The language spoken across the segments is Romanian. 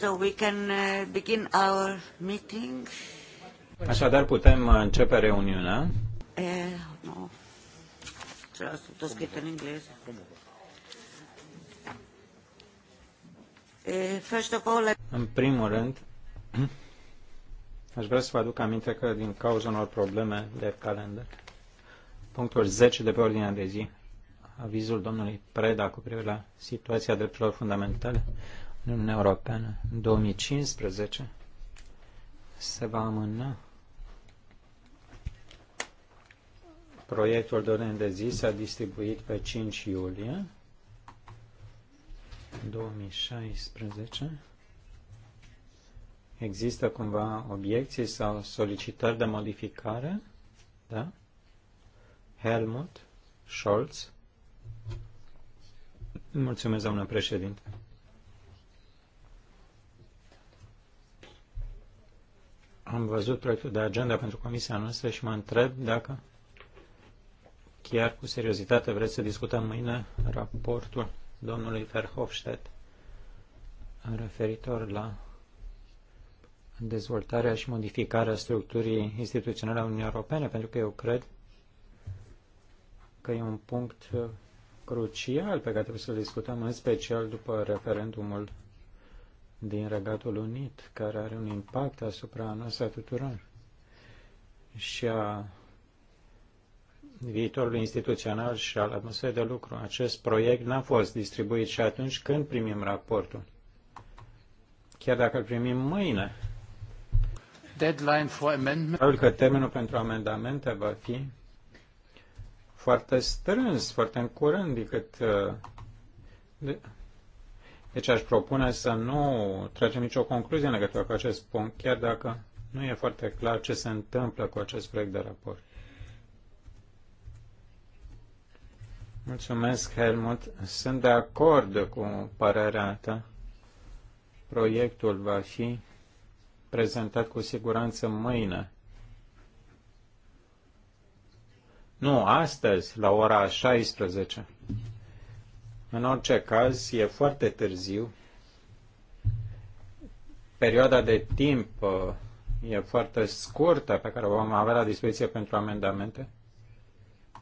So we can uh, begin our meeting. Așadar putem începe reuniunea. Eh, no. Trebuie să tot scris în engleză. Eh, first of all, în primul rând, aș vrea să vă aduc aminte că din cauza unor probleme de calendar, punctul 10 de pe ordinea de zi, avizul domnului Preda cu privire la situația drepturilor fundamentale în Uniunea Europeană în 2015 se va amâna proiectul de ordine de zi s-a distribuit pe 5 iulie 2016. Există cumva obiecții sau solicitări de modificare? Da? Helmut Scholz. Mulțumesc, doamnă președinte. Am văzut proiectul de agenda pentru comisia noastră și mă întreb dacă chiar cu seriozitate vreți să discutăm mâine raportul domnului Verhofstadt referitor la dezvoltarea și modificarea structurii instituționale a Uniunii Europene, pentru că eu cred că e un punct crucial pe care trebuie să-l discutăm, în special după referendumul din Regatul Unit, care are un impact asupra noastră tuturor și a viitorului instituțional și al atmosferei de lucru. Acest proiect n-a fost distribuit și atunci când primim raportul, chiar dacă îl primim mâine, deadline for amendment. că termenul pentru amendamente va fi foarte strâns, foarte în curând, decât uh, de, deci aș propune să nu tragem nicio concluzie în legătură cu acest punct, chiar dacă nu e foarte clar ce se întâmplă cu acest proiect de raport. Mulțumesc, Helmut. Sunt de acord cu părerea ta. Proiectul va fi prezentat cu siguranță mâine. Nu, astăzi, la ora 16. În orice caz, e foarte târziu. Perioada de timp uh, e foarte scurtă pe care o vom avea la dispoziție pentru amendamente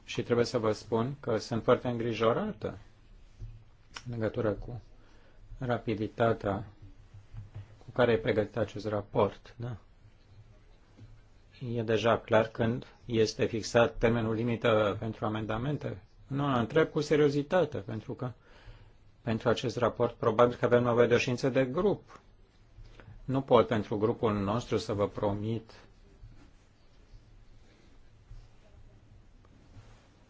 și trebuie să vă spun că sunt foarte îngrijorată în legătură cu rapiditatea cu care e pregătit acest raport. Da? E deja clar când este fixat termenul limită pentru amendamente nu, la întreb cu seriozitate, pentru că pentru acest raport probabil că avem nevoie de o știință de grup. Nu pot pentru grupul nostru să vă promit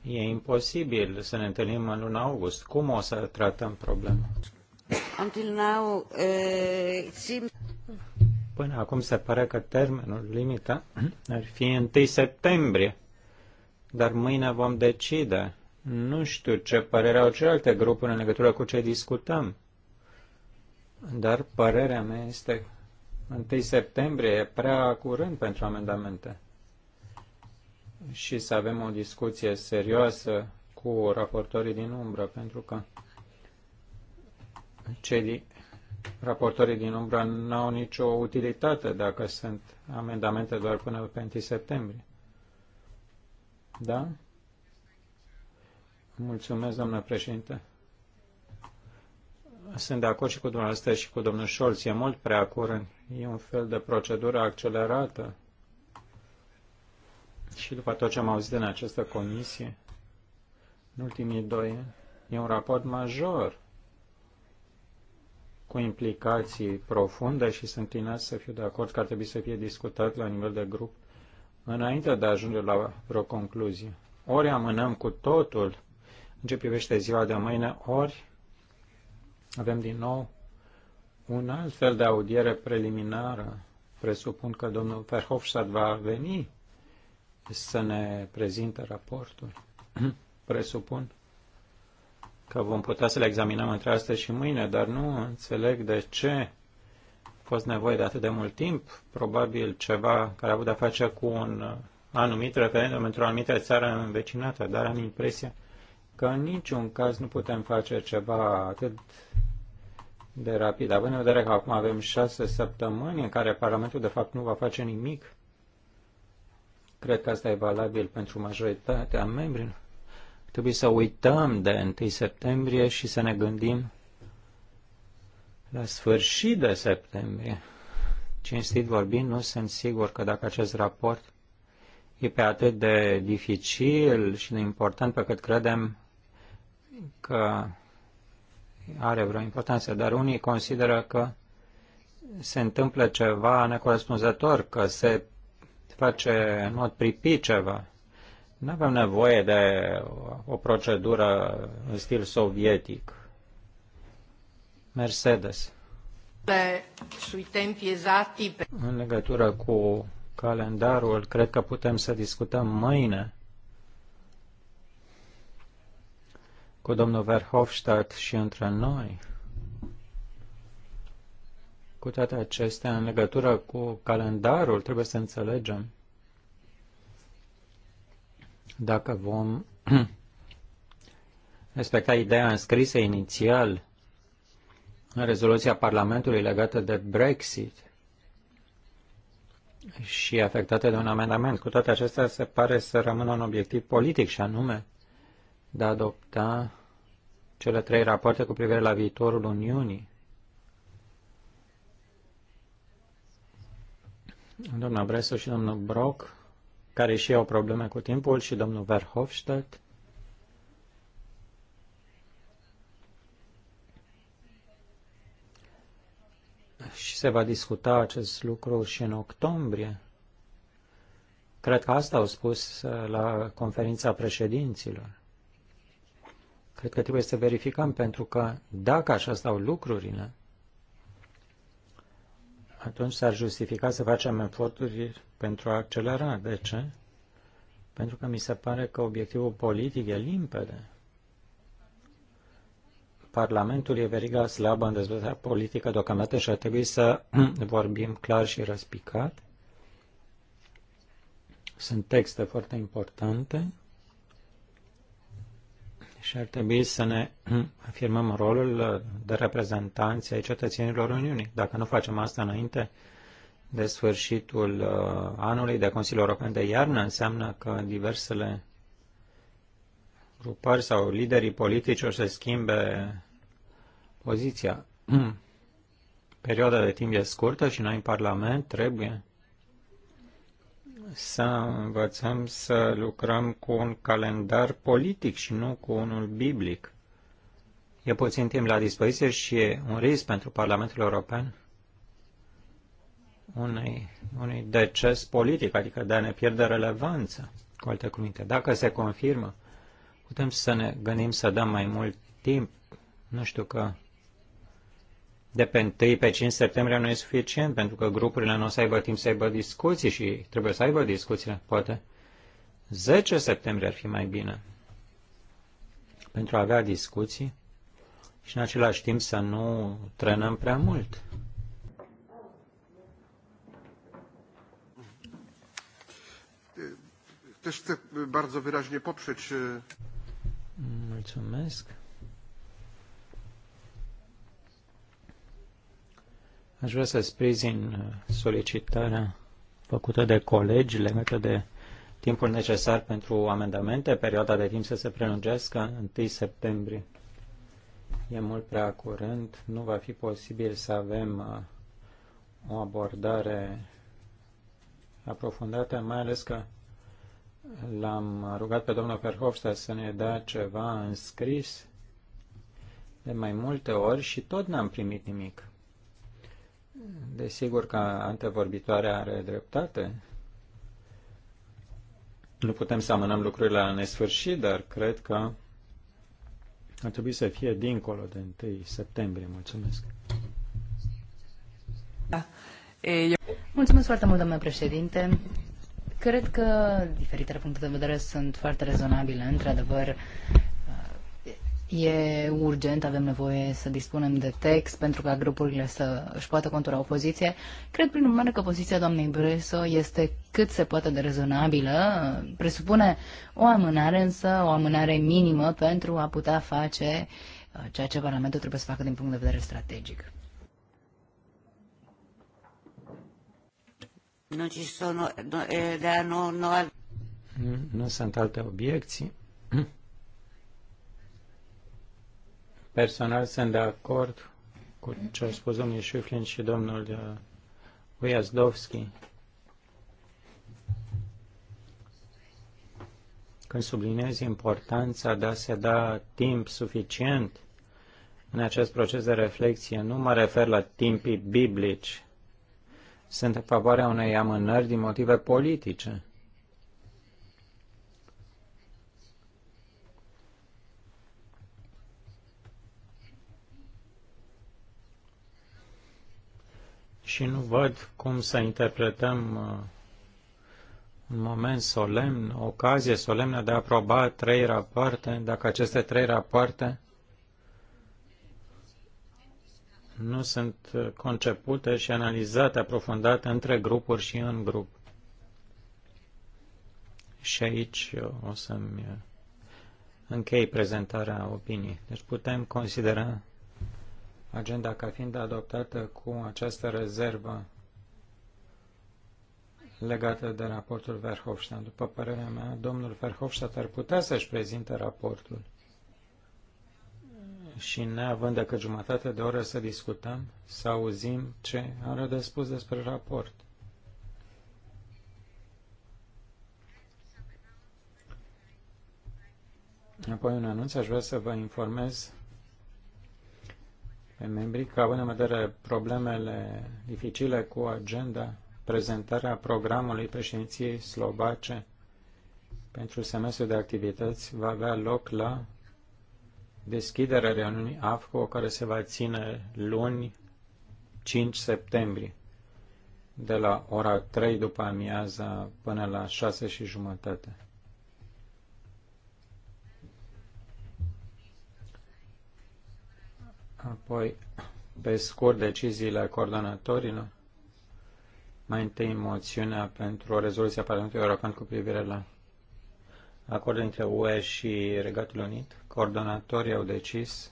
E imposibil să ne întâlnim în luna august. Cum o să tratăm problema? Until now, uh, seems... Până acum se pare că termenul limită ar fi 1 septembrie, dar mâine vom decide nu știu ce părere au celelalte grupuri în legătură cu ce discutăm, dar părerea mea este 1 septembrie e prea curând pentru amendamente și să avem o discuție serioasă cu raportorii din umbră, pentru că cei raportorii din umbră n-au nicio utilitate dacă sunt amendamente doar până pe 1 septembrie. Da? Mulțumesc, doamnă președinte. Sunt de acord și cu dumneavoastră și cu domnul Scholz. E mult prea curând. E un fel de procedură accelerată. Și după tot ce am auzit în această comisie, în ultimii doi ani, e un raport major cu implicații profunde și sunt inat să fiu de acord că ar trebui să fie discutat la nivel de grup înainte de a ajunge la vreo concluzie. Ori amânăm cu totul în ce privește ziua de mâine, ori avem din nou un alt fel de audiere preliminară. Presupun că domnul Verhofstadt va veni să ne prezinte raportul. Presupun că vom putea să le examinăm între astăzi și mâine, dar nu înțeleg de ce a fost nevoie de atât de mult timp. Probabil ceva care a avut de-a face cu un anumit referendum într-o anumită țară învecinată, dar am impresia că în niciun caz nu putem face ceva atât de rapid. Având în vedere că acum avem șase săptămâni în care Parlamentul de fapt nu va face nimic, cred că asta e valabil pentru majoritatea membrilor. Trebuie să uităm de 1 septembrie și să ne gândim la sfârșit de septembrie. Cinstit vorbind, nu sunt sigur că dacă acest raport e pe atât de dificil și de important pe cât credem că are vreo importanță, dar unii consideră că se întâmplă ceva necorespunzător, că se face în mod pripi ceva. Nu avem nevoie de o procedură în stil sovietic. Mercedes. Sui tempi esatti. În legătură cu calendarul, cred că putem să discutăm mâine cu domnul Verhofstadt și între noi. Cu toate acestea, în legătură cu calendarul, trebuie să înțelegem dacă vom respecta ideea înscrisă inițial în rezoluția Parlamentului legată de Brexit și afectată de un amendament. Cu toate acestea, se pare să rămână un obiectiv politic și anume de a adopta cele trei rapoarte cu privire la viitorul Uniunii. Domnul Bresu și domnul Brock, care și au probleme cu timpul, și domnul Verhofstadt. Și se va discuta acest lucru și în octombrie. Cred că asta au spus la conferința președinților. Cred că trebuie să verificăm, pentru că dacă așa stau lucrurile, atunci s-ar justifica să facem eforturi pentru a accelera. De ce? Pentru că mi se pare că obiectivul politic e limpede. Parlamentul e veriga slabă în dezvoltarea politică deocamdată și ar trebui să vorbim clar și răspicat. Sunt texte foarte importante și ar trebui să ne afirmăm rolul de reprezentanți ai cetățenilor Uniunii. Dacă nu facem asta înainte de sfârșitul uh, anului de Consiliul European de iarnă, înseamnă că diversele grupări sau liderii politici o să schimbe poziția. Perioada de timp e scurtă și noi în Parlament trebuie să învățăm să lucrăm cu un calendar politic și nu cu unul biblic. E puțin timp la dispoziție și e un risc pentru Parlamentul European unui, unui deces politic, adică de a ne pierde relevanță, cu alte cuvinte. Dacă se confirmă, putem să ne gândim să dăm mai mult timp. Nu știu că de pe 1 pe 5 septembrie nu e suficient, pentru că grupurile nu o să aibă timp să aibă discuții și trebuie să aibă discuțiile, poate. 10 septembrie ar fi mai bine pentru a avea discuții și în același timp să nu trenăm prea mult. Też chcę bardzo wyraźnie poprzeć. Mulțumesc. Aș vrea să sprijin uh, solicitarea făcută de colegi legată de timpul necesar pentru amendamente, perioada de timp să se prelungească 1 septembrie. E mult prea curând, nu va fi posibil să avem uh, o abordare aprofundată, mai ales că l-am rugat pe domnul Verhofstadt să ne dea ceva scris de mai multe ori și tot n-am primit nimic. Desigur că antevorbitoarea are dreptate. Nu putem să amânăm lucrurile la nesfârșit, dar cred că ar trebui să fie dincolo de 1 septembrie. Mulțumesc. Da. E, eu... Mulțumesc foarte mult, domnule președinte. Cred că diferitele puncte de vedere sunt foarte rezonabile. Într-adevăr, E urgent, avem nevoie să dispunem de text pentru ca grupurile să își poată contura o poziție. Cred, prin urmare, că poziția doamnei Breso este cât se poate de rezonabilă. Presupune o amânare, însă o amânare minimă pentru a putea face uh, ceea ce Parlamentul trebuie să facă din punct de vedere strategic. Nu, ci sono, eh, nu sunt alte obiecții. Personal sunt de acord cu ce au spus domnul Șuflin și domnul uh, Ujazdovski. Când subliniez importanța de a se da timp suficient în acest proces de reflexie, nu mă refer la timpii biblici. Sunt în favoarea unei amânări din motive politice. și nu văd cum să interpretăm uh, un moment solemn, o ocazie solemnă de a aproba trei rapoarte, dacă aceste trei rapoarte nu sunt uh, concepute și analizate aprofundate între grupuri și în grup. Și aici uh, o să-mi închei prezentarea opiniei. Deci putem considera agenda ca fiind adoptată cu această rezervă legată de raportul Verhofstadt. După părerea mea, domnul Verhofstadt ar putea să-și prezinte raportul și neavând decât jumătate de oră să discutăm, să auzim ce are de spus despre raport. Apoi un anunț, aș vrea să vă informez pe membri că, având în vedere problemele dificile cu agenda, prezentarea programului președinției slovace pentru semestru de activități va avea loc la deschiderea reuniunii AFCO, care se va ține luni 5 septembrie, de la ora 3 după amiaza până la 6 și jumătate. Apoi, pe scurt, deciziile coordonatorilor. Mai întâi, moțiunea pentru o rezoluție a Parlamentului European cu privire la acordul între UE și Regatul Unit. Coordonatorii au decis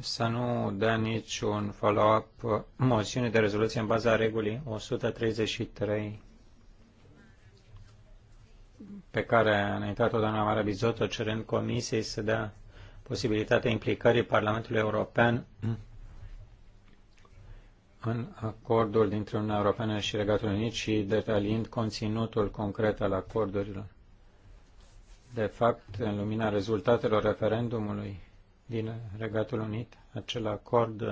să nu dea niciun follow-up moțiune de rezoluție în baza regulii 133 pe care a înaintat-o doamna Mara Bizotto cerând comisiei să dea posibilitatea implicării Parlamentului European în acordul dintre Uniunea Europeană și Regatul Unit și detaliind conținutul concret al acordurilor. De fapt, în lumina rezultatelor referendumului din Regatul Unit, acel acord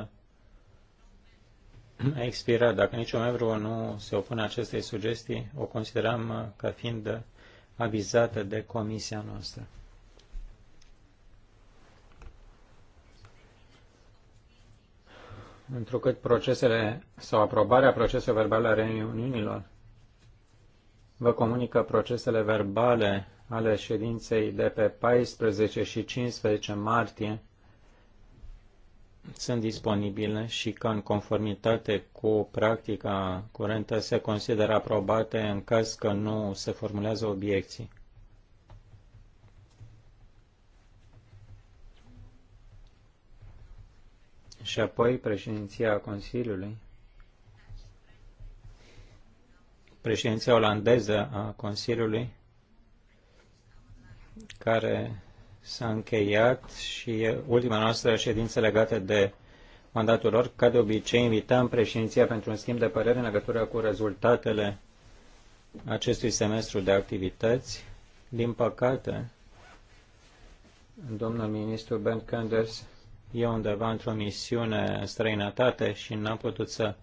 a expirat. Dacă niciun membru nu se opune acestei sugestii, o considerăm ca fiind avizată de comisia noastră. întrucât procesele sau aprobarea proceselor verbale a reuniunilor vă comunică procesele verbale ale ședinței de pe 14 și 15 martie sunt disponibile și că în conformitate cu practica curentă se consideră aprobate în caz că nu se formulează obiecții. și apoi președinția Consiliului, președinția olandeză a Consiliului, care s-a încheiat și ultima noastră ședință legată de mandatul lor. Ca de obicei, invităm președinția pentru un schimb de părere în legătură cu rezultatele acestui semestru de activități. Din păcate, domnul ministru Ben Kenders e undeva într-o misiune în străinătate și n-a putut să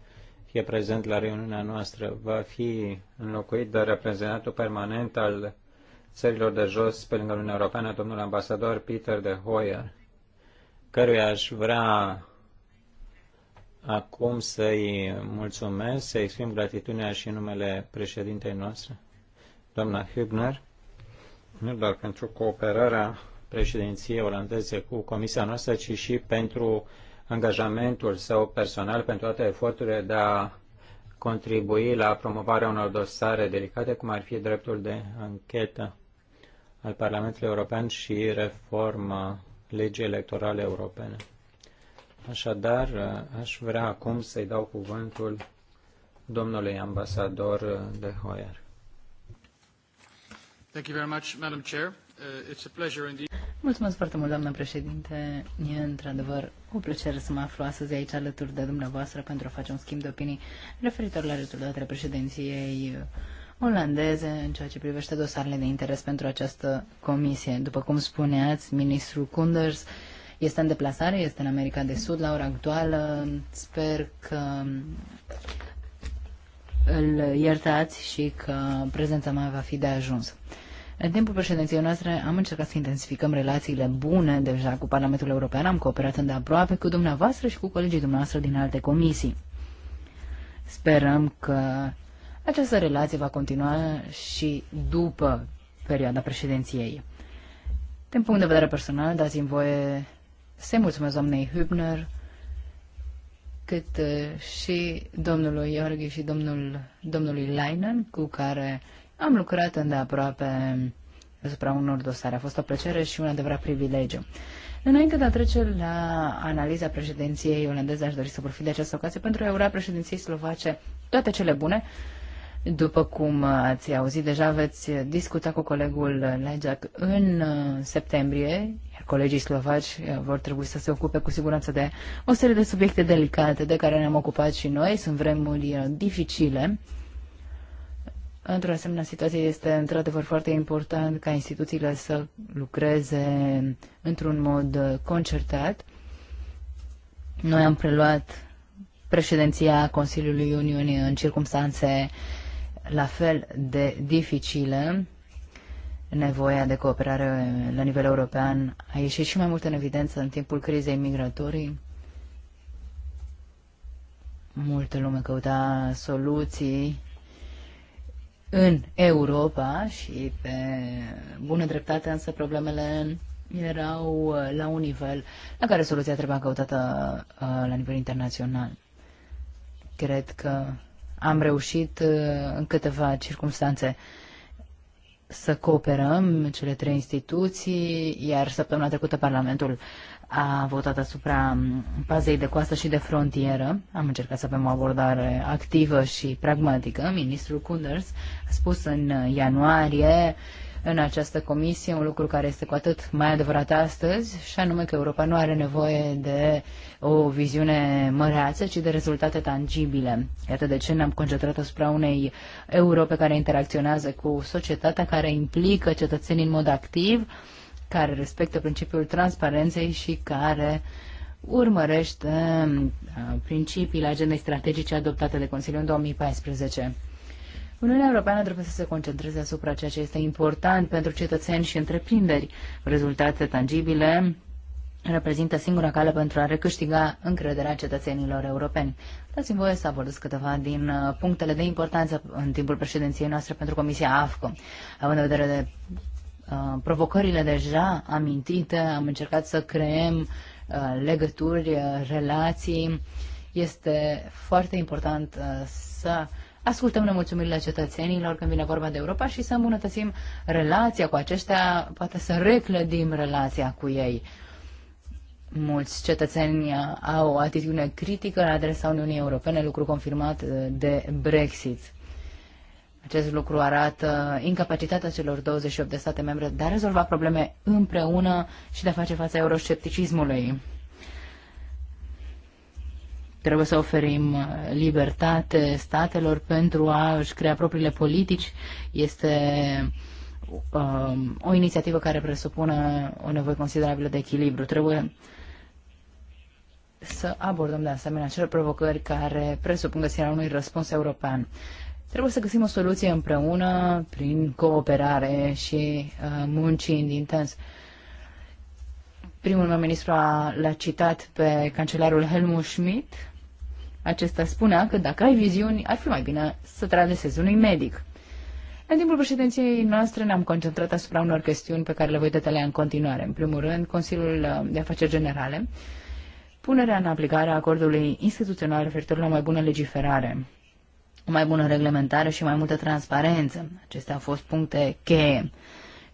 fie prezent la reuniunea noastră. Va fi înlocuit de reprezentantul permanent al țărilor de jos pe lângă Uniunea Europeană, domnul ambasador Peter de Hoyer, căruia aș vrea acum să-i mulțumesc, să exprim gratitudinea și numele președintei noastre, doamna Hübner, nu doar pentru cooperarea președinției olandeze cu comisia noastră, ci și pentru angajamentul său personal pentru toate eforturile de a contribui la promovarea unor dosare delicate, cum ar fi dreptul de anchetă al Parlamentului European și reforma legii electorale europene. Așadar, aș vrea acum să-i dau cuvântul domnului ambasador de Hoyer. Thank you very much, Madam Chair. Uh, it's a pleasure indeed. Mulțumesc foarte mult, doamnă președinte. E într-adevăr o plăcere să mă aflu astăzi aici alături de dumneavoastră pentru a face un schimb de opinii referitor la rezultatele președinției olandeze în ceea ce privește dosarele de interes pentru această comisie. După cum spuneați, ministrul Kunders este în deplasare, este în America de Sud la ora actuală. Sper că îl iertați și că prezența mea va fi de ajuns. În timpul președinției noastre am încercat să intensificăm relațiile bune deja cu Parlamentul European, am cooperat îndeaproape cu dumneavoastră și cu colegii dumneavoastră din alte comisii. Sperăm că această relație va continua și după perioada președinției. Din punct de vedere personal, dați-mi voie să-i mulțumesc doamnei Hübner, cât și domnului Iorghi și domnul, domnului Leinen, cu care am lucrat îndeaproape asupra unor dosare. A fost o plăcere și un adevărat privilegiu. Înainte de a trece la analiza președinției olandeze, aș dori să profit de această ocazie pentru a ura președinției slovace toate cele bune. După cum ați auzit, deja veți discuta cu colegul Lejac în uh, septembrie, iar colegii slovaci uh, vor trebui să se ocupe cu siguranță de o serie de subiecte delicate de care ne-am ocupat și noi. Sunt vremuri uh, dificile Într-o asemenea situație este într-adevăr foarte important ca instituțiile să lucreze într-un mod concertat. Noi am preluat președinția Consiliului Uniunii în circunstanțe la fel de dificile. Nevoia de cooperare la nivel european a ieșit și mai mult în evidență în timpul crizei migratorii. Multă lume căuta soluții în Europa și pe bună dreptate, însă problemele erau uh, la un nivel la care soluția trebuia căutată uh, la nivel internațional. Cred că am reușit uh, în câteva circunstanțe să cooperăm cele trei instituții, iar săptămâna trecută Parlamentul a votat asupra mm, pazei de coastă și de frontieră. Am încercat să avem o abordare activă și pragmatică. Ministrul Kunders a spus în ianuarie în această comisie un lucru care este cu atât mai adevărat astăzi, și anume că Europa nu are nevoie de o viziune măreață, ci de rezultate tangibile. Iată de ce ne-am concentrat asupra unei Europe care interacționează cu societatea, care implică cetățenii în mod activ, care respectă principiul transparenței și care urmărește uh, principiile agendei strategice adoptate de Consiliu în 2014. Uniunea Europeană trebuie să se concentreze asupra ceea ce este important pentru cetățeni și întreprinderi. Rezultate tangibile reprezintă singura cale pentru a recâștiga încrederea cetățenilor europeni. Dați-mi voie să abordez câteva din uh, punctele de importanță în timpul președinției noastre pentru Comisia AFCO, având în vedere de Uh, provocările deja amintite, am încercat să creăm uh, legături, uh, relații. Este foarte important să ascultăm nemulțumirile cetățenilor când vine vorba de Europa și să îmbunătățim relația cu aceștia, poate să reclădim relația cu ei. Mulți cetățeni au o atitudine critică la adresa Uniunii Europene, lucru confirmat de Brexit. Acest lucru arată incapacitatea celor 28 de state membre de a rezolva probleme împreună și de a face față euroscepticismului. Trebuie să oferim libertate statelor pentru a și crea propriile politici. Este um, o inițiativă care presupune o nevoie considerabilă de echilibru. Trebuie să abordăm de asemenea acele provocări care presupun găsirea unui răspuns european. Trebuie să găsim o soluție împreună, prin cooperare și uh, muncind intens. Primul meu ministru a, l-a citat pe cancelarul Helmut Schmidt. Acesta spunea că dacă ai viziuni, ar fi mai bine să te adresezi unui medic. În timpul președinției noastre ne-am concentrat asupra unor chestiuni pe care le voi detalia în continuare. În primul rând, Consiliul uh, de Afaceri Generale, punerea în aplicare a acordului instituțional referitor la mai bună legiferare o mai bună reglementare și mai multă transparență. Acestea au fost puncte cheie,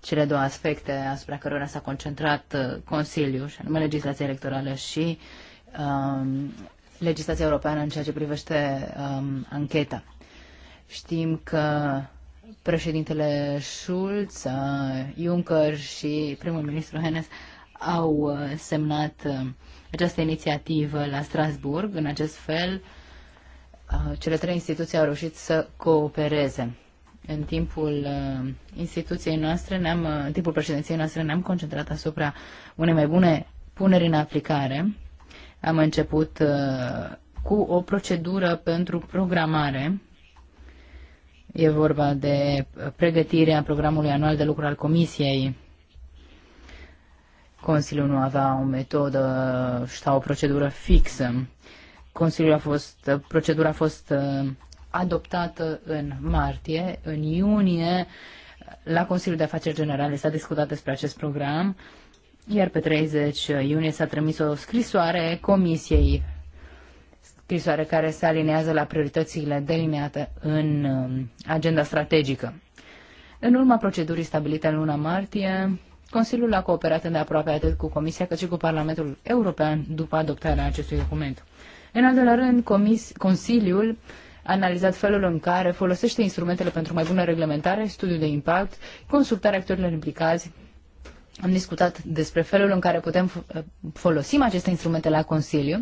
cele două aspecte asupra cărora s-a concentrat uh, Consiliul, și anume legislația electorală și um, legislația europeană în ceea ce privește um, ancheta. Știm că președintele Schulz, uh, Juncker și primul ministru Hennes au uh, semnat această inițiativă la Strasburg. În acest fel, Uh, cele trei instituții au reușit să coopereze. În timpul uh, instituției noastre, ne-am, uh, în timpul președinției noastre, ne-am concentrat asupra unei mai bune puneri în aplicare. Am început cu o procedură pentru programare. E vorba de pregătirea programului anual de lucru al Comisiei Consiliul nu avea o metodă sau o procedură fixă. Consiliul a fost, procedura a fost uh, adoptată în martie, în iunie, la Consiliul de Afaceri Generale s-a discutat despre acest program, iar pe 30 iunie s-a trimis o scrisoare Comisiei, scrisoare care se alinează la prioritățile delineate în um, agenda strategică. În urma procedurii stabilite în luna martie, Consiliul a cooperat îndeaproape atât cu Comisia cât și cu Parlamentul European după adoptarea acestui document. În al doilea rând, comis, Consiliul a analizat felul în care folosește instrumentele pentru mai bună reglementare, studiul de impact, consultarea actorilor implicați. Am discutat despre felul în care putem uh, folosim aceste instrumente la Consiliu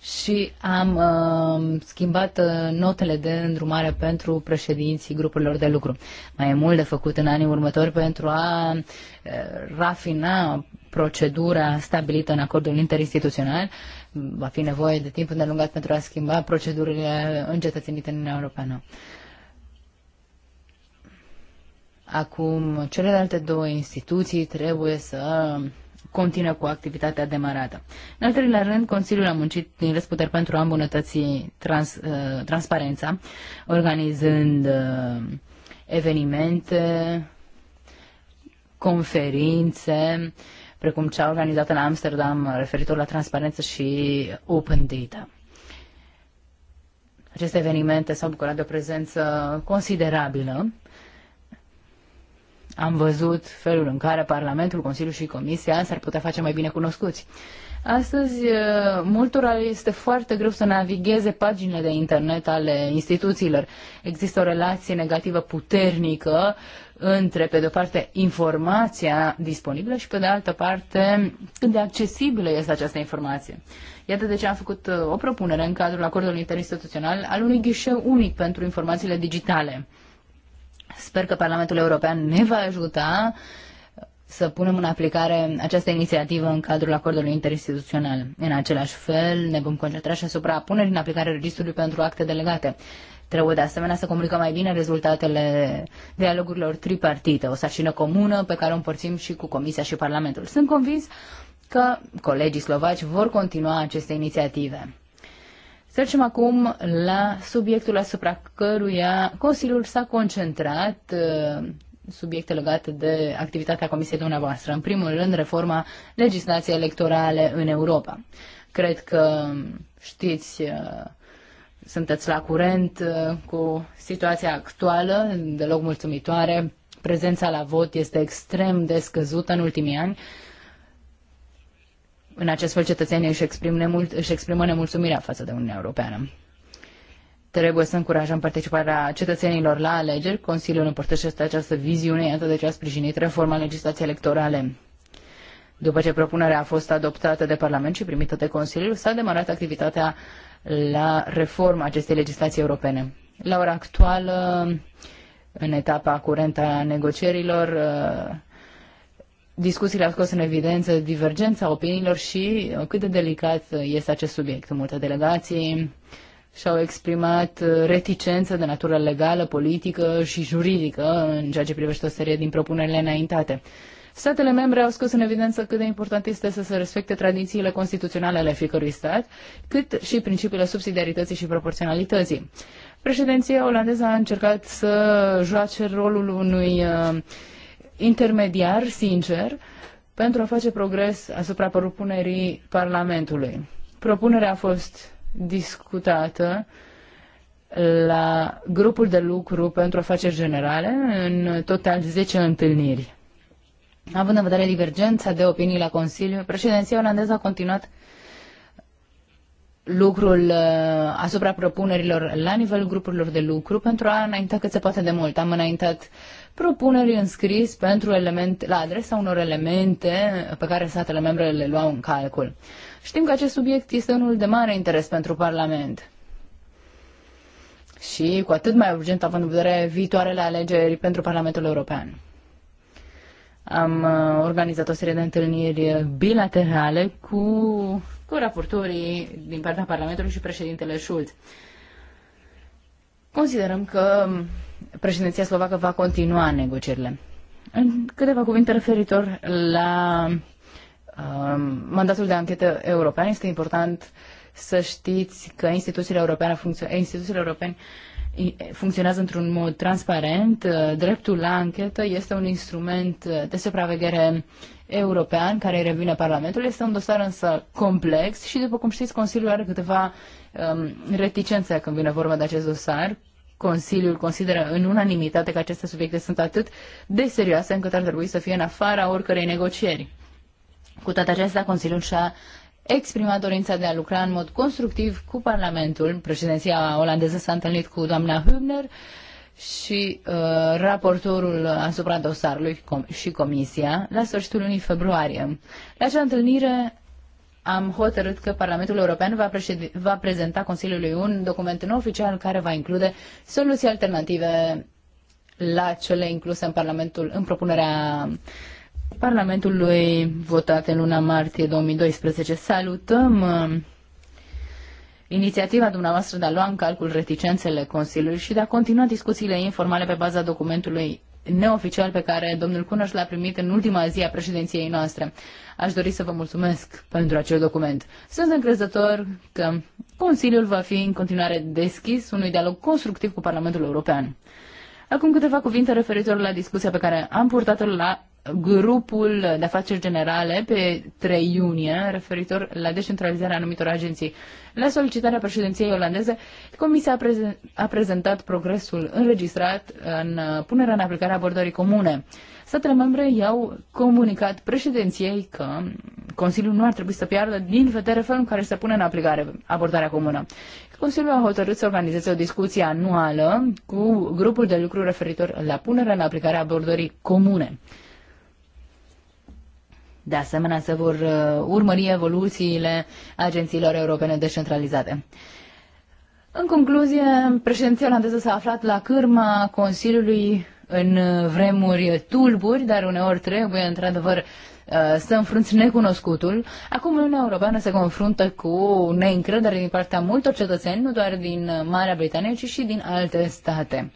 și am uh, schimbat uh, notele de îndrumare pentru președinții grupurilor de lucru. Mai e mult de făcut în anii următori pentru a uh, rafina procedura stabilită în acordul interinstituțional va fi nevoie de timp îndelungat pentru a schimba procedurile încetățenite în Uniunea Europeană. Acum, celelalte două instituții trebuie să continuă cu activitatea demarată. În al treilea rând, Consiliul a muncit din răsputeri pentru a îmbunătăți trans, uh, transparența, organizând uh, evenimente, conferințe, uh, precum cea organizată la Amsterdam referitor la transparență și open data. Aceste evenimente s-au bucurat de o prezență considerabilă. Am văzut felul în care Parlamentul, Consiliul și Comisia s-ar putea face mai bine cunoscuți. Astăzi, eh, multora este foarte greu să navigheze paginile de internet ale instituțiilor. Există o relație negativă puternică între, pe de-o parte, informația disponibilă și, pe de altă parte, cât de accesibilă este această informație. Iată de ce am făcut uh, o propunere în cadrul acordului interinstituțional al unui ghișeu unic pentru informațiile digitale. Sper că Parlamentul European ne va ajuta să punem în aplicare această inițiativă în cadrul acordului interinstituțional. În același fel, ne vom concentra și asupra punerii în aplicare registrului pentru acte delegate. Trebuie de asemenea să comunicăm mai bine rezultatele dialogurilor tripartite, o sarcină comună pe care o împărțim și cu Comisia și Parlamentul. Sunt convins că colegii slovaci vor continua aceste inițiative. Să trecem acum la subiectul asupra căruia Consiliul s-a concentrat uh, subiecte legate de activitatea Comisiei dumneavoastră. În primul rând, reforma legislației electorale în Europa. Cred că știți uh, sunteți la curent uh, cu situația actuală, deloc mulțumitoare. Prezența la vot este extrem de scăzută în ultimii ani. În acest fel, cetățenii își, exprim nemul- își exprimă nemulțumirea față de Uniunea Europeană. Trebuie să încurajăm participarea cetățenilor la alegeri. Consiliul împărtășește această viziune, iată de ce a sprijinit reforma legislației electorale. După ce propunerea a fost adoptată de Parlament și primită de Consiliu, s-a demarat activitatea la reforma acestei legislații europene. La ora actuală, în etapa curentă a negocierilor, uh, discuțiile au scos în evidență divergența opiniilor și cât de delicat este acest subiect. Multe delegații și-au exprimat reticență de natură legală, politică și juridică în ceea ce privește o serie din propunerile înaintate. Statele membre au scos în evidență cât de important este să se respecte tradițiile constituționale ale fiecărui stat, cât și principiile subsidiarității și proporționalității. Președinția olandeză a încercat să joace rolul unui uh, intermediar sincer pentru a face progres asupra propunerii Parlamentului. Propunerea a fost discutată la grupul de lucru pentru afaceri generale în total 10 întâlniri. Având în vedere divergența de opinii la Consiliu, președinția olandeză a continuat lucrul uh, asupra propunerilor la nivelul grupurilor de lucru pentru a înainta cât se poate de mult. Am înaintat propuneri în scris pentru element, la adresa unor elemente pe care statele membre le luau în calcul. Știm că acest subiect este unul de mare interes pentru Parlament. Și cu atât mai urgent având în vedere viitoarele alegeri pentru Parlamentul European. Am uh, organizat o serie de întâlniri bilaterale cu, cu raportorii din partea Parlamentului și președintele Schulz. Considerăm că președinția slovacă va continua negocierile. În câteva cuvinte referitor la uh, mandatul de anchetă european, este important să știți că instituțiile europene, funcțio- instituțiile europene funcționează într-un mod transparent. Uh, dreptul la anchetă este un instrument uh, de supraveghere european care revine Parlamentul. Este un dosar însă complex și, după cum știți, Consiliul are câteva um, reticențe când vine vorba de acest dosar. Consiliul consideră în unanimitate că aceste subiecte sunt atât de serioase încât ar trebui să fie în afara oricărei negocieri. Cu toate acestea, Consiliul și-a exprima dorința de a lucra în mod constructiv cu Parlamentul. Președinția olandeză s-a întâlnit cu doamna Hübner și uh, raportorul asupra dosarului com- și comisia la sfârșitul lunii februarie. La acea întâlnire am hotărât că Parlamentul European va, va prezenta Consiliului un document nou oficial care va include soluții alternative la cele incluse în Parlamentul în propunerea uh, Parlamentului votat în luna martie 2012. Salutăm uh, inițiativa dumneavoastră de a lua în calcul reticențele Consiliului și de a continua discuțiile informale pe baza documentului neoficial pe care domnul Cunoș l-a primit în ultima zi a președinției noastre. Aș dori să vă mulțumesc pentru acel document. Sunt încrezător că Consiliul va fi în continuare deschis unui dialog constructiv cu Parlamentul European. Acum câteva cuvinte referitor la discuția pe care am purtat-o la grupul de afaceri generale pe 3 iunie referitor la descentralizarea anumitor agenții. La solicitarea președinției olandeze, Comisia a, prezentat progresul înregistrat în uh, punerea în aplicare a abordării comune. Statele membre i-au comunicat președinției că Consiliul nu ar trebui să piardă din vedere felul în care se pune în aplicare abordarea comună. Consiliul a hotărât să organizeze o discuție anuală cu grupul de lucru referitor la punerea în aplicare a abordării comune. De asemenea, se vor uh, urmări evoluțiile agențiilor europene descentralizate. În concluzie, președinția olandeză s-a aflat la cârma Consiliului în uh, vremuri tulburi, dar uneori trebuie, într-adevăr, uh, să înfrunți necunoscutul. Acum Uniunea Europeană se confruntă cu neîncredere din partea multor cetățeni, nu doar din Marea Britanie, ci și din alte state.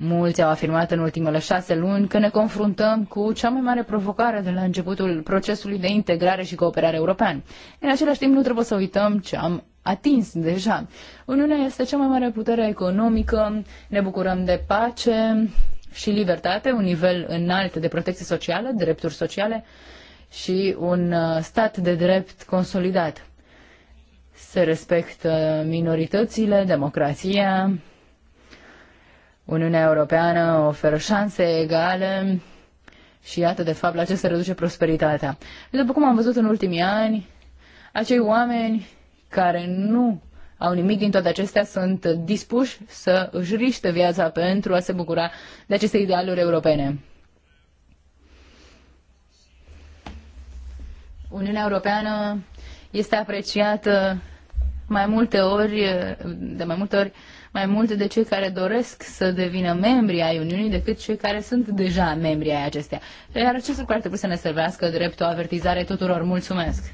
Mulți au afirmat în ultimele șase luni că ne confruntăm cu cea mai mare provocare de la începutul procesului de integrare și cooperare european. În același timp, nu trebuie să uităm ce am atins deja. Uniunea este cea mai mare putere economică, ne bucurăm de pace și libertate, un nivel înalt de protecție socială, drepturi sociale și un uh, stat de drept consolidat. Se respectă minoritățile, democrația, Uniunea Europeană oferă șanse egale și iată, de fapt, la ce se reduce prosperitatea. După cum am văzut în ultimii ani, acei oameni care nu au nimic din toate acestea sunt dispuși să își riște viața pentru a se bucura de aceste idealuri europene. Uniunea Europeană este apreciată mai multe ori, de mai multe ori mai mult de cei care doresc să devină membri ai Uniunii decât cei care sunt deja membri ai acesteia. Iar acest lucru ar trebui să ne servească drept o avertizare tuturor. Mulțumesc!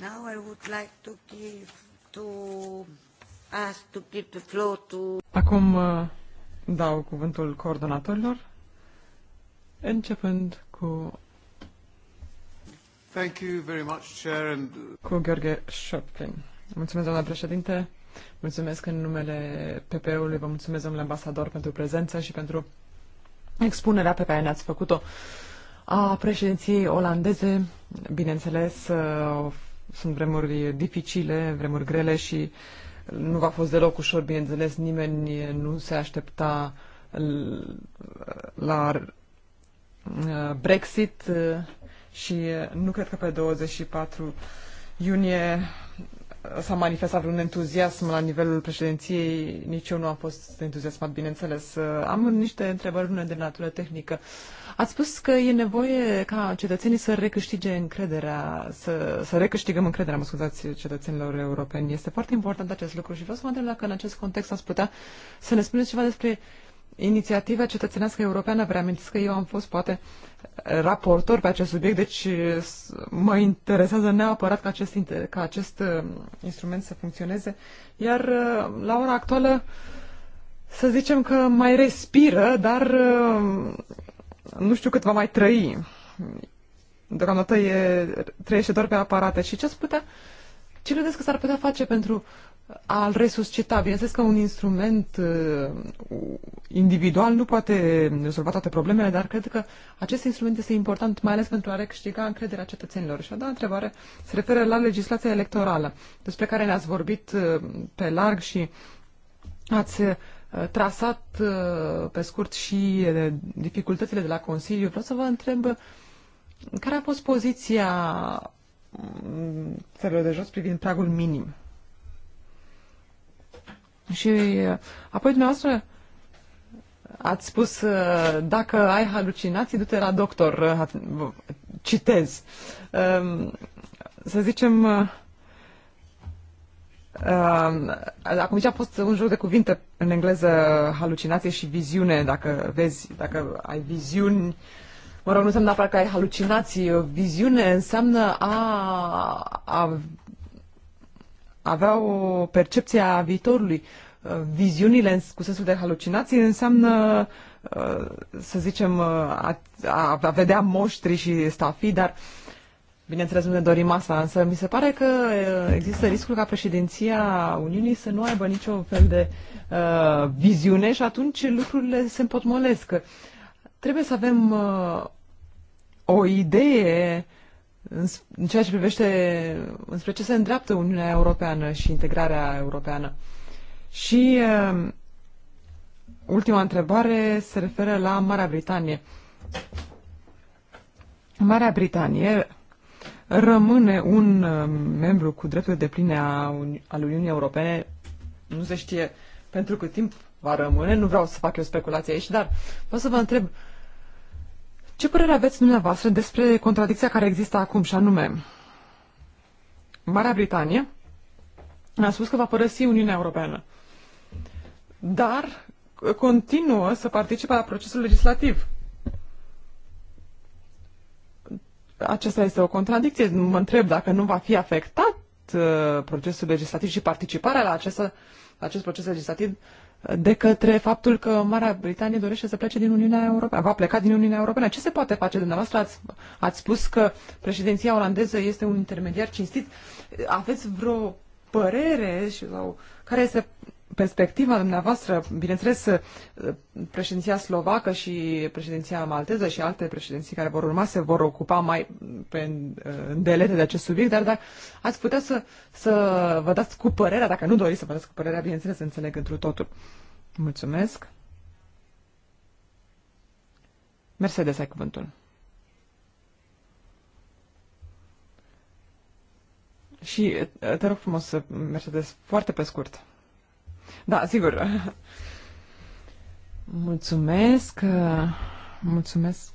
Now I would like to give to to give the floor to... Acum uh, dau cuvântul coordonatorilor, începând cu Thank you very much, Chair, and... cu Gheorghe Șoplin. Mulțumesc, doamna președinte. Mulțumesc în numele PP-ului, vă mulțumesc, domnule ambasador, pentru prezență și pentru expunerea pe care ne-ați făcut-o a președinției olandeze. Bineînțeles, uh, sunt vremuri dificile, vremuri grele și nu a fost deloc ușor, bineînțeles, nimeni nu se aștepta la uh, Brexit uh, și nu cred că pe 24 iunie s-a manifestat un entuziasm la nivelul președinției, nici eu nu am fost entuziasmat, bineînțeles. Am niște întrebări de natură tehnică. Ați spus că e nevoie ca cetățenii să recâștige încrederea, să, să recâștigăm încrederea, mă scuzați, cetățenilor europeni. Este foarte important acest lucru și vreau să mă întreb dacă în acest context ați putea să ne spuneți ceva despre inițiativa cetățenească europeană. Vă reamintesc că eu am fost, poate, raportor pe acest subiect, deci uh, mă interesează neapărat ca acest, ca acest uh, instrument să funcționeze. Iar uh, la ora actuală, să zicem că mai respiră, dar nu știu cât va mai trăi. Deocamdată e, trăiește doar pe aparate. Și ce ați putea, ce credeți că s-ar putea face pentru al resuscita. Bineînțeles că un instrument uh, individual nu poate rezolva toate problemele, dar cred că acest instrument este important, mai ales pentru a recâștiga încrederea cetățenilor. Și a doua întrebare se referă la legislația electorală, despre care ne-ați vorbit uh, pe larg și ați uh, trasat pe scurt și dificultățile de la Consiliu. Vreau să vă întreb care a fost poziția mm, țărilor de jos privind pragul minim. Și uh, apoi dumneavoastră ați spus, uh, dacă ai halucinații, du-te la doctor, uh, citez. Um, să zicem, um, acum ce a fost un joc de cuvinte în engleză, halucinație și viziune, dacă vezi, dacă ai viziuni, mă rog, nu înseamnă neapărat că ai halucinații, viziune înseamnă a, a avea o percepție a viitorului. Uh, viziunile cu sensul de halucinații înseamnă, uh, să zicem, uh, a, a vedea moștri și stafii, dar bineînțeles nu ne dorim asta, însă mi se pare că există riscul ca președinția Uniunii să nu aibă niciun fel de uh, viziune și atunci lucrurile se împotmolesc. Trebuie să avem uh, o idee în ceea ce privește înspre ce se îndreaptă Uniunea Europeană și integrarea europeană. Și uh, ultima întrebare se referă la Marea Britanie. Marea Britanie rămâne un uh, membru cu drepturi de pline a Uni- al Uniunii Europene. Nu se știe pentru cât timp va rămâne. Nu vreau să fac eu speculație aici, dar vreau să vă întreb ce părere aveți dumneavoastră despre contradicția care există acum și anume Marea Britanie a spus că va părăsi Uniunea Europeană, dar continuă să participe la procesul legislativ. Aceasta este o contradicție. Mă întreb dacă nu va fi afectat uh, procesul legislativ și participarea la acest, la acest proces legislativ de către faptul că Marea Britanie dorește să plece din Uniunea Europeană, va pleca din Uniunea Europeană. Ce se poate face dumneavoastră? Ați, ați spus că președinția olandeză este un intermediar cinstit. Aveți vreo părere și, sau, care este perspectiva dumneavoastră, bineînțeles, eh, președinția slovacă și președinția malteză și alte președinții care vor urma se vor ocupa mai pe eh, îndelete de acest subiect, dar dacă ați putea să, să vă dați cu părerea, dacă nu doriți să vă dați cu părerea, bineînțeles, înțeleg într totul. Mulțumesc. Mercedes, ai cuvântul. Și eh, te rog frumos, Mercedes, foarte pe scurt. Da, sigur. Mulțumesc. Mulțumesc.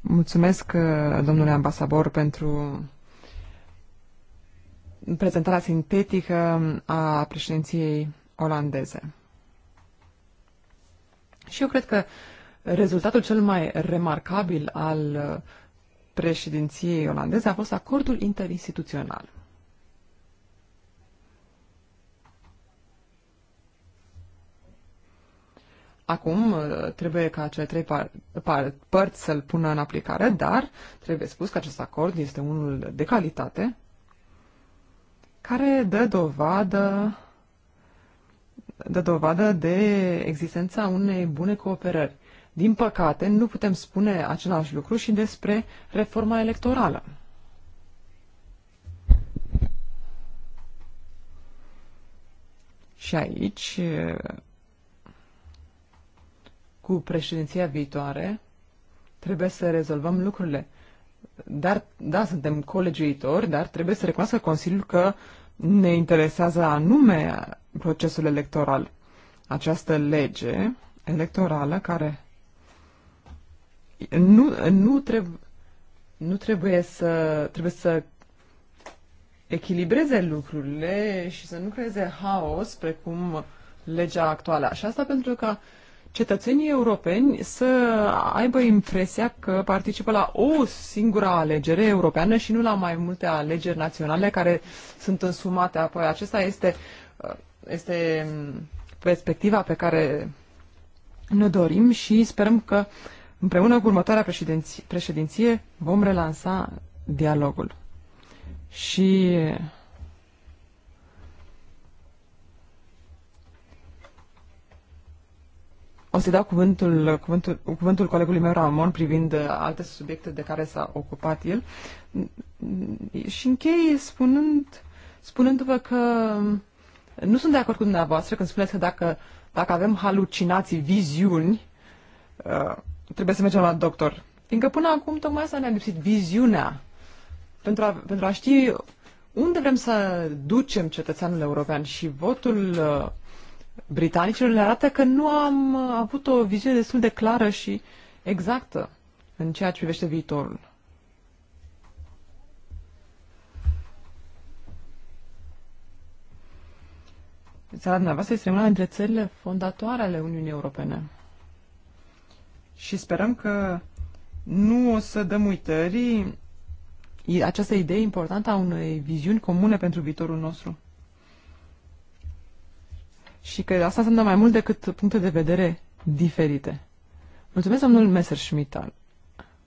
Mulțumesc, domnule ambasador, pentru prezentarea sintetică a președinției olandeze. Și eu cred că rezultatul cel mai remarcabil al președinției olandeze a fost acordul interinstituțional. Acum uh, trebuie ca cele trei par- par- părți să-l pună în aplicare, dar trebuie spus că acest acord este unul de calitate care dă dovadă dă dovadă de existența unei bune cooperări. Din păcate, nu putem spune același lucru și despre reforma electorală. Și aici cu președinția viitoare trebuie să rezolvăm lucrurile. Dar, da, suntem colegiuitori, dar trebuie să recunoască Consiliul că ne interesează anume procesul electoral. Această lege electorală care nu, nu, treb- nu trebuie să trebuie să echilibreze lucrurile și să nu creeze haos precum legea actuală. Și asta pentru că cetățenii europeni să aibă impresia că participă la o singură alegere europeană și nu la mai multe alegeri naționale care sunt însumate apoi. Acesta este, este perspectiva pe care ne dorim și sperăm că împreună cu următoarea președinție vom relansa dialogul. Și O să dau cuvântul, cuvântul, cuvântul colegului meu Ramon privind uh, alte subiecte de care s-a ocupat el și închei spunând, spunându-vă că um, nu sunt de acord cu dumneavoastră când spuneți că dacă, dacă avem halucinații, viziuni, uh, trebuie să mergem la doctor. Fiindcă până acum tocmai asta ne-a lipsit, viziunea. Pentru a, pentru a ști unde vrem să ducem cetățeanul european și votul uh, britanicilor le arată că nu am uh, avut o viziune destul de clară și exactă în ceea ce privește viitorul. Țara dumneavoastră este una dintre țările fondatoare ale Uniunii Europene. Și sperăm că nu o să dăm uitării această idee importantă a unei viziuni comune pentru viitorul nostru și că asta înseamnă mai mult decât puncte de vedere diferite. Mulțumesc, domnul Messerschmitt.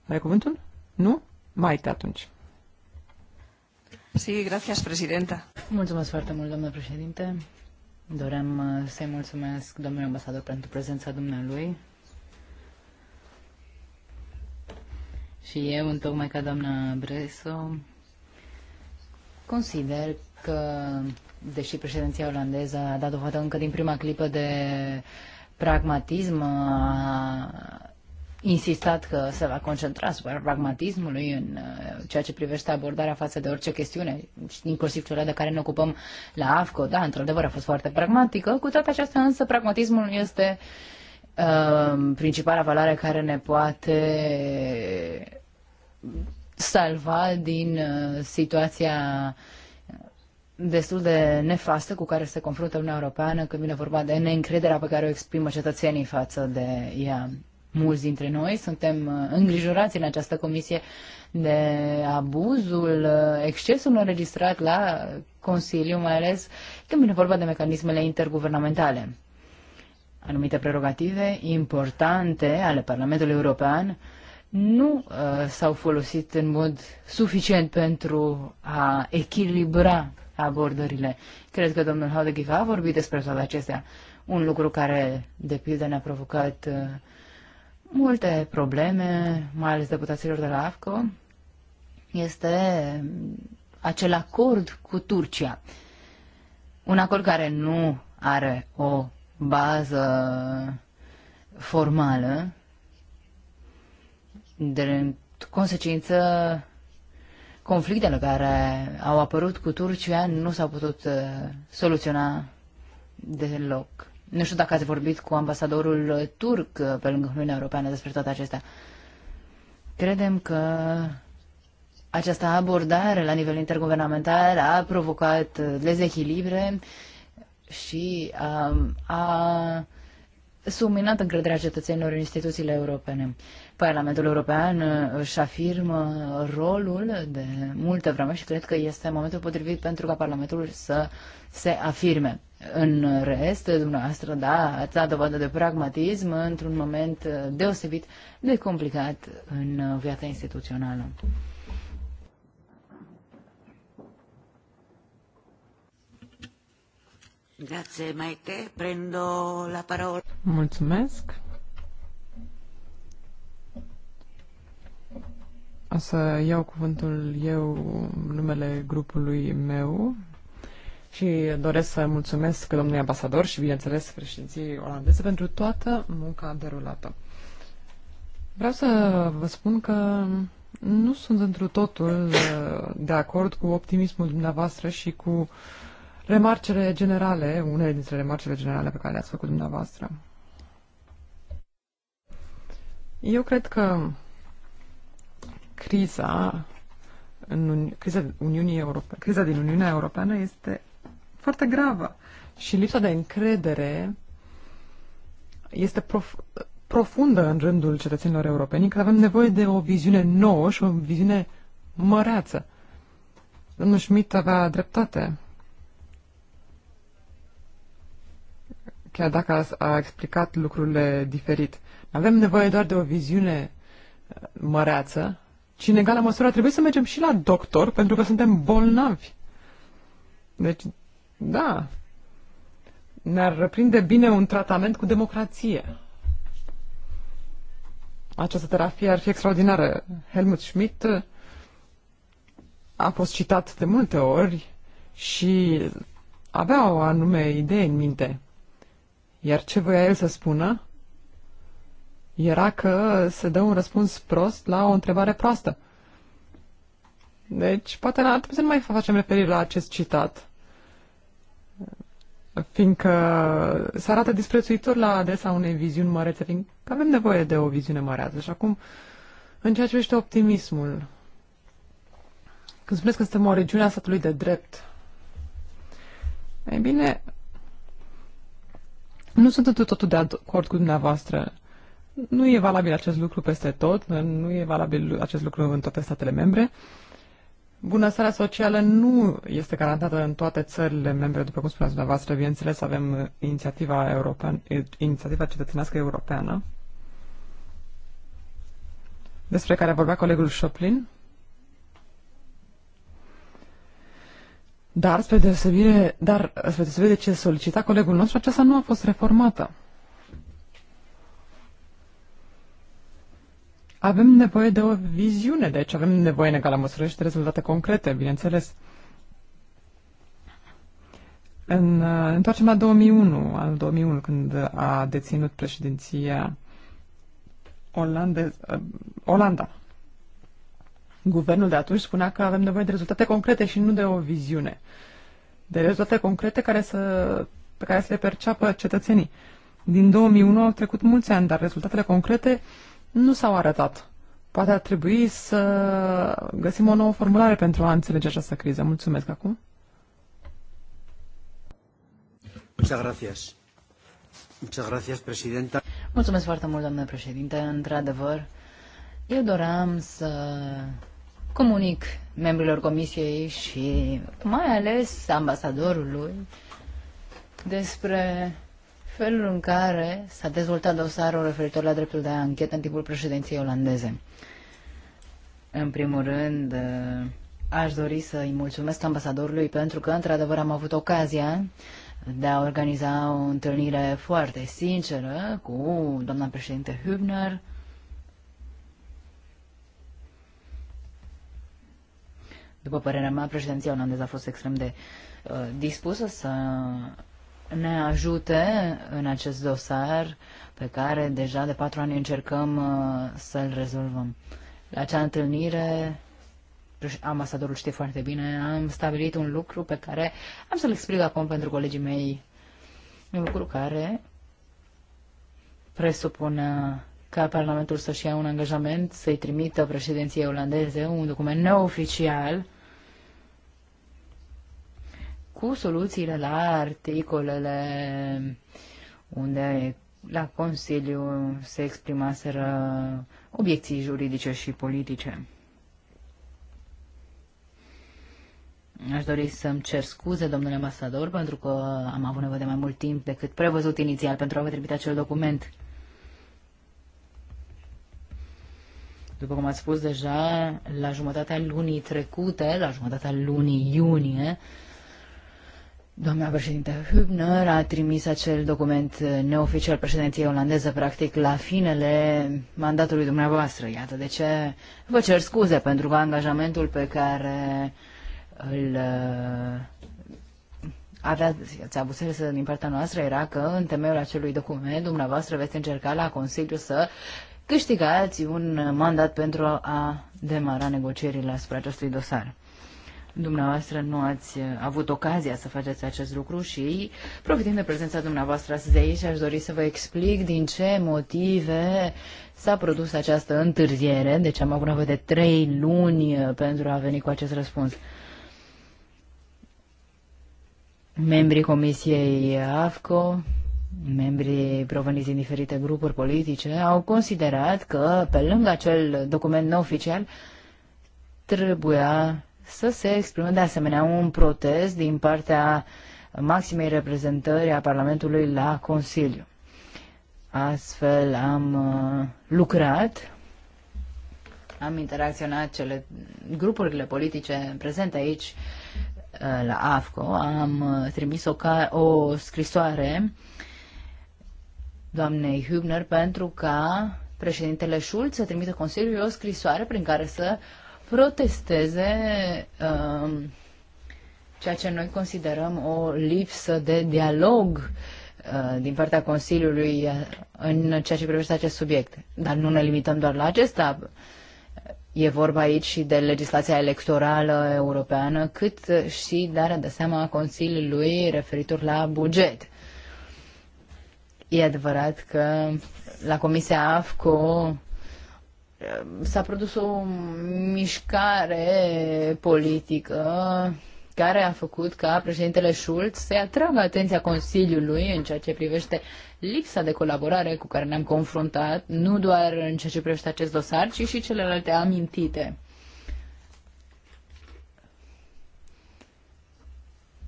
Ai cuvântul? Nu? Mai te atunci. Sí, gracias, presidenta. Mulțumesc foarte mult, domnule președinte. Doream uh, să-i mulțumesc domnului ambasador pentru prezența dumnealui. Și eu, întocmai ca doamna Breso, consider că deși președinția olandeză a dat dovadă încă din prima clipă de pragmatism, a insistat că se va concentra asupra pragmatismului în uh, ceea ce privește abordarea față de orice chestiune, inclusiv cele de care ne ocupăm la AFCO. Da, într-adevăr a fost foarte pragmatică, cu toate acestea însă pragmatismul este uh, principala valoare care ne poate salva din uh, situația uh, destul de nefastă cu care se confruntă Uniunea Europeană când vine vorba de neîncrederea pe care o exprimă cetățenii față de ea. Mulți dintre noi suntem uh, îngrijorați în această comisie de abuzul, uh, excesul înregistrat la Consiliu, mai ales când vine vorba de mecanismele interguvernamentale. Anumite prerogative importante ale Parlamentului European nu uh, s-au folosit în mod suficient pentru a echilibra abordările. Cred că domnul Haudeghic a vorbit despre toate acestea. Un lucru care, de pildă, ne-a provocat uh, multe probleme, mai ales deputaților de la AFCO, este mm, acel acord cu Turcia. Un acord care nu are o bază formală, de consecință conflictele care au apărut cu Turcia nu s-au putut uh, soluționa deloc. Nu știu dacă ați vorbit cu ambasadorul turc pe lângă Uniunea Europeană despre toate acestea. Credem că această abordare la nivel interguvernamental a provocat uh, dezechilibre și a, um, a subminat încrederea cetățenilor în instituțiile europene. Parlamentul European uh, își afirmă rolul de multă vreme și cred că este momentul potrivit pentru ca Parlamentul să se afirme. În rest, dumneavoastră, da, ați dat dovadă de pragmatism într-un moment deosebit de complicat în viața instituțională. Grazie, Maite. Prendo la parola. Mulțumesc. să iau cuvântul eu numele grupului meu și doresc să mulțumesc domnului ambasador și, bineînțeles, președinției olandeze pentru toată munca derulată. Vreau să vă spun că nu sunt întru totul uh, de acord cu optimismul dumneavoastră și cu remarcele generale, unele dintre remarcele generale pe care le-ați făcut dumneavoastră. Eu cred că criza, în, criza, Uniunii Europe, criza din Uniunea Europeană este foarte gravă și lipsa de încredere este prof, profundă în rândul cetățenilor europeni, că avem nevoie de o viziune nouă și o viziune măreață. Domnul Schmidt avea dreptate. Chiar dacă a, a explicat lucrurile diferit. Avem nevoie doar de o viziune uh, măreață și în egală măsură trebuie să mergem și la doctor pentru că suntem bolnavi. Deci, da, ne-ar răprinde bine un tratament cu democrație. Această terapie ar fi extraordinară. Helmut Schmidt a fost citat de multe ori și avea o anume idee în minte. Iar ce voia el să spună era că se dă un răspuns prost la o întrebare proastă. Deci, poate ar trebui să nu mai facem referire la acest citat, fiindcă se arată disprețuitor la adresa unei viziuni mărețe, fiindcă avem nevoie de o viziune mărează. Și acum, în ceea ce vește optimismul, când spuneți că suntem o regiune a statului de drept, ei bine, nu sunt totul de acord cu dumneavoastră. Nu e valabil acest lucru peste tot, nu e valabil acest lucru în toate statele membre. Bunăstarea socială nu este garantată în toate țările membre, după cum spuneați dumneavoastră. Bineînțeles, avem inițiativa, european, eh, inițiativa cetățenească europeană, despre care vorbea colegul Șoplin. Dar, spre deosebire, dar, spre deosebire de ce solicita colegul nostru, aceasta nu a fost reformată. Avem nevoie de o viziune, deci avem nevoie în egală măsură și de rezultate concrete, bineînțeles. În, uh, întoarcem la 2001, anul 2001, când a deținut președinția olandez, uh, Olanda. Guvernul de atunci spunea că avem nevoie de rezultate concrete și nu de o viziune. De rezultate concrete care să, pe care să le perceapă cetățenii. Din 2001 au trecut mulți ani, dar rezultatele concrete nu s-au arătat. Poate ar trebui să găsim o nouă formulare pentru a înțelege această criză. Mulțumesc acum. Muchas gracias. Muchas gracias, presidenta. Mulțumesc foarte mult, doamnă președinte. Într-adevăr, eu doream să comunic membrilor comisiei și mai ales ambasadorului despre felul în care s-a dezvoltat dosarul referitor la dreptul de anchetă în timpul președinției olandeze. În primul rând, eh, aș dori să-i mulțumesc ambasadorului pentru că, într-adevăr, am avut ocazia de a organiza o întâlnire foarte sinceră cu doamna președinte Hübner. După părerea mea, președinția olandeză a fost extrem de uh, dispusă să ne ajute în acest dosar pe care deja de patru ani încercăm uh, să-l rezolvăm. La acea întâlnire, ambasadorul știe foarte bine, am stabilit un lucru pe care am să-l explic acum pentru colegii mei. Un lucru care presupune ca Parlamentul să-și ia un angajament, să-i trimită președinției olandeze un document neoficial cu soluțiile la articolele unde la Consiliu se exprimaseră obiecții juridice și politice. Aș dori să-mi cer scuze, domnule ambasador, pentru că am avut nevoie de mai mult timp decât prevăzut inițial pentru a vă trimite acel document. După cum ați spus deja, la jumătatea lunii trecute, la jumătatea lunii iunie, uh, Doamna președinte Hübner a trimis acel document neoficial președinției olandeză practic, la finele mandatului dumneavoastră. Iată de ce vă cer scuze pentru că angajamentul pe care îl uh, aveați abuzese din partea noastră era că în temeiul acelui document dumneavoastră veți încerca la Consiliu să câștigați un mandat pentru a demara negocierile asupra acestui dosar. Dumneavoastră nu ați uh, avut ocazia să faceți acest lucru și, profitând de prezența dumneavoastră astăzi aici, aș dori să vă explic din ce motive s-a produs această întârziere, deci am avut nevoie de trei luni uh, pentru a veni cu acest răspuns. Membrii Comisiei AFCO membrii proveniți din diferite grupuri politice au considerat că, pe lângă acel document neoficial, trebuia să se exprime de asemenea un protest din partea maximei reprezentări a Parlamentului la Consiliu. Astfel am uh, lucrat, am interacționat cele grupurile politice prezente aici uh, la AFCO, am uh, trimis o, ca, o scrisoare doamnei Hübner pentru ca președintele Schulz să trimită Consiliului o scrisoare prin care să uh, protesteze uh, ceea ce noi considerăm o lipsă de dialog uh, din partea Consiliului în ceea ce privește acest subiect. Dar nu ne limităm doar la acesta. E vorba aici și de legislația electorală europeană, cât și darea de da seama a Consiliului referitor la buget. E adevărat că la Comisia AFCO s-a produs o mișcare politică care a făcut ca președintele Schulz să-i atragă atenția Consiliului în ceea ce privește lipsa de colaborare cu care ne-am confruntat, nu doar în ceea ce privește acest dosar, ci și celelalte amintite.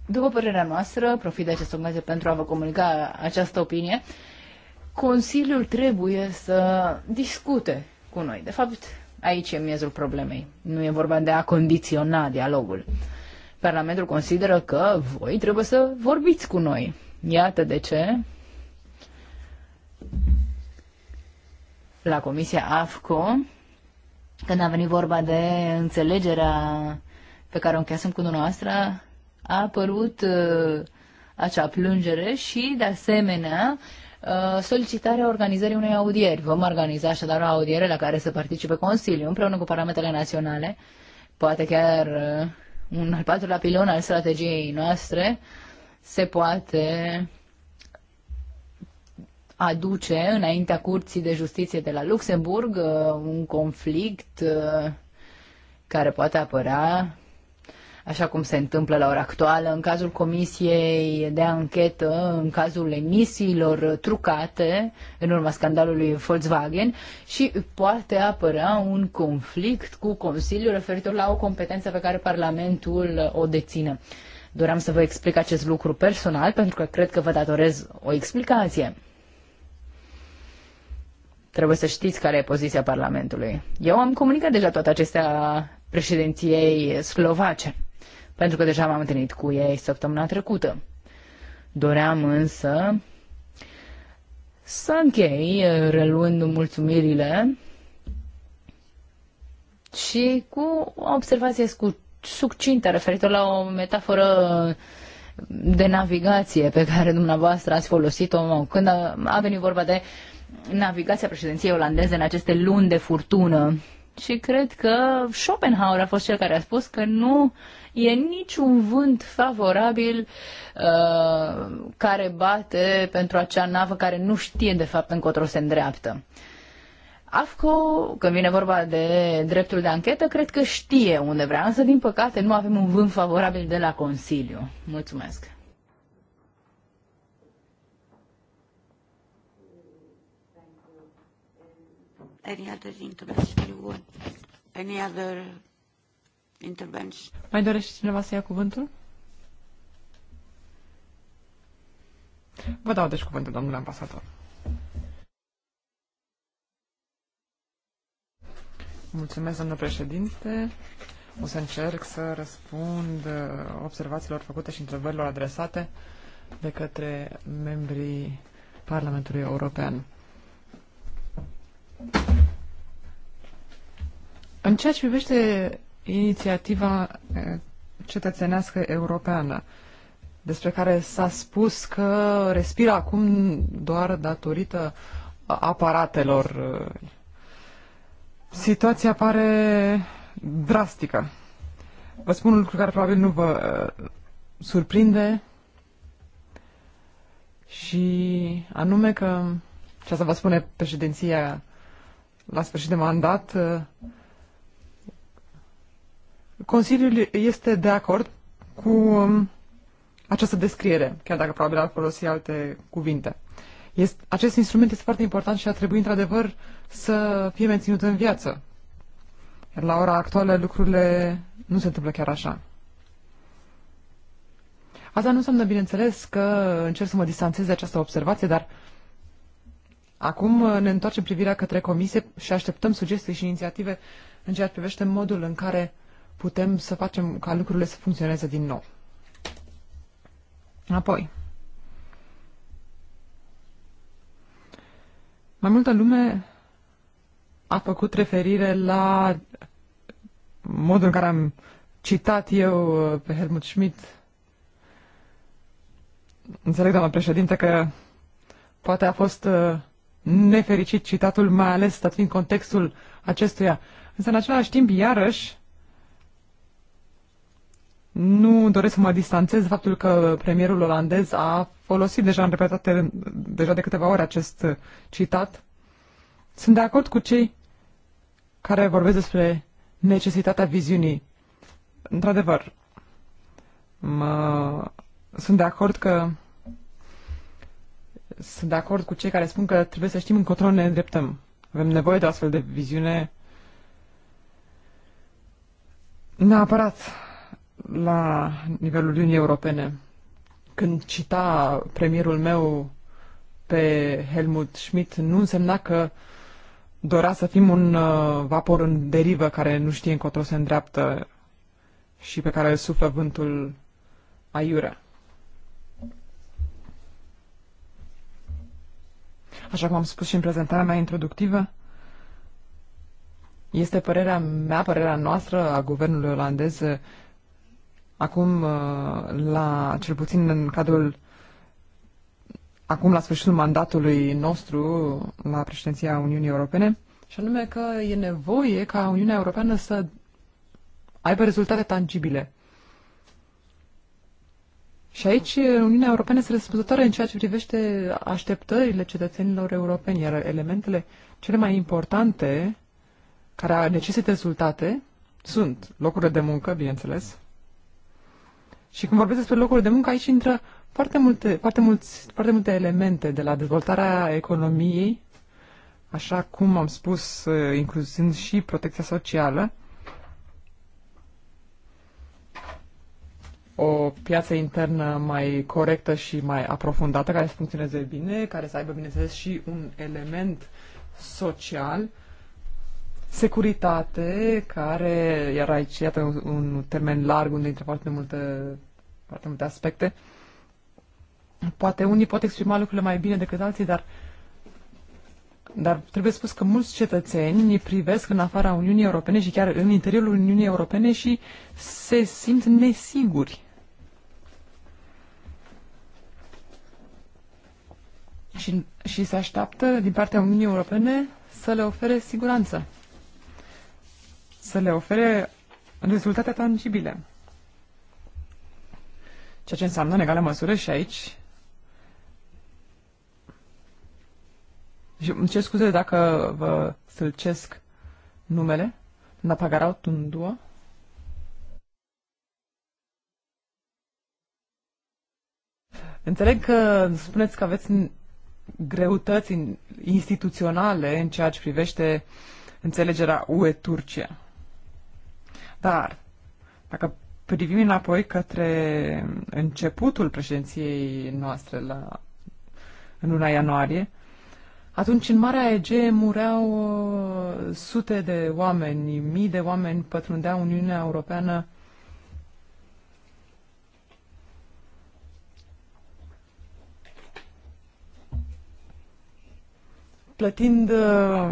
După părerea noastră, profit de această ocazie pentru a vă comunica această opinie, Consiliul trebuie să discute cu noi. De fapt, aici e miezul problemei. Nu e vorba de a condiționa dialogul. Parlamentul consideră că voi trebuie să vorbiți cu noi. Iată de ce la Comisia AFCO, când a venit vorba de înțelegerea pe care o încheiasem cu dumneavoastră, a apărut uh, acea plângere și, de asemenea, uh, Uh, solicitarea organizării unei audieri. Vom organiza așadar o audiere la care să participe Consiliul împreună cu parametrele naționale, poate chiar uh, un al patrulea pilon al strategiei noastre, se poate aduce înaintea Curții de Justiție de la Luxemburg uh, un conflict care poate apărea așa cum se întâmplă la ora actuală, în cazul comisiei de anchetă, în cazul emisiilor trucate în urma scandalului Volkswagen și poate apărea un conflict cu Consiliul referitor la o competență pe care Parlamentul o deține. Doream să vă explic acest lucru personal pentru că cred că vă datorez o explicație. Trebuie să știți care e poziția Parlamentului. Eu am comunicat deja toate acestea președinției slovace pentru că deja m-am întâlnit cu ei săptămâna trecută. Doream însă să închei uh, reluând mulțumirile și cu o observație succintă referitor la o metaforă de navigație pe care dumneavoastră ați folosit-o când a, a venit vorba de navigația președinției olandeze în aceste luni de furtună. Și cred că Schopenhauer a fost cel care a spus că nu uh, e niciun vânt favorabil uh, care bate pentru acea navă care nu știe de fapt încotro se îndreaptă. AFCO, când vine vorba de dreptul de anchetă, cred că știe unde vrea, însă din păcate nu avem un vânt favorabil de la Consiliu. Mulțumesc! Any other intervention you want? Any other intervention. Mai dorește cineva să ia cuvântul? Vă dau deci cuvântul, domnule ambasador. Mulțumesc, domnule președinte. O să încerc să răspund uh, observațiilor făcute și întrebărilor adresate de către membrii Parlamentului European. În ceea ce privește inițiativa eh, cetățenească europeană, despre care s-a spus că respiră acum doar datorită aparatelor. Situația pare drastică. Vă spun un lucru care probabil nu vă eh, surprinde și anume că, și asta vă spune președinția la sfârșit de mandat, eh, Consiliul este de acord cu um, această descriere, chiar dacă probabil ar folosi alte cuvinte. Este, acest instrument este foarte important și ar trebui într-adevăr să fie menținut în viață. Iar la ora actuală lucrurile nu se întâmplă chiar așa. Asta nu înseamnă, bineînțeles, că încerc să mă distanțez de această observație, dar acum ne întoarcem privirea către comisie și așteptăm sugestii și inițiative în ceea ce privește modul în care putem să facem ca lucrurile să funcționeze din nou. Apoi, mai multă lume a făcut referire la modul în care am citat eu uh, pe Helmut Schmidt. Înțeleg, doamna președinte, că poate a fost uh, nefericit citatul, mai ales dat fiind contextul acestuia. Însă, în același timp, iarăși, nu doresc să mă distanțez de faptul că premierul olandez a folosit deja în repetate, deja de câteva ori acest citat. Sunt de acord cu cei care vorbesc despre necesitatea viziunii. Într-adevăr, mă... sunt de acord că sunt de acord cu cei care spun că trebuie să știm încotro ne îndreptăm. Avem nevoie de astfel de viziune neapărat la nivelul Uniunii Europene. Când cita premierul meu pe Helmut Schmidt, nu însemna că dorea să fim un uh, vapor în derivă care nu știe încotro se îndreaptă și pe care îl suflă vântul aiurea. Așa cum am spus și în prezentarea mea introductivă, este părerea mea, părerea noastră a guvernului olandez acum uh, la cel puțin în cadrul acum la sfârșitul mandatului nostru la președinția Uniunii Europene, și anume că e nevoie ca Uniunea Europeană să aibă rezultate tangibile. Și aici uh, Uniunea Europeană este răspunzătoare în ceea ce privește așteptările cetățenilor europeni, iar elementele cele mai importante care necesită rezultate sunt locurile de muncă, bineînțeles, și când vorbesc despre locuri de muncă, aici intră foarte multe, foarte, mulți, foarte multe elemente de la dezvoltarea economiei, așa cum am spus, ă, incluzând și protecția socială, o piață internă mai corectă și mai aprofundată, care să funcționeze bine, care să aibă, bineînțeles, și un element social securitate, care, iar aici, iată, un, termen larg unde intră foarte multe, foarte multe aspecte. Poate unii pot exprima lucrurile mai bine decât alții, dar dar trebuie spus că mulți cetățeni privesc în afara Uniunii Europene și chiar în interiorul Uniunii Europene și se simt nesiguri. Și, și se așteaptă din partea Uniunii Europene să le ofere siguranță să le ofere rezultate tangibile. Ceea ce înseamnă, în egală măsură, și aici Și îmi cer scuze dacă vă sălcesc numele. Napagarau Tundua. Înțeleg că spuneți că aveți greutăți instituționale în ceea ce privește înțelegerea UE-Turcia. Dar, dacă privim înapoi către începutul președinției noastre la, în luna ianuarie, atunci în Marea ege mureau uh, sute de oameni, mii de oameni pătrundeau Uniunea Europeană plătind uh,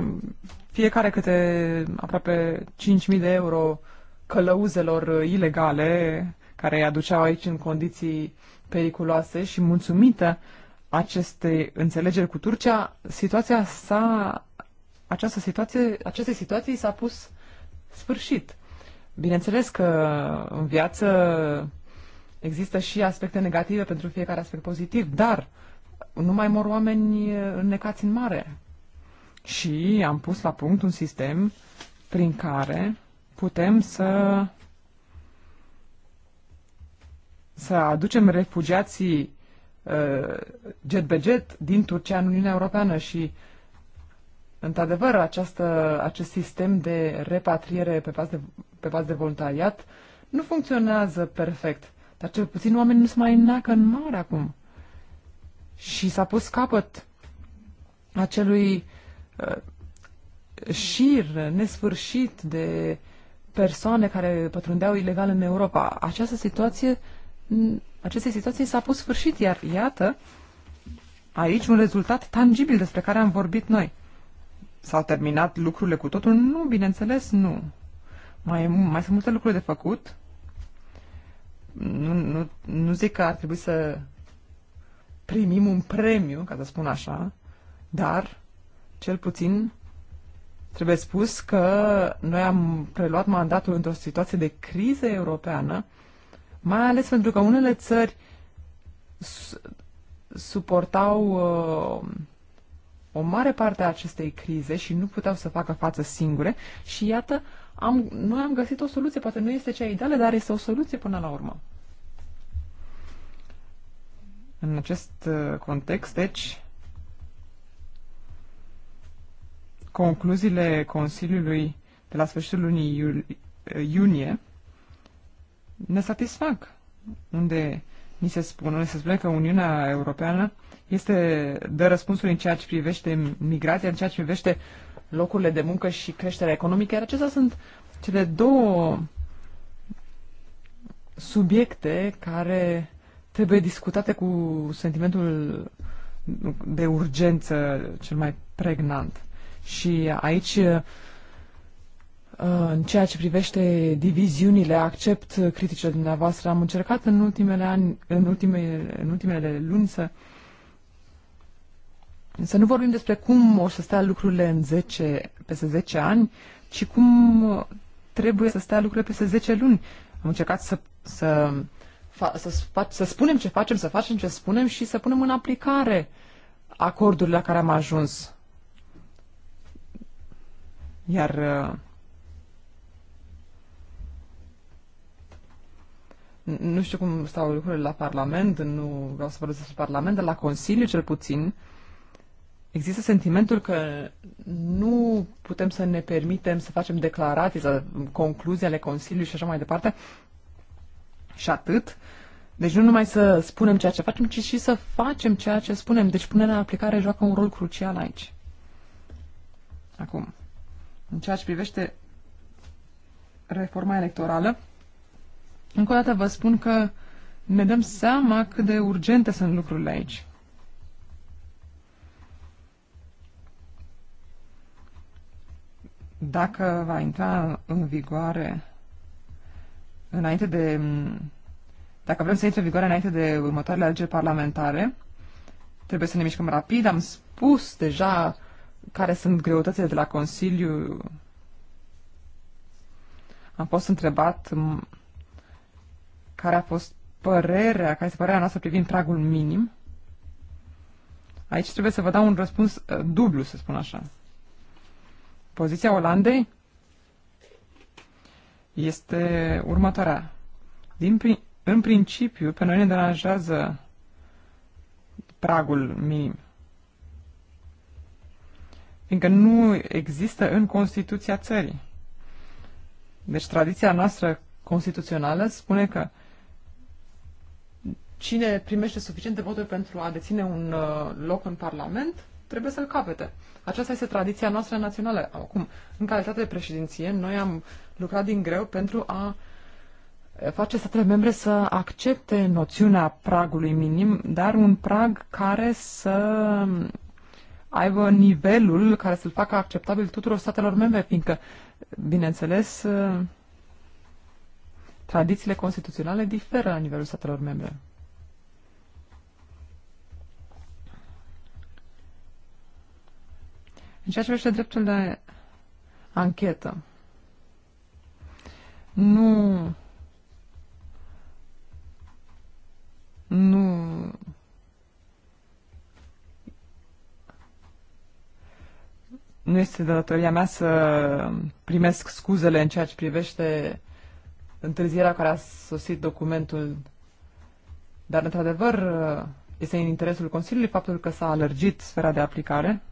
fiecare câte aproape 5.000 de euro călăuzelor uh, ilegale care îi aduceau aici în condiții periculoase și mulțumită acestei înțelegeri cu Turcia, situația s-a, această situație, aceste situații s-a pus sfârșit. Bineînțeles că în viață există și aspecte negative pentru fiecare aspect pozitiv, dar nu mai mor oameni uh, înnecați în mare. Și am pus la punct un sistem prin care putem să să aducem refugiații uh, jet be jet din Turcia în Uniunea Europeană și într-adevăr această, acest sistem de repatriere pe bază de, pe bază de voluntariat nu funcționează perfect, dar cel puțin oamenii nu se mai înnacă în mare acum. Și s-a pus capăt acelui uh, șir nesfârșit de uh, persoane care pătrundeau ilegal în Europa. Această situație, aceste situații s-a pus sfârșit, iar iată aici un rezultat tangibil despre care am vorbit noi. S-au terminat lucrurile cu totul? Nu, bineînțeles, nu. Mai, mai sunt multe lucruri de făcut. Nu, nu, nu zic că ar trebui să primim un premiu, ca să spun așa, dar cel puțin Trebuie spus că noi am preluat mandatul într-o situație de criză europeană, mai ales pentru că unele țări suportau uh, o mare parte a acestei crize și nu puteau să facă față singure și iată, am, noi am găsit o soluție, poate nu este cea ideală, dar este o soluție până la urmă. În acest uh, context, deci, concluziile Consiliului de la sfârșitul lunii eh, iunie ne satisfac, unde ni se spune, ni se spune că Uniunea Europeană este, dă răspunsuri în ceea ce privește migrația, în ceea ce privește locurile de muncă și creșterea economică, iar acestea sunt cele două subiecte care trebuie discutate cu sentimentul de urgență cel mai pregnant. Și aici, uh, în ceea ce privește diviziunile, accept criticile dumneavoastră. Am încercat în ultimele ani, în, ultime, în ultimele luni să să nu vorbim despre cum o să stea lucrurile în 10, peste 10 ani, ci cum trebuie să stea lucrurile peste 10 luni. Am încercat să, să, să, să, să spunem ce facem, să facem ce spunem și să punem în aplicare acordurile la care am ajuns. Iar uh, nu știu cum stau lucrurile la Parlament, nu vreau să vorbesc despre Parlament, dar la Consiliu cel puțin există sentimentul că nu putem să ne permitem să facem declarații, să concluzii ale Consiliului și așa mai departe. Și atât. Deci nu numai să spunem ceea ce facem, ci și să facem ceea ce spunem. Deci punerea în aplicare joacă un rol crucial aici. Acum, în ceea ce privește reforma electorală, încă o dată vă spun că ne dăm seama cât de urgente sunt lucrurile aici. Dacă va intra în vigoare înainte de. Dacă vrem să intre în vigoare înainte de următoarele alegeri parlamentare, trebuie să ne mișcăm rapid. Am spus deja care sunt greutățile de la Consiliu. Am fost întrebat care a fost părerea, care este părerea noastră privind pragul minim. Aici trebuie să vă dau un răspuns uh, dublu, să spun așa. Poziția Olandei este următoarea. Din, prin, în principiu, pe noi ne deranjează pragul minim fiindcă nu există în Constituția țării. Deci tradiția noastră constituțională spune că cine primește suficiente voturi pentru a deține un uh, loc în Parlament, trebuie să-l capete. Aceasta este tradiția noastră națională. Acum, în calitate de președinție, noi am lucrat din greu pentru a eh, face statele membre să accepte noțiunea pragului minim, dar un prag care să aibă nivelul care să-l facă acceptabil tuturor statelor membre, fiindcă, bineînțeles, ă, tradițiile constituționale diferă la nivelul statelor membre. În ceea ce privește dreptul de anchetă, nu, nu nu este datoria mea să primesc scuzele în ceea ce privește întârzierea care a sosit documentul. Dar, într-adevăr, este în interesul Consiliului faptul că s-a alergit sfera de aplicare.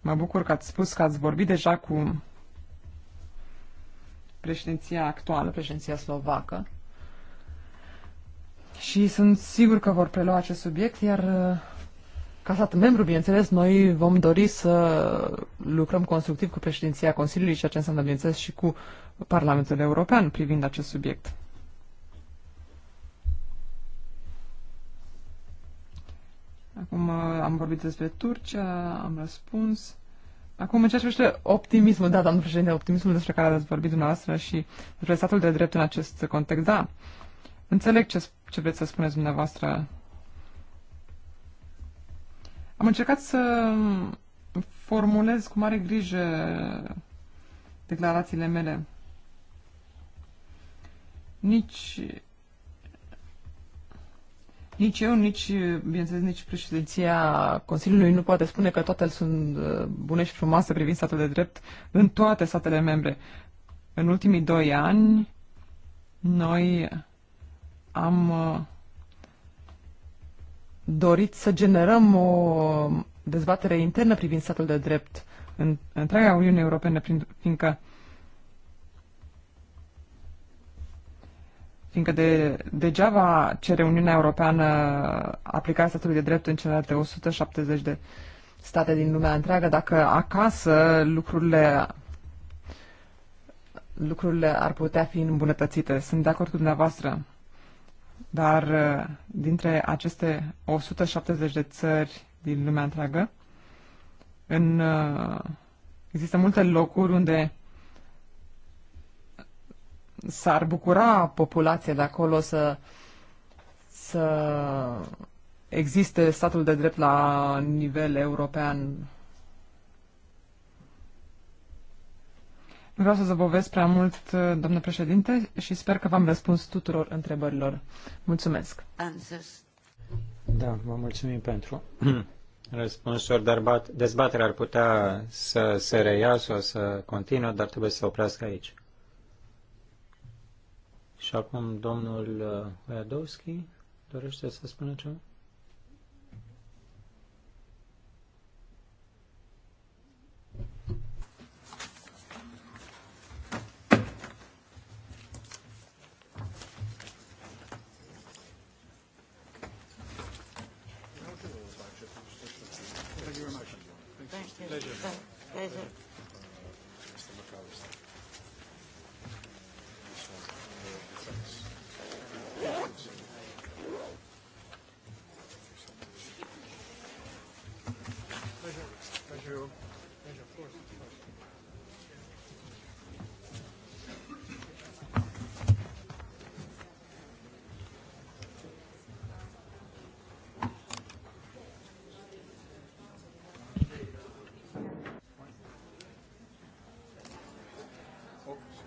Mă bucur că ați spus că ați vorbit deja cu președinția actuală, președinția slovacă. Și sunt sigur că vor prelua acest subiect, iar ca stat membru, bineînțeles, noi vom dori să lucrăm constructiv cu președinția Consiliului, ceea ce înseamnă, bineînțeles, și cu Parlamentul European privind acest subiect. Acum uh, am vorbit despre Turcia, am răspuns. Acum, în ceea ce privește optimismul, da, doamnă președinte, optimismul despre care ați vorbit dumneavoastră și despre statul de drept în acest context, da, înțeleg ce, ce vreți să spuneți dumneavoastră am încercat să formulez cu mare grijă declarațiile mele. Nici nici eu, nici, bineînțeles, nici președinția Consiliului nu poate spune că toate sunt uh, bune și frumoase privind statul de drept în toate statele membre. În ultimii doi ani, noi am uh, dorit să generăm o dezbatere internă privind statul de drept în întreaga Uniune Europeană, fiindcă fiindcă de, degeaba cere Uniunea Europeană aplicarea statului de drept în celelalte 170 de state din lumea întreagă, dacă acasă lucrurile lucrurile ar putea fi îmbunătățite. Sunt de acord cu dumneavoastră. Dar uh, dintre aceste 170 de țări din lumea întreagă, în, uh, există multe locuri unde s-ar bucura populația de acolo să, să existe statul de drept la nivel european Vreau să zăbovesc prea mult, uh, doamnă președinte, și sper că v-am răspuns tuturor întrebărilor. Mulțumesc. Answers. Da, vă mulțumim pentru răspunsuri, dar dezbaterea ar putea să se reia sau să continuă, dar trebuie să se oprească aici. Și acum domnul Vajadovski uh, dorește să spună ceva? Pleasure. Pleasure.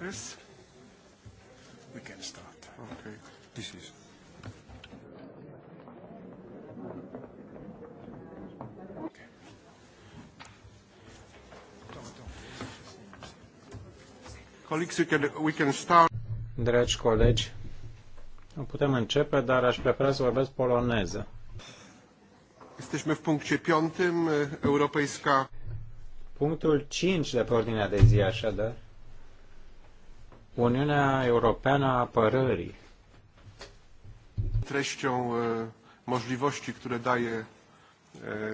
Yes? We can start. Okay. This is. Okay. we can, we can start. Dragi colegi, putem începe, dar aș prefera să vorbesc poloneză. Jesteśmy w punkcie piątym, europejska... Punctul 5 de pe ordinea de zi, așadar. Uniunea Europeană a Apărării. Treścią możliwości, które daje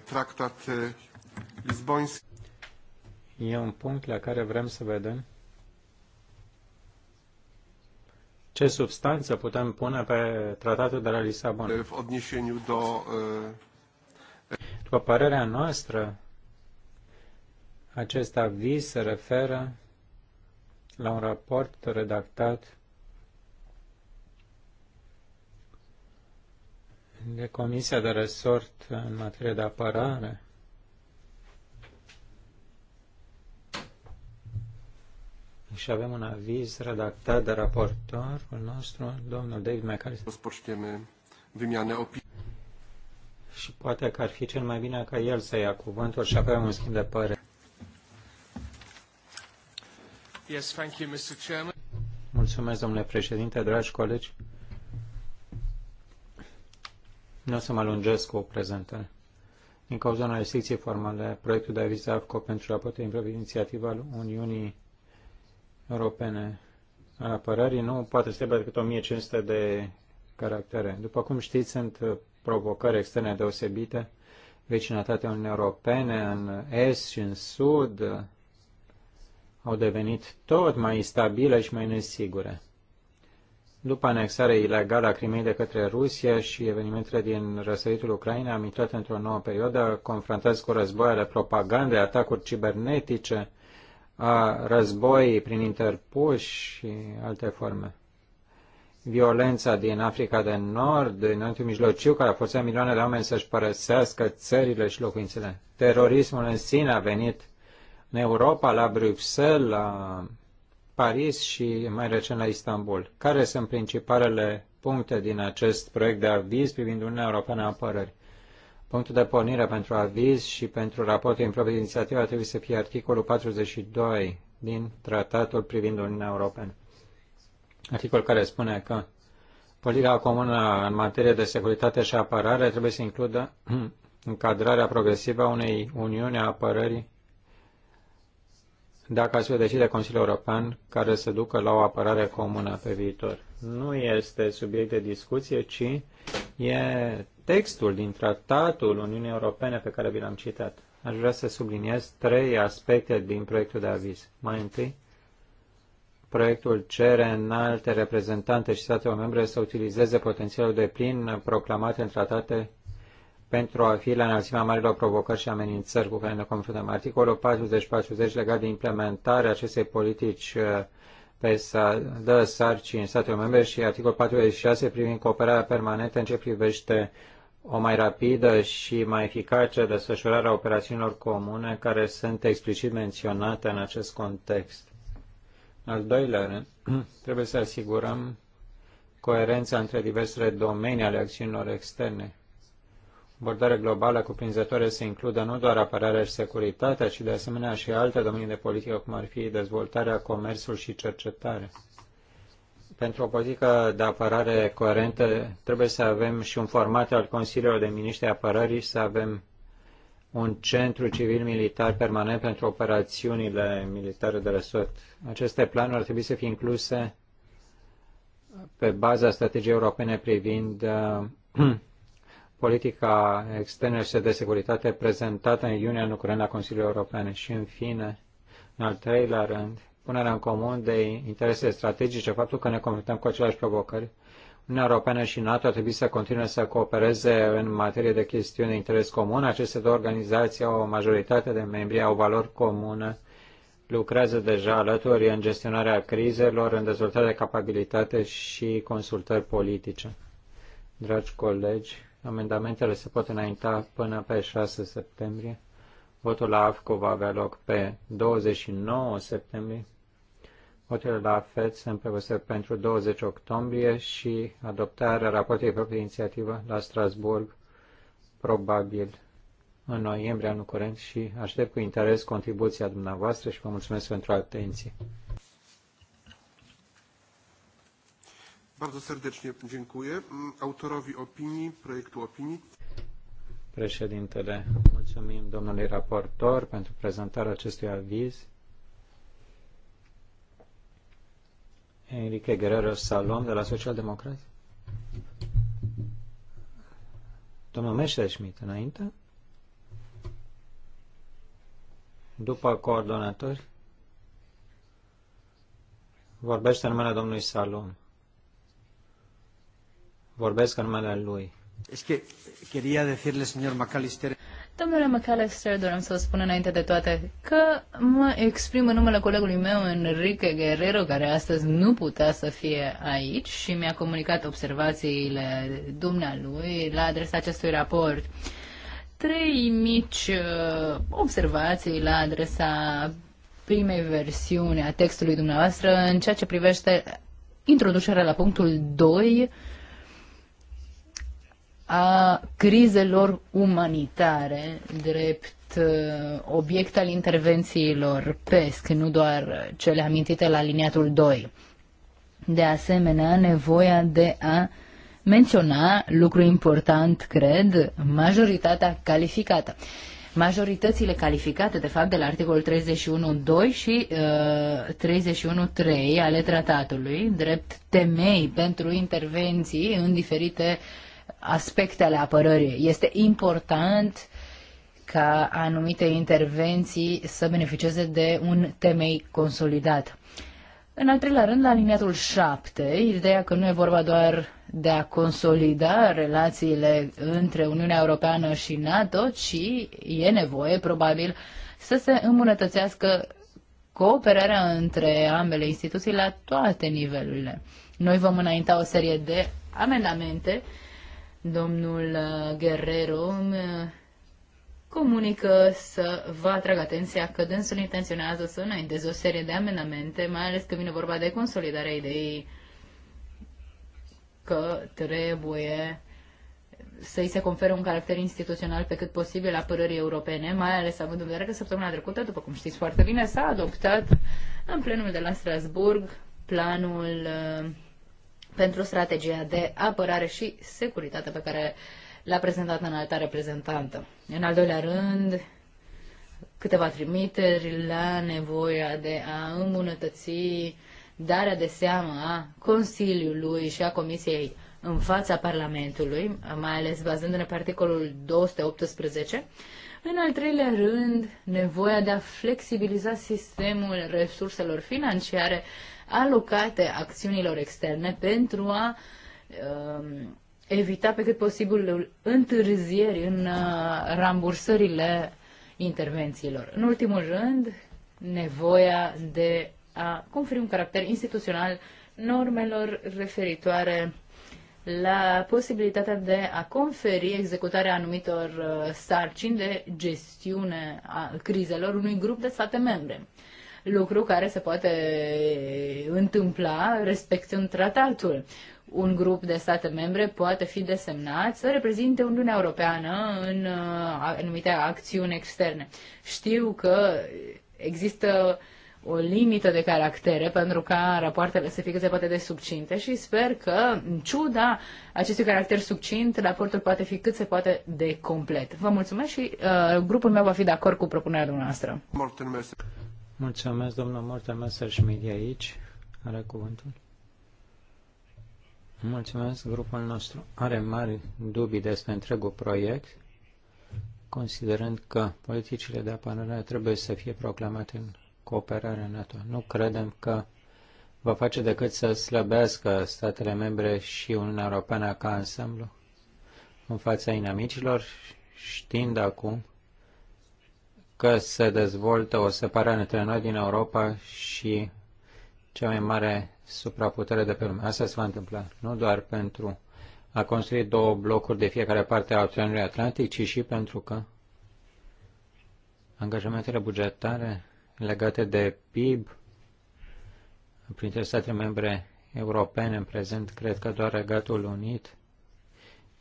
traktat lizboński. E un punct la care vrem să vedem ce substanță putem pune pe tratatul de la Lisabona. După părerea noastră, acest aviz se referă la un raport redactat de Comisia de Resort în materie de apărare. Și avem un aviz redactat de raportorul nostru, domnul David McAllister. Și poate că ar fi cel mai bine ca el să ia cuvântul și apoi un schimb de părere. Yes, thank you, Mr. Chairman. Mulțumesc, domnule președinte, dragi colegi. Nu o să mă lungesc cu o prezentare. Din cauza unor restricții formale, proiectul de aviz AFCO pentru raportul din inițiativa Uniunii Europene a apărării nu poate să aibă decât 1500 de caractere. După cum știți, sunt provocări externe deosebite, vecinătatea Uniunii Europene în Est și în Sud, au devenit tot mai instabile și mai nesigure. După anexarea ilegală a Crimei de către Rusia și evenimentele din răsăritul Ucrainei, am intrat într-o nouă perioadă confruntați cu războaiele, propagande, atacuri cibernetice, a război prin interpuși și alte forme. Violența din Africa de Nord, din Orientul Mijlociu, care a forțat milioane de oameni să-și părăsească țările și locuințele. Terorismul în sine a venit în Europa, la Bruxelles, la Paris și mai recent la Istanbul. Care sunt principalele puncte din acest proiect de aviz privind Uniunea Europeană a Apărării? Punctul de pornire pentru aviz și pentru raportul în proprie inițiativă ar trebui să fie articolul 42 din Tratatul privind Uniunea Europeană. Articol care spune că politica comună în materie de securitate și apărare trebuie să includă încadrarea progresivă a unei Uniuni a apărării dacă se decide Consiliul European care să ducă la o apărare comună pe viitor. Nu este subiect de discuție, ci e textul din Tratatul Uniunii Europene pe care vi l-am citat. Aș vrea să subliniez trei aspecte din proiectul de aviz. Mai întâi, proiectul cere în alte reprezentante și statele membre să utilizeze potențialul de plin proclamat în tratate pentru a fi la înălțimea marilor provocări și amenințări cu care ne confruntăm. Articolul 40-40 legat de implementarea acestei politici uh, pe să dă sarcini statele membre și articolul 46 privind cooperarea permanentă în ce privește o mai rapidă și mai eficace desfășurare a operațiunilor comune care sunt explicit menționate în acest context. În al doilea rând, trebuie să asigurăm coerența între diversele domenii ale acțiunilor externe abordare globală cuprinzătoare să includă nu doar apărarea și securitatea, ci de asemenea și alte domenii de politică, cum ar fi dezvoltarea, comerțul și cercetarea. Pentru o politică de apărare coerentă, trebuie să avem și un format al Consiliului de Miniștri Apărării, să avem un centru civil-militar permanent pentru operațiunile militare de resort. Aceste planuri ar trebui să fie incluse pe baza strategiei europene privind uh, politica externă și de securitate prezentată în iunie în curând la Consiliul European și, în fine, în al treilea rând, punerea în comun de interese strategice, faptul că ne confruntăm cu aceleași provocări. Uniunea Europeană și NATO ar trebui să continue să coopereze în materie de chestiuni de interes comun. Aceste două organizații au o majoritate de membri, au valori comune, lucrează deja alături în gestionarea crizelor, în dezvoltarea de capabilitate și consultări politice. Dragi colegi, Amendamentele se pot înainta până pe 6 septembrie. Votul la AFCO va avea loc pe 29 septembrie. Votul la FED se prevăzute pentru 20 octombrie și adoptarea raportului proprie inițiativă la Strasburg, probabil în noiembrie anul curent și aștept cu interes contribuția dumneavoastră și vă mulțumesc pentru atenție. Bardzo serdecznie dziękuję mm, autorowi opinii, projektu opinii. Președintele, mulțumim domnului raportor pentru prezentarea acestui aviz. Enrique Guerrero Salom de la Social Socialdemocrați. Domnul Meșeșmit, înainte? După coordonatori? Vorbește în numele domnului Salom. Vorbesc în numele lui. Es que quería decirle, señor McAllister... Domnule McAllister, doream să vă spun înainte de toate că mă exprim în numele colegului meu, Enrique Guerrero, care astăzi nu putea să fie aici și mi-a comunicat observațiile dumnealui la adresa acestui raport. Trei mici uh, observații la adresa primei versiuni a textului dumneavoastră în ceea ce privește introducerea la punctul 2 a crizelor umanitare drept uh, obiect al intervențiilor PESC, nu doar cele amintite la liniatul 2. De asemenea, nevoia de a menționa, lucru important, cred, majoritatea calificată. Majoritățile calificate, de fapt, de la articolul 31.2 și uh, 31.3 ale tratatului, drept temei pentru intervenții în diferite uh, aspecte ale apărării. Este important ca anumite intervenții să beneficieze de un temei consolidat. În al treilea rând, la liniatul 7, ideea că nu e vorba doar de a consolida relațiile între Uniunea Europeană și NATO, ci e nevoie, probabil, să se îmbunătățească cooperarea între ambele instituții la toate nivelurile. Noi vom înainta o serie de amendamente Domnul uh, Guerrero uh, comunică să vă atrag atenția că dânsul intenționează să înainteze o serie de amendamente, mai ales că vine vorba de consolidarea ideii că trebuie să-i se confere un caracter instituțional pe cât posibil la părării europene, mai ales având în vedere că săptămâna trecută, după cum știți foarte bine, s-a adoptat în plenul de la Strasburg planul uh, pentru strategia de apărare și securitate pe care l-a prezentat în alta reprezentantă. În al doilea rând, câteva trimiteri la nevoia de a îmbunătăți darea de seamă a Consiliului și a Comisiei în fața Parlamentului, mai ales bazându-ne pe articolul 218. În al treilea rând, nevoia de a flexibiliza sistemul resurselor financiare alocate acțiunilor externe pentru a uh, evita pe cât posibil întârzieri în uh, rambursările intervențiilor. În ultimul rând, nevoia de a conferi un caracter instituțional normelor referitoare la posibilitatea de a conferi executarea anumitor uh, sarcini de gestiune a crizelor unui grup de state membre lucru care se poate întâmpla respectând tratatul. Un grup de state membre poate fi desemnat să reprezinte Uniunea Europeană în uh, anumite acțiuni externe. Știu că există o limită de caractere pentru ca rapoartele să fie cât se poate de subcinte și sper că, în ciuda acestui caracter subcint, raportul poate fi cât se poate de complet. Vă mulțumesc și uh, grupul meu va fi de acord cu propunerea noastră. Mulțumesc. Mulțumesc, domnul Morten Messerschmidt e aici. Are cuvântul. Mulțumesc, grupul nostru are mari dubii despre întregul proiect, considerând că politicile de apărare trebuie să fie proclamate în cooperare NATO. Nu credem că va face decât să slăbească statele membre și Uniunea Europeană ca ansamblu în fața inamicilor, știind acum că se dezvoltă o separare între noi din Europa și cea mai mare supraputere de pe lume. Asta se va întâmpla nu doar pentru a construi două blocuri de fiecare parte a Oceanului Atlantic, ci și pentru că angajamentele bugetare legate de PIB printre statele membre europene în prezent, cred că doar Regatul Unit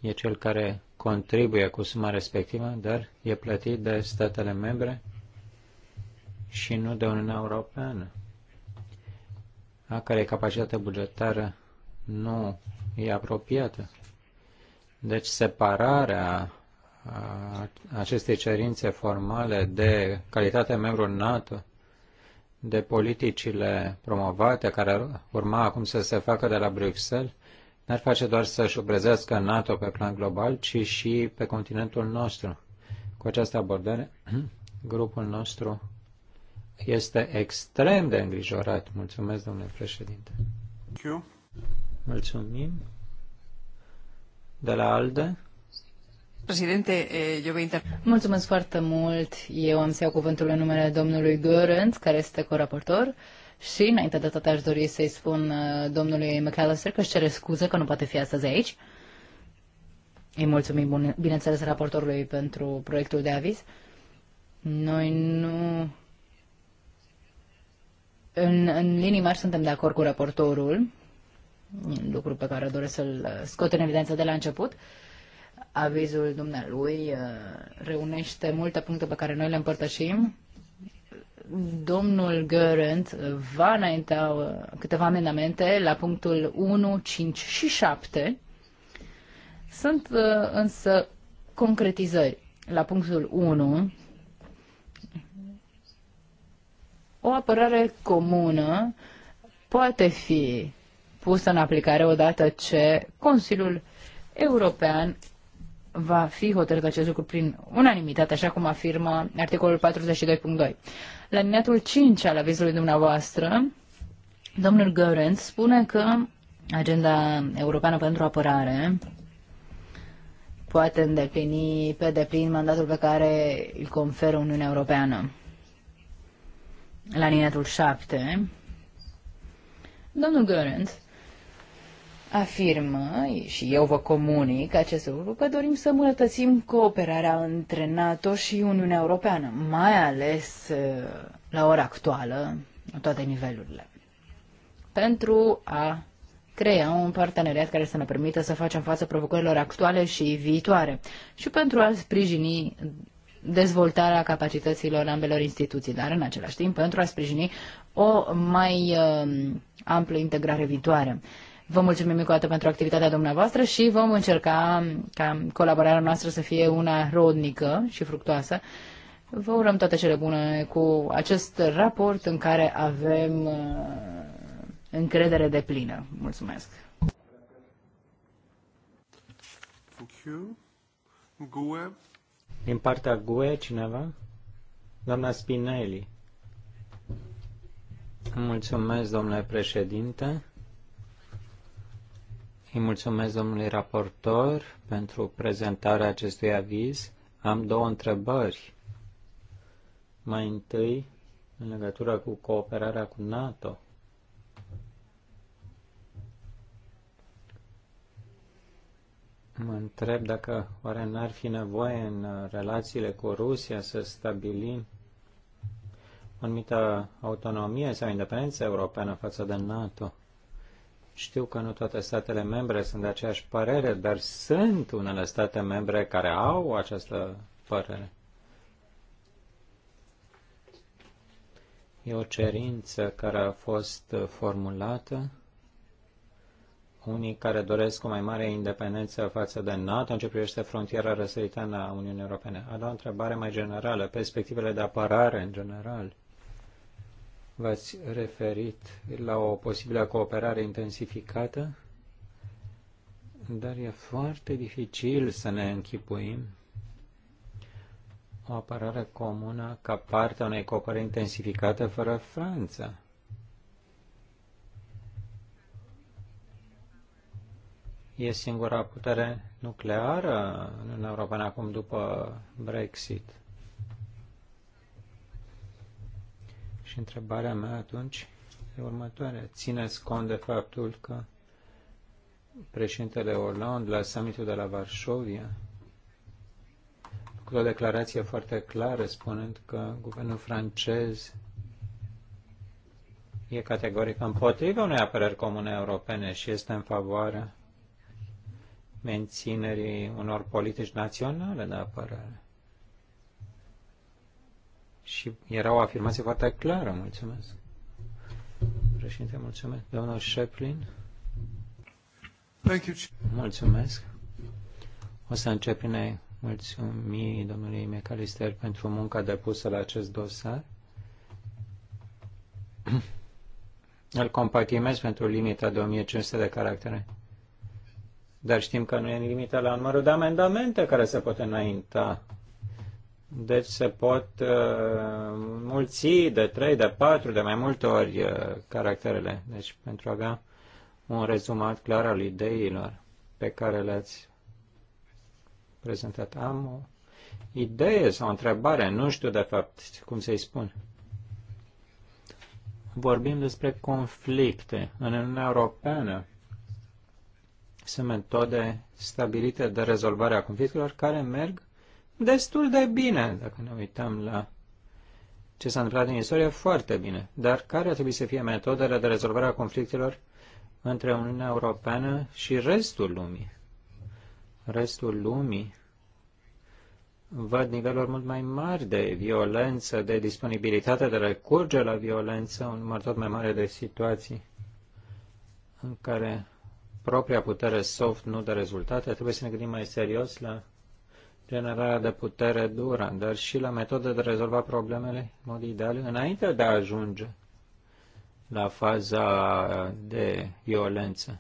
e cel care contribuie cu suma respectivă, dar e plătit de statele membre și nu de Uniunea Europeană, a care capacitatea bugetară nu e apropiată. Deci separarea acestei cerințe formale de calitatea membru NATO, de politicile promovate care urma acum să se facă de la Bruxelles, n-ar face doar să-și obrezească NATO pe plan global, ci și pe continentul nostru. Cu această abordare, grupul nostru este extrem de îngrijorat. Mulțumesc, domnule președinte. Mulțumim. Mulțumim. De la ALDE. Președinte, eh, eu vă inter... Mulțumesc foarte mult. Eu am să iau cuvântul în numele domnului Görens, care este coraportor. raportor și înainte de toate aș dori să-i spun uh, domnului McAllister că își cere scuze că nu poate fi astăzi aici. Îi mulțumim, bineînțeles, raportorului pentru proiectul de aviz. Noi nu... În, în linii mari suntem de acord cu raportorul, lucru pe care doresc să-l uh, scot în evidență de la început. Avizul dumnealui uh, reunește multe puncte pe care noi le împărtășim, domnul Gărânt va înainta uh, câteva amendamente la punctul 1, 5 și 7. Sunt uh, însă concretizări. La punctul 1, o apărare comună poate fi pusă în aplicare odată ce Consiliul European va fi hotărât acest lucru prin unanimitate, așa cum afirmă articolul 42.2. La liniatul 5 al avizului dumneavoastră, domnul Gărent spune că agenda europeană pentru apărare poate îndeplini pe deplin mandatul pe care îl conferă Uniunea Europeană. La liniatul 7, domnul Gărent afirmă, și eu vă comunic acest lucru, că dorim să îmbunătățim cooperarea între NATO și Uniunea Europeană, mai ales uh, la ora actuală, la toate nivelurile, pentru a crea un parteneriat care să ne permită să facem față provocărilor actuale și viitoare și pentru a sprijini dezvoltarea capacităților ambelor instituții, dar în același timp pentru a sprijini o mai uh, amplă integrare viitoare. Vă mulțumim încă o dată pentru activitatea dumneavoastră și vom încerca ca colaborarea noastră să fie una rodnică și fructoasă. Vă urăm toate cele bune cu acest raport în care avem uh, încredere de plină. Mulțumesc! GUE. Din partea GUE, cineva? Doamna Spinelli. Mulțumesc, domnule președinte. Îi mulțumesc domnului raportor pentru prezentarea acestui aviz. Am două întrebări. Mai întâi, în legătură cu cooperarea cu NATO. Mă întreb dacă oare n-ar fi nevoie în relațiile cu Rusia să stabilim o anumită autonomie sau independență europeană față de NATO. Știu că nu toate statele membre sunt de aceeași părere, dar sunt unele state membre care au această părere. E o cerință care a fost formulată. Unii care doresc o mai mare independență față de NATO în ce privește frontiera răsăritană a Uniunii Europene. A doua întrebare mai generală, perspectivele de apărare în general V-ați referit la o posibilă cooperare intensificată, dar e foarte dificil să ne închipuim o apărare comună ca parte a unei cooperări intensificate fără Franța. E singura putere nucleară în Europa acum după Brexit. Și întrebarea mea atunci e următoarea. Țineți cont de faptul că președintele Hollande la summitul de la Varșovia cu o declarație foarte clară spunând că guvernul francez e categoric împotriva unei apărări comune europene și este în favoarea menținerii unor politici naționale de apărare. Și era o afirmație foarte clară, mulțumesc. Președinte, mulțumesc. Domnul Sheplin. Thank you. Mulțumesc. O să încep prin a mulțumi domnului McAllister pentru munca depusă la acest dosar. Îl compatimez pentru limita de 1500 de caractere. Dar știm că nu e limita la numărul de amendamente care se pot înainta deci se pot uh, mulți de 3, de 4, de mai multe ori uh, caracterele. Deci pentru a avea un rezumat clar al ideilor pe care le-ați prezentat. Am o idee sau o întrebare, nu știu de fapt cum să-i spun. Vorbim despre conflicte. În Uniunea Europeană sunt metode stabilite de rezolvare a conflictelor care merg destul de bine, dacă ne uităm la ce s-a întâmplat în istorie, foarte bine. Dar care ar trebui să fie metodele de rezolvare a conflictelor între Uniunea Europeană și restul lumii? Restul lumii văd niveluri mult mai mari de violență, de disponibilitate de recurge la violență, un număr tot mai mare de situații în care propria putere soft nu dă rezultate. Trebuie să ne gândim mai serios la generarea de putere dură, dar și la metode de rezolva problemele în mod ideal înainte de a ajunge la faza de violență.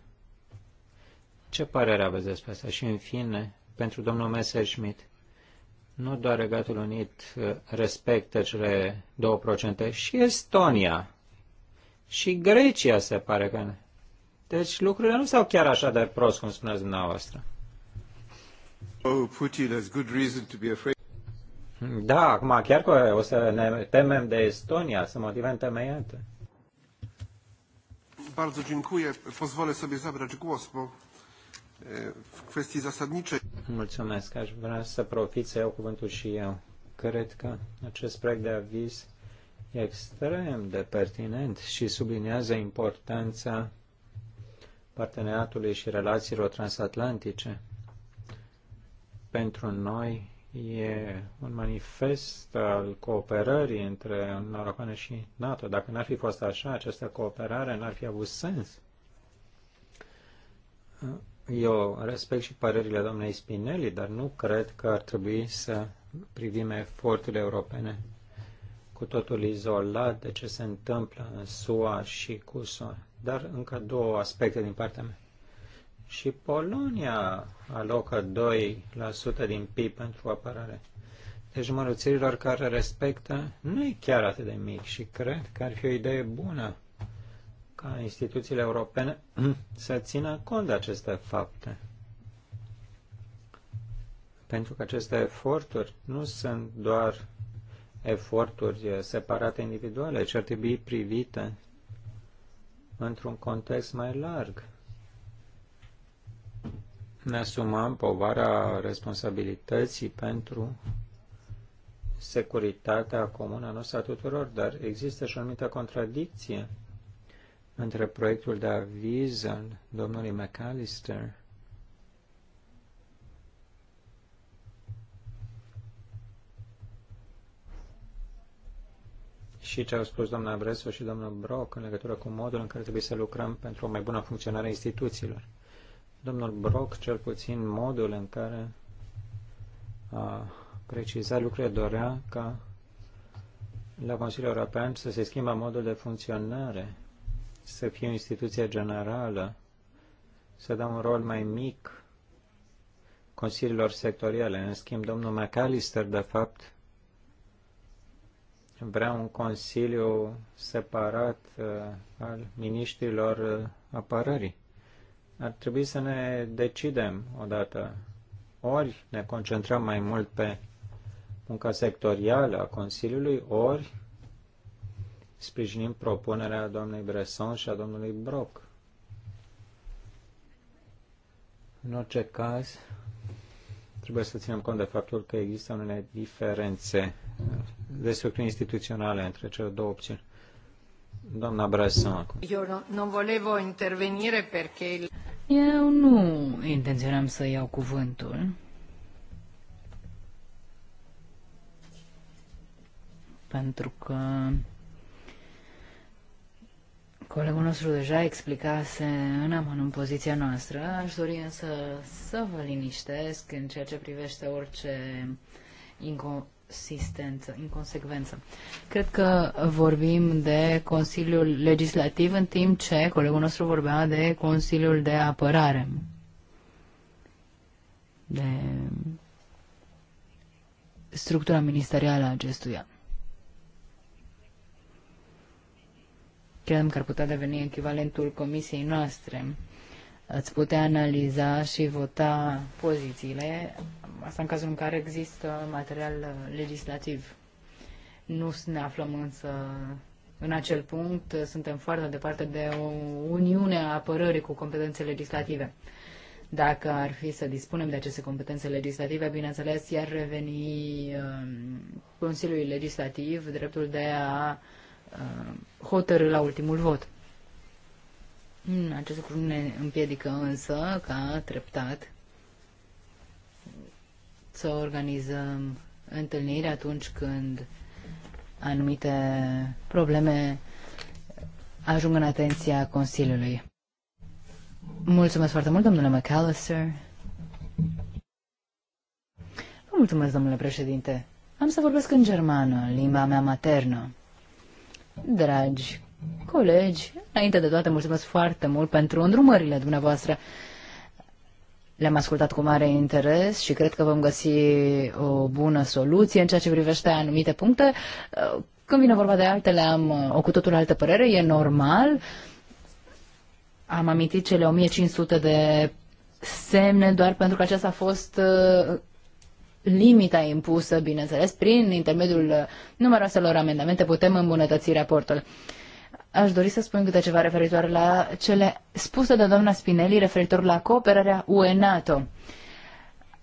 Ce părere aveți despre asta? Și în fine, pentru domnul Messerschmidt, nu doar Regatul Unit uh, respectă cele 2%, și Estonia, și Grecia se pare că... Deci lucrurile nu stau chiar așa de prost, cum spuneți dumneavoastră. Oh, Putin Da, acum chiar că o să ne temem de Estonia, sunt motive întemeiate. Bardzo dziękuję. Pozwolę sobie zabrać głos, bo w kwestii zasadniczej. Mulțumesc, aș vrea să profit să iau cuvântul și eu. Cred că acest proiect de aviz e extrem de pertinent și sublinează importanța parteneriatului și relațiilor transatlantice pentru noi e un manifest al cooperării între Uniunea Europeană și NATO. Dacă n-ar fi fost așa, această cooperare n-ar fi avut sens. Eu respect și părerile doamnei Spinelli, dar nu cred că ar trebui să privim eforturile europene cu totul izolat de ce se întâmplă în SUA și cu SUA. Dar încă două aspecte din partea mea. Și Polonia alocă 2% din PIB pentru apărare. Deci numărul țărilor care respectă nu e chiar atât de mic și cred că ar fi o idee bună ca instituțiile europene să țină cont de aceste fapte. Pentru că aceste eforturi nu sunt doar eforturi separate individuale, ci ar trebui privite într-un context mai larg ne asumăm povara responsabilității pentru securitatea comună noastră a tuturor, dar există și o anumită contradicție între proiectul de aviz al domnului McAllister și ce au spus doamna Bresu și domnul Brock în legătură cu modul în care trebuie să lucrăm pentru o mai bună funcționare a instituțiilor domnul Brock, cel puțin modul în care a precizat lucrurile, dorea ca la Consiliul European să se schimbe modul de funcționare, să fie o instituție generală, să dăm un rol mai mic consiliilor sectoriale. În schimb, domnul McAllister, de fapt, vrea un consiliu separat uh, al miniștrilor uh, apărării ar trebui să ne decidem odată. Ori ne concentrăm mai mult pe munca sectorială a Consiliului, ori sprijinim propunerea doamnei Bresson și a domnului Brock. În orice caz, trebuie să ținem cont de faptul că există unele diferențe de structuri instituționale între cele două opțiuni. Doamna Bresson. Eu nu, nu volevo intervenire perché... Eu nu intenționam să iau cuvântul. Pentru că colegul nostru deja explicase în amănunt poziția noastră. Aș dori însă să vă liniștesc în ceea ce privește orice inconsistență, inconsecvență. Cred că vorbim de Consiliul Legislativ în timp ce colegul nostru vorbea de Consiliul de Apărare. De structura ministerială a acestuia. Credem că ar putea deveni echivalentul comisiei noastre îți putea analiza și vota pozițiile, asta în cazul în care există material legislativ. Nu ne aflăm însă în acel punct, suntem foarte departe de o uniune a apărării cu competențe legislative. Dacă ar fi să dispunem de aceste competențe legislative, bineînțeles, iar reveni um, Consiliului Legislativ dreptul de a um, hotărâ la ultimul vot. Mm, acest lucru ne împiedică însă ca treptat să organizăm întâlniri atunci când anumite probleme ajung în atenția Consiliului. Mulțumesc foarte mult, domnule McAllister. Vă mulțumesc, domnule președinte. Am să vorbesc în germană, limba mea maternă. Dragi colegi, înainte de toate, mulțumesc foarte mult pentru îndrumările dumneavoastră. Le-am ascultat cu mare interes și cred că vom găsi o bună soluție în ceea ce privește anumite puncte. Când vine vorba de altele, am o cu totul altă părere, e normal. Am amintit cele 1500 de semne doar pentru că aceasta a fost uh, limita impusă, bineînțeles, prin intermediul uh, numeroaselor amendamente putem îmbunătăți raportul aș dori să spun câte ceva referitor la cele spuse de doamna Spinelli referitor la cooperarea UE-NATO.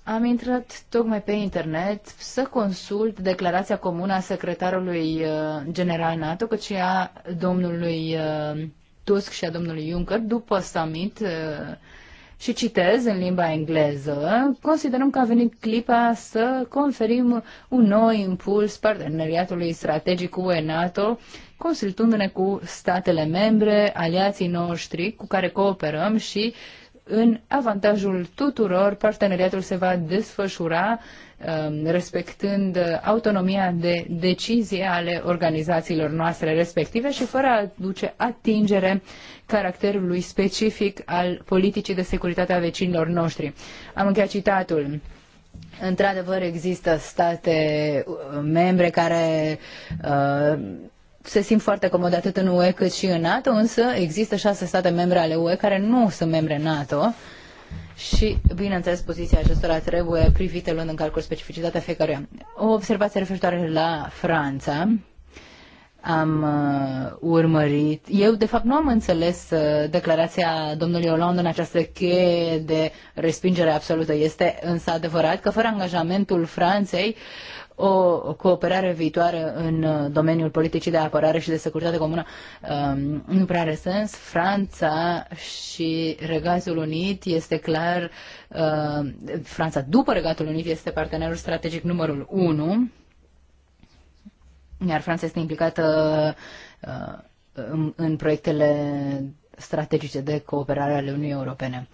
Am intrat tocmai pe internet să consult declarația comună a secretarului uh, general NATO, cât și a domnului uh, Tusk și a domnului Juncker după summit uh, și citez în limba engleză, considerăm că a venit clipa să conferim un nou impuls parteneriatului strategic cu NATO, consultându-ne cu statele membre, aliații noștri cu care cooperăm și în avantajul tuturor, parteneriatul se va desfășura Um, respectând autonomia de decizie ale organizațiilor noastre respective și fără a duce atingere caracterului specific al politicii de securitate a vecinilor noștri. Am încheiat citatul. Într-adevăr, există state uh, membre care uh, se simt foarte comode atât în UE cât și în NATO, însă există șase state membre ale UE care nu sunt membre NATO. Uh, și, bineînțeles, poziția acestora trebuie privită luând în calcul specificitatea fiecăruia. O observație referitoare la Franța. Am uh, urmărit. Eu, de fapt, nu am înțeles uh, declarația domnului Hollande în această cheie de respingere absolută. Este însă adevărat că, fără angajamentul Franței, uh, o cooperare viitoare în uh, domeniul politicii de apărare și de securitate comună um, nu prea are sens. Franța și Regatul Unit este clar, uh, Franța după Regatul Unit este partenerul strategic numărul 1, iar Franța este implicată uh, în, în proiectele strategice de cooperare ale Uniunii Europene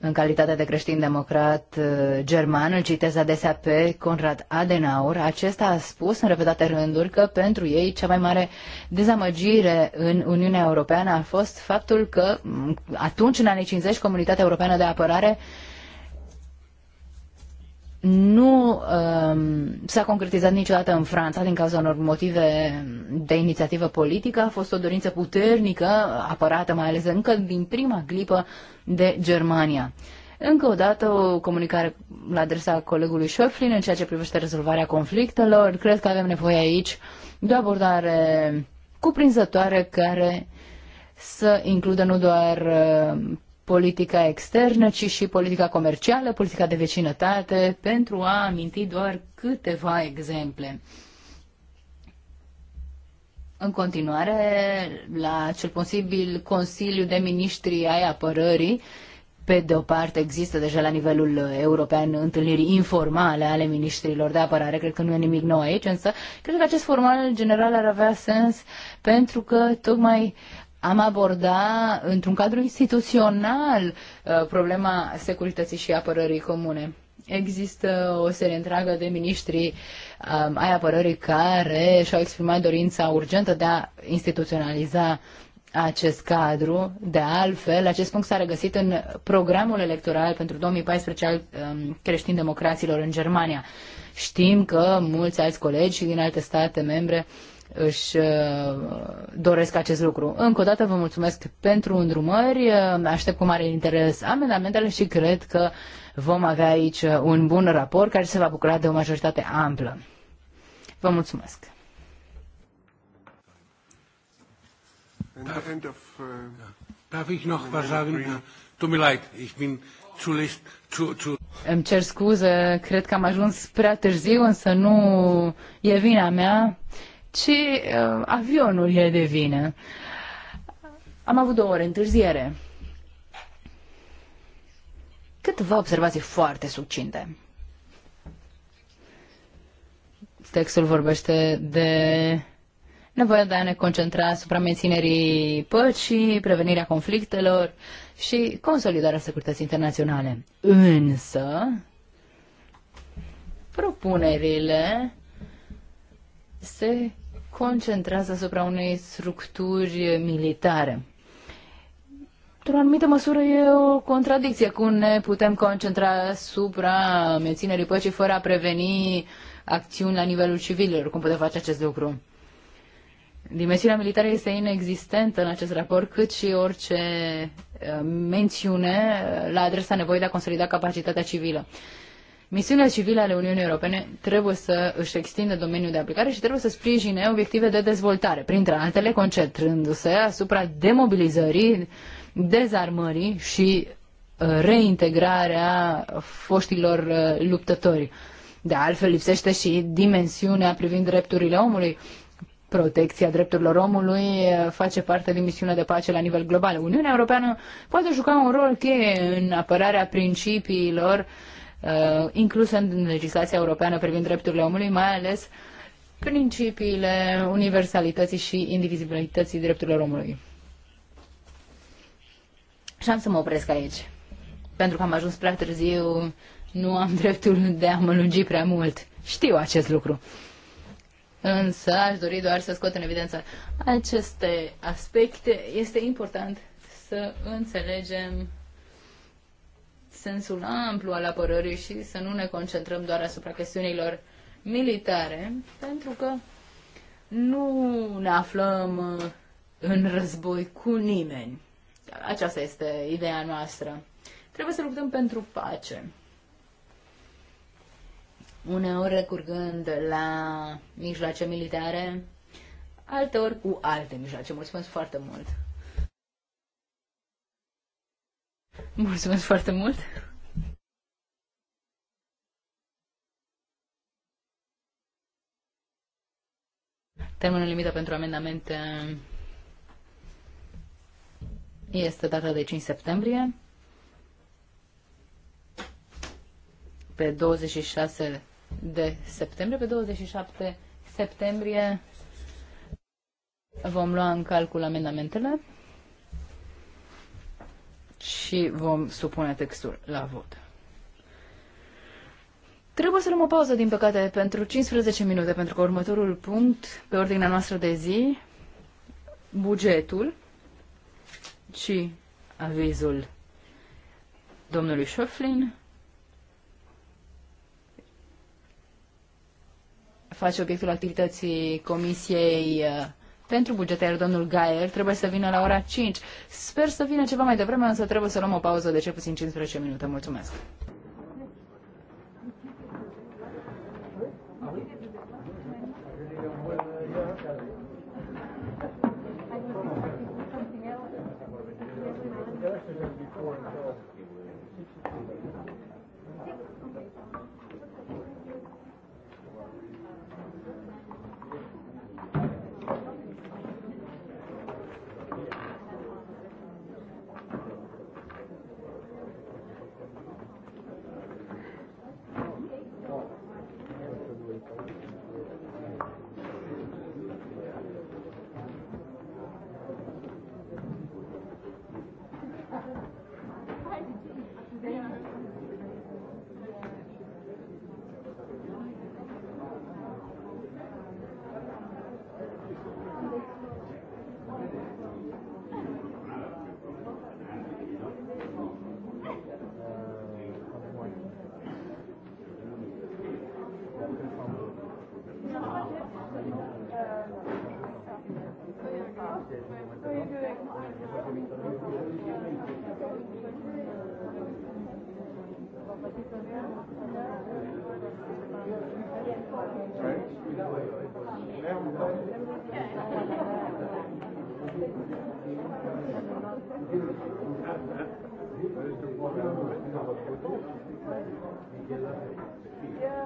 în calitate de creștin democrat uh, german, îl citez adesea pe Konrad Adenauer, acesta a spus în repetate rânduri că pentru ei cea mai mare dezamăgire în Uniunea Europeană a fost faptul că atunci, în anii 50, Comunitatea Europeană de Apărare uh, nu um, s-a concretizat niciodată în Franța din cauza unor motive de inițiativă politică. A fost o dorință puternică, apărată mai ales încă din prima clipă de Germania. Încă o dată o comunicare la adresa colegului Schöpflin în ceea ce privește rezolvarea conflictelor. Cred că avem nevoie aici de o abordare cuprinzătoare care să includă nu doar uh, politica externă, ci și politica comercială, politica de vecinătate, pentru a aminti doar câteva exemple. În continuare, la cel posibil Consiliu de Ministri ai Apărării, pe de o parte există deja la nivelul european întâlniri informale ale ministrilor de apărare, cred că nu e nimic nou aici, însă cred că acest formal general ar avea sens pentru că tocmai am aborda într-un cadru instituțional uh, problema securității și apărării comune. Există o serie întreagă de miniștri um, ai apărării care și-au exprimat dorința urgentă de a instituționaliza acest cadru. De altfel, acest punct s-a regăsit în programul electoral pentru 2014 al um, creștin-democraților în Germania. Știm că mulți alți colegi și din alte state membre uh, își uh, doresc acest lucru. Încă o dată vă mulțumesc pentru îndrumări, uh, aștept cu mare interes amendamentele și cred că vom avea aici uh, un bun raport care se va bucura de o majoritate amplă. Vă mulțumesc! Darf ich noch was sagen? Tut mir leid, ich bin zu list, zu, zu... Îmi cer scuze, cred că am ajuns prea târziu, însă nu e vina mea ce uh, avionul e de vină. Am avut două ore întârziere. Câteva observații foarte succinte. Textul vorbește de nevoia de a ne concentra asupra menținerii păcii, prevenirea conflictelor și consolidarea securității internaționale. Însă, propunerile se concentrează asupra unei structuri militare. Într-o anumită măsură e o contradicție cum ne putem concentra asupra menținerii păcii fără a preveni acțiuni la nivelul civililor. Cum putem face acest lucru? Dimensiunea militară este inexistentă în acest raport, cât și orice uh, mențiune uh, la adresa nevoii de a consolida capacitatea civilă. Misiunile civile ale Uniunii Europene trebuie să își extindă domeniul de aplicare și trebuie să sprijine obiective de dezvoltare, printre altele concentrându-se asupra demobilizării, dezarmării și uh, reintegrarea foștilor uh, luptători. De altfel, lipsește și dimensiunea privind drepturile omului. Protecția drepturilor omului uh, face parte din misiunea de pace la nivel global. Uniunea Europeană poate juca un rol cheie în apărarea principiilor uh, uh, incluse în legislația europeană privind drepturile omului, mai ales principiile universalității și indivizibilității drepturilor omului. Și am să mă opresc aici, pentru că am ajuns prea târziu, nu am dreptul de a mă lungi prea mult. Știu acest lucru. Însă aș dori doar să scot în evidență aceste aspecte. Este important să înțelegem sensul amplu al apărării și să nu ne concentrăm doar asupra chestiunilor militare, pentru că nu ne aflăm uh, în război cu nimeni. Aceasta este ideea noastră. Trebuie să luptăm pentru pace. Uneori recurgând la mijloace militare, alteori cu alte mijloace. Mulțumesc foarte mult! Mulțumesc foarte mult! Termenul limită pentru amendamente este data de 5 septembrie. Pe 26 de septembrie, pe 27 septembrie vom lua în calcul amendamentele și vom supune textul la vot. Trebuie să luăm o pauză, din păcate, pentru 15 minute, pentru că următorul punct pe ordinea noastră de zi, bugetul și avizul domnului Șoflin face obiectul activității Comisiei uh, pentru bugete, iar domnul Gaier trebuie să vină la ora 5. Sper să vină ceva mai devreme, însă trebuie să luăm o pauză de cel puțin 15 minute. Mulțumesc! Yeah.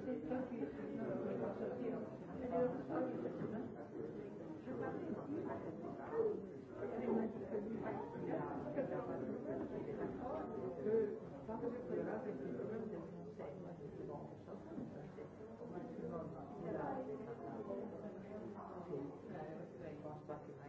toate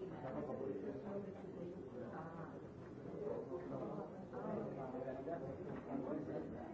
Thank ah. you.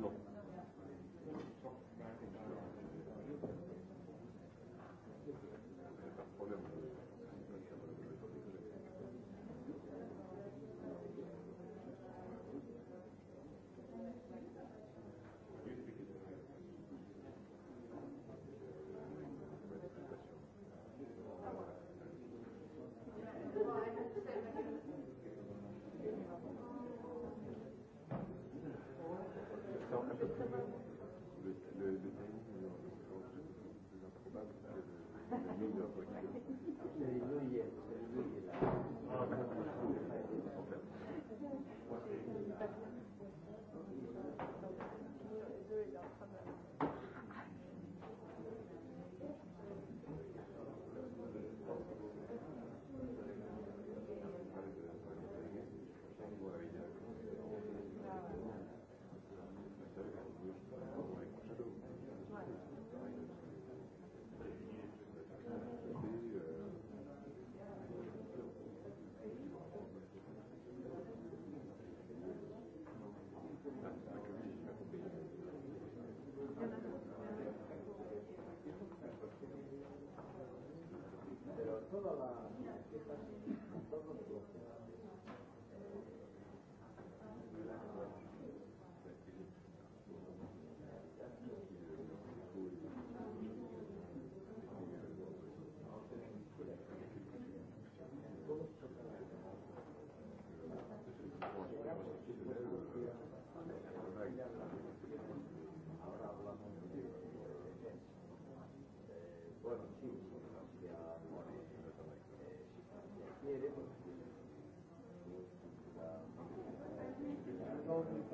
Nu.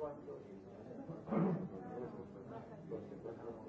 Thank you.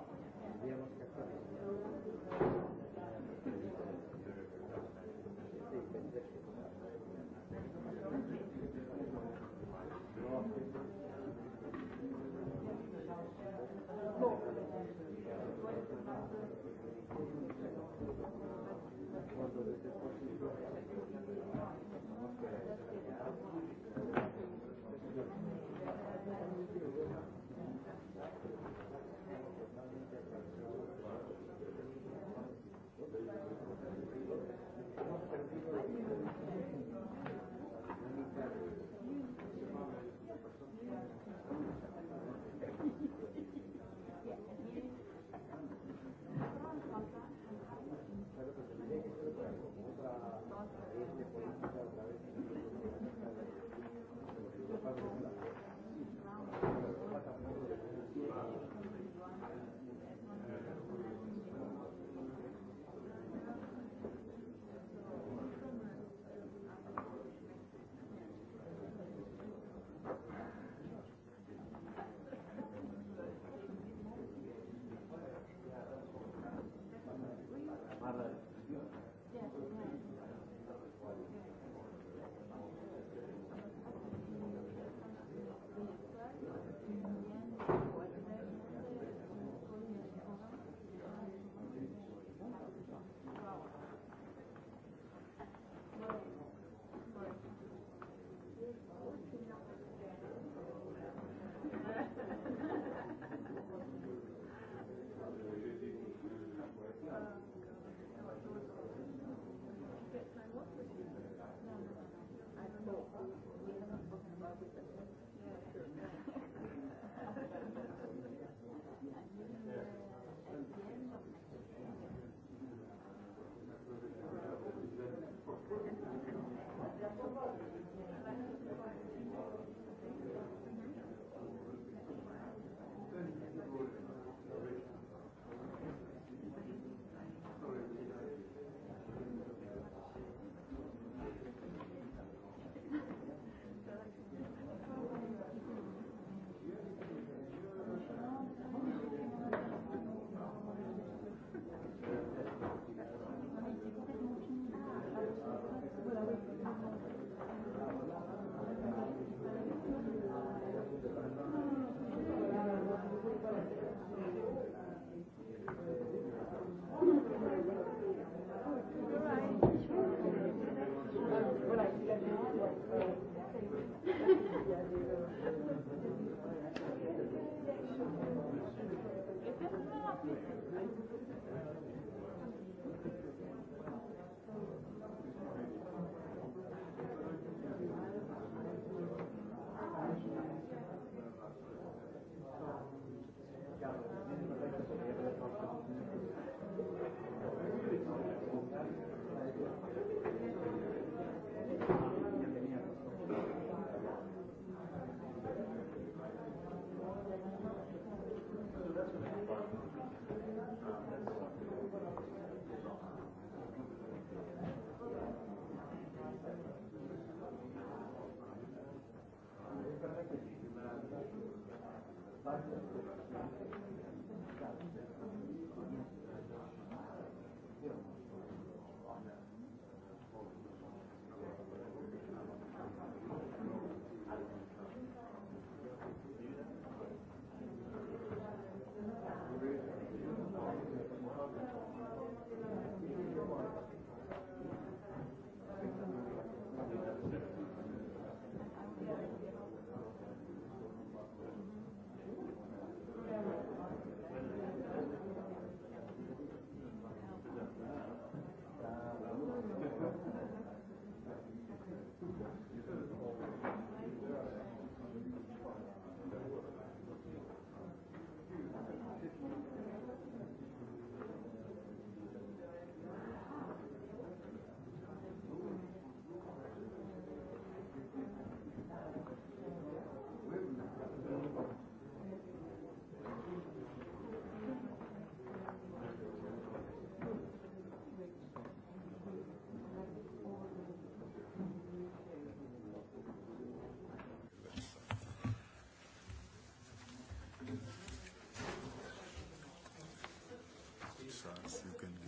No.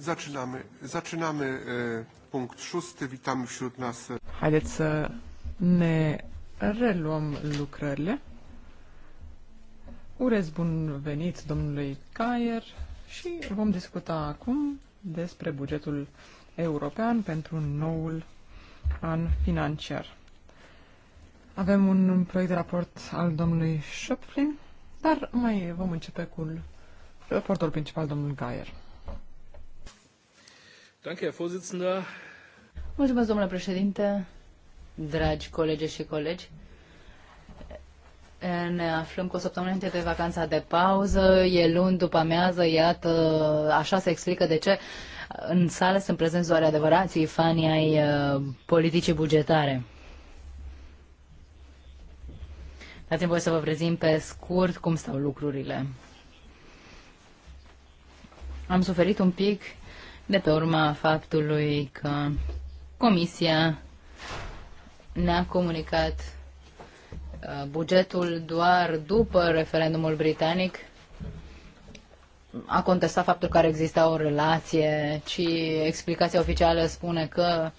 Zaczynamy, zaczynamy punct 6. Witamy wśród nas. Haideți să ne reluăm lucrările. Urez bun venit domnului Caier și vom discuta acum despre bugetul european pentru noul an financiar. Avem un proiect de raport al domnului Schöpflin, dar mai vom începe cu raportul principal, domnul Gaier. Mulțumesc, domnule președinte, dragi colegi și colegi. Ne aflăm cu o săptămână înainte de vacanța de pauză, e luni după amiază, iată, așa se explică de ce în sală sunt prezenți doar adevărații fanii ai uh, politicii bugetare. Dați-mi voi să vă prezint pe scurt cum stau lucrurile. Am suferit un pic de pe urma faptului că Comisia ne-a comunicat uh, bugetul doar după referendumul britanic, a contestat faptul că ar exista o relație, ci explicația oficială spune că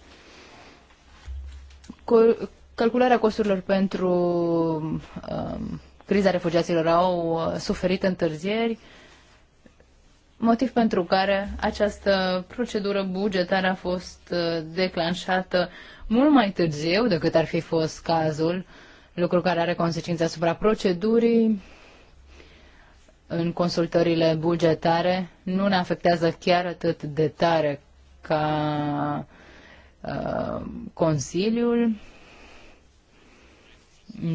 calcularea costurilor pentru um, criza refugiaților au suferit întârzieri, motiv pentru care această procedură bugetară a fost uh, declanșată mult mai târziu decât ar fi fost cazul, lucru care are consecințe asupra procedurii în consultările bugetare, nu ne afectează chiar atât de tare ca uh, Consiliul.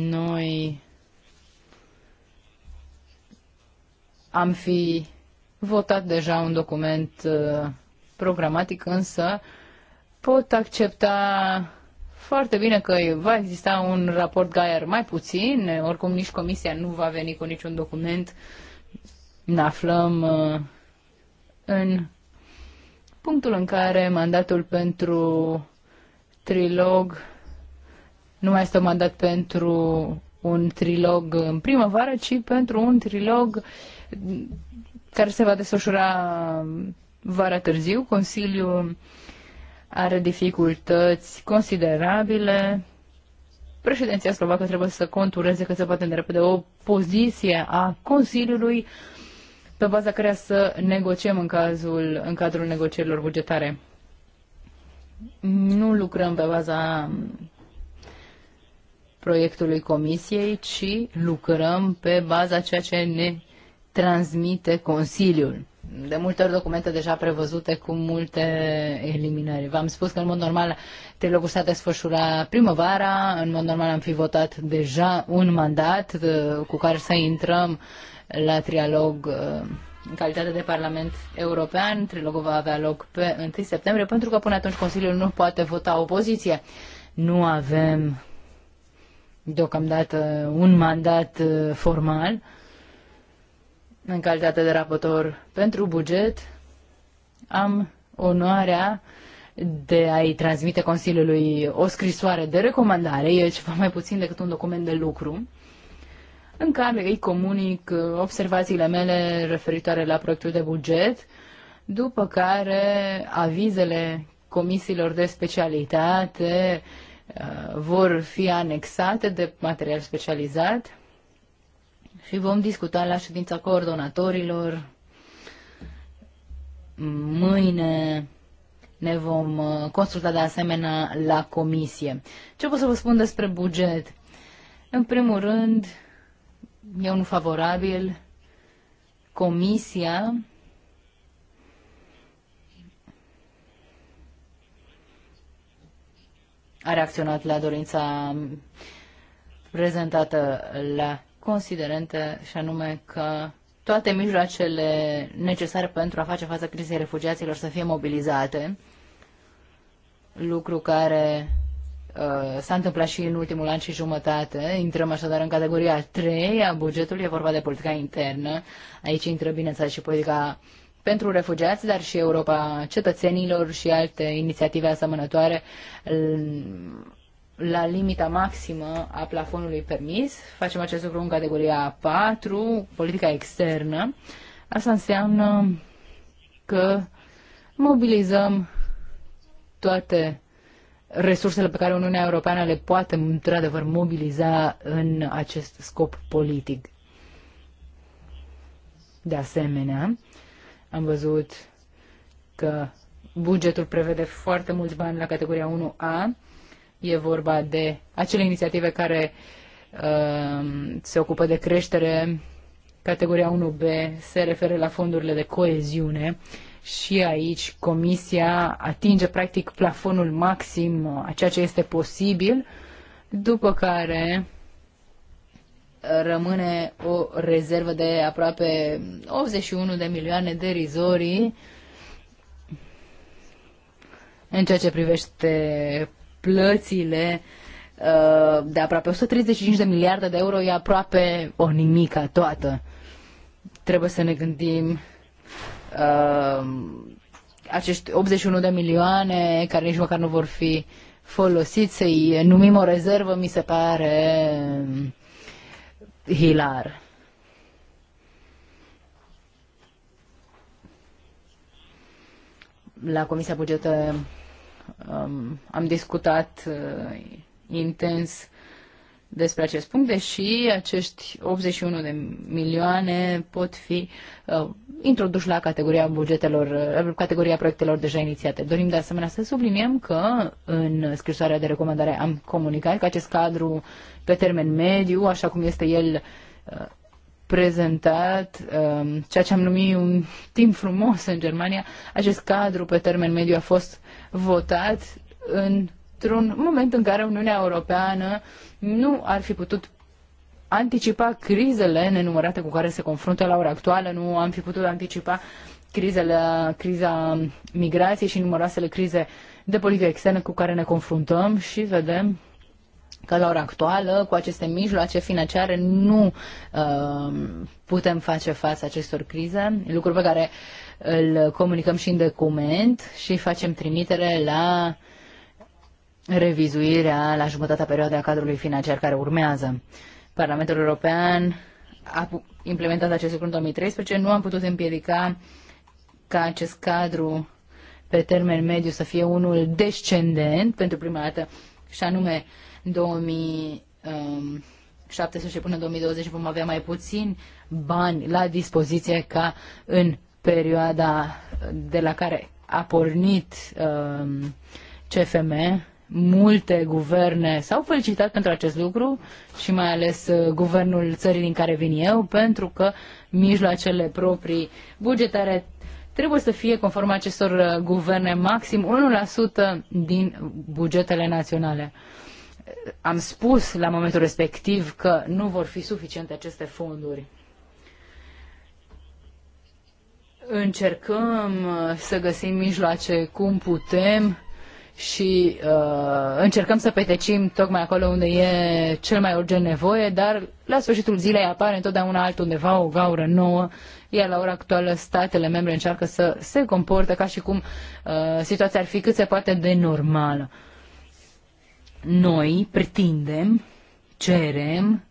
Noi am fi votat deja un document uh, programatic, însă pot accepta foarte bine că va exista un raport Gaier mai puțin, oricum nici comisia nu va veni cu niciun document. Ne aflăm uh, în punctul în care mandatul pentru trilog nu mai este un mandat pentru un trilog în primăvară, ci pentru un trilog care se va desfășura um, vara târziu. Consiliul are dificultăți considerabile. Președinția slovacă trebuie să contureze cât se poate de repede o poziție a Consiliului pe baza căreia să negociem în, cazul, în cadrul negocierilor bugetare. Nu lucrăm pe baza um, proiectului Comisiei, ci lucrăm pe baza ceea ce ne transmite Consiliul. De multe ori documente deja prevăzute cu multe eliminări. V-am spus că în mod normal trilogul s-a desfășurat primăvara, în mod normal am fi votat deja un mandat uh, cu care să intrăm la trialog uh, în calitate de Parlament European. Trilogul va avea loc pe 1 septembrie pentru că până atunci Consiliul nu poate vota opoziție. Nu avem deocamdată un mandat uh, formal în calitate de raportor pentru buget, am onoarea de a-i transmite Consiliului o scrisoare de recomandare, e ceva mai puțin decât un document de lucru, în care îi comunic observațiile mele referitoare la proiectul de buget, după care avizele comisiilor de specialitate uh, vor fi anexate de material specializat și vom discuta la ședința coordonatorilor. Mâine ne vom uh, consulta de asemenea la comisie. Ce pot să vă spun despre buget? În primul rând, e unul favorabil. Comisia a reacționat la dorința prezentată la considerente și anume că toate mijloacele necesare pentru a face față crizei refugiaților să fie mobilizate, lucru care uh, s-a întâmplat și în ultimul an și jumătate. Intrăm așadar în categoria 3 a bugetului, e vorba de politica internă. Aici intră, bineînțeles, și politica pentru refugiați, dar și Europa cetățenilor și alte inițiative asemănătoare la limita maximă a plafonului permis. Facem acest lucru în categoria 4, politica externă. Asta înseamnă că mobilizăm toate resursele pe care Uniunea Europeană le poate într-adevăr mobiliza în acest scop politic. De asemenea, am văzut că bugetul prevede foarte mulți bani la categoria 1A, E vorba de acele inițiative care uh, se ocupă de creștere. Categoria 1B se referă la fondurile de coeziune și aici Comisia atinge practic plafonul maxim a ceea ce este posibil, după care rămâne o rezervă de aproape 81 de milioane de rizorii în ceea ce privește plățile uh, de aproape 135 de miliarde de euro e aproape o nimica toată. Trebuie să ne gândim uh, acești 81 de milioane care nici măcar nu vor fi folosiți, să-i numim o rezervă, mi se pare um, hilar. La Comisia Bugetă um, am discutat uh, intens despre acest punct, deși acești 81 de milioane pot fi uh, introduși la categoria bugetelor, uh, categoria proiectelor deja inițiate. Dorim de asemenea să subliniem că în scrisoarea de recomandare am comunicat că acest cadru pe termen mediu, așa cum este el uh, prezentat uh, ceea ce am numit un timp frumos în Germania, acest cadru pe termen mediu a fost votat într-un moment în care Uniunea Europeană nu ar fi putut anticipa crizele nenumărate cu care se confruntă la ora actuală, nu am fi putut anticipa crizele, criza migrației și numeroasele crize de politică externă cu care ne confruntăm și vedem că la ora actuală, cu aceste mijloace financiare, nu uh, putem face față acestor crize, lucruri pe care uh, îl comunicăm și în document și facem trimitere la revizuirea la jumătatea perioadei a cadrului financiar care urmează. Parlamentul European a implementat acest lucru în 2013, nu am putut împiedica ca acest cadru pe termen mediu să fie unul descendent pentru prima dată și anume 2017 um, până 2020 vom avea mai puțin bani la dispoziție ca în perioada de la care a pornit uh, um, CFM, multe guverne s-au felicitat pentru acest lucru și mai ales uh, guvernul țării din care vin eu, pentru că mijloacele proprii bugetare trebuie să fie, conform acestor uh, guverne, maxim 1% din bugetele naționale. Am spus la momentul respectiv că nu vor fi suficiente aceste fonduri. încercăm uh, să găsim mijloace cum putem și uh, încercăm să petecim tocmai acolo unde e cel mai urgent nevoie, dar la sfârșitul zilei apare întotdeauna altundeva o gaură nouă, iar la ora actuală statele membre încearcă să se comporte ca și cum uh, situația ar fi cât se poate de normală. Noi pretindem, cerem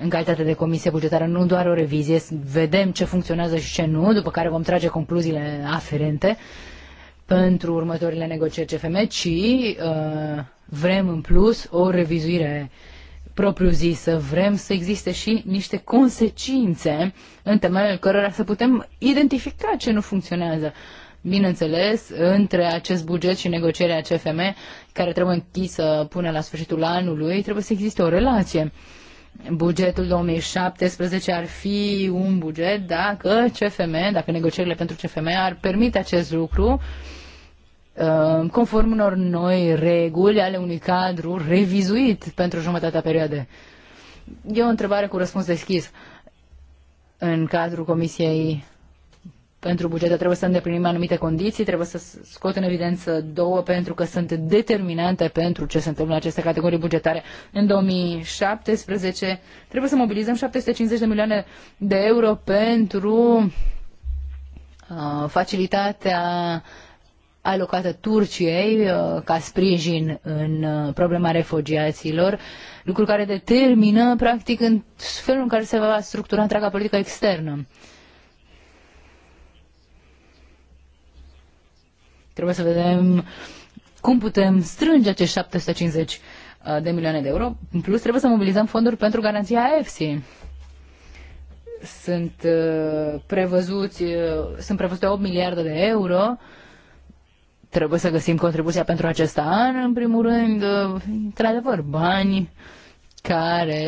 în calitate de comisie bugetară, nu doar o revizie, vedem ce funcționează și ce nu, după care vom trage concluziile aferente pentru următorile negocieri CFM, ci uh, vrem în plus o revizuire propriu-zisă, vrem să existe și niște consecințe în temelul cărora să putem identifica ce nu funcționează. Bineînțeles, între acest buget și negocierea CFM, care trebuie închisă până la sfârșitul anului, trebuie să existe o relație. Uh, bugetul 2017 ar fi un buget dacă CFM, dacă negocierile pentru CFM ar permite acest lucru uh, conform unor noi reguli ale unui cadru revizuit pentru jumătatea perioade. E o întrebare cu răspuns deschis. În cadrul Comisiei pentru bugete trebuie să îndeplinim anumite condiții, trebuie să scot în evidență două pentru că sunt determinante pentru ce se întâmplă în aceste categorii bugetare. În 2017 trebuie să mobilizăm 750 de milioane de euro pentru uh, facilitatea alocată Turciei uh, ca sprijin în uh, problema refugiaților, lucru care determină practic în felul în care se va structura întreaga politică externă. Uh, Trebuie să vedem cum putem strânge acești 750 uh, de milioane de euro. În plus, trebuie să mobilizăm fonduri pentru garanția EFSI. Sunt, uh, prevăzuți, uh, sunt prevăzute 8 miliarde de euro trebuie să găsim contribuția pentru acest an, în primul rând, într-adevăr, bani care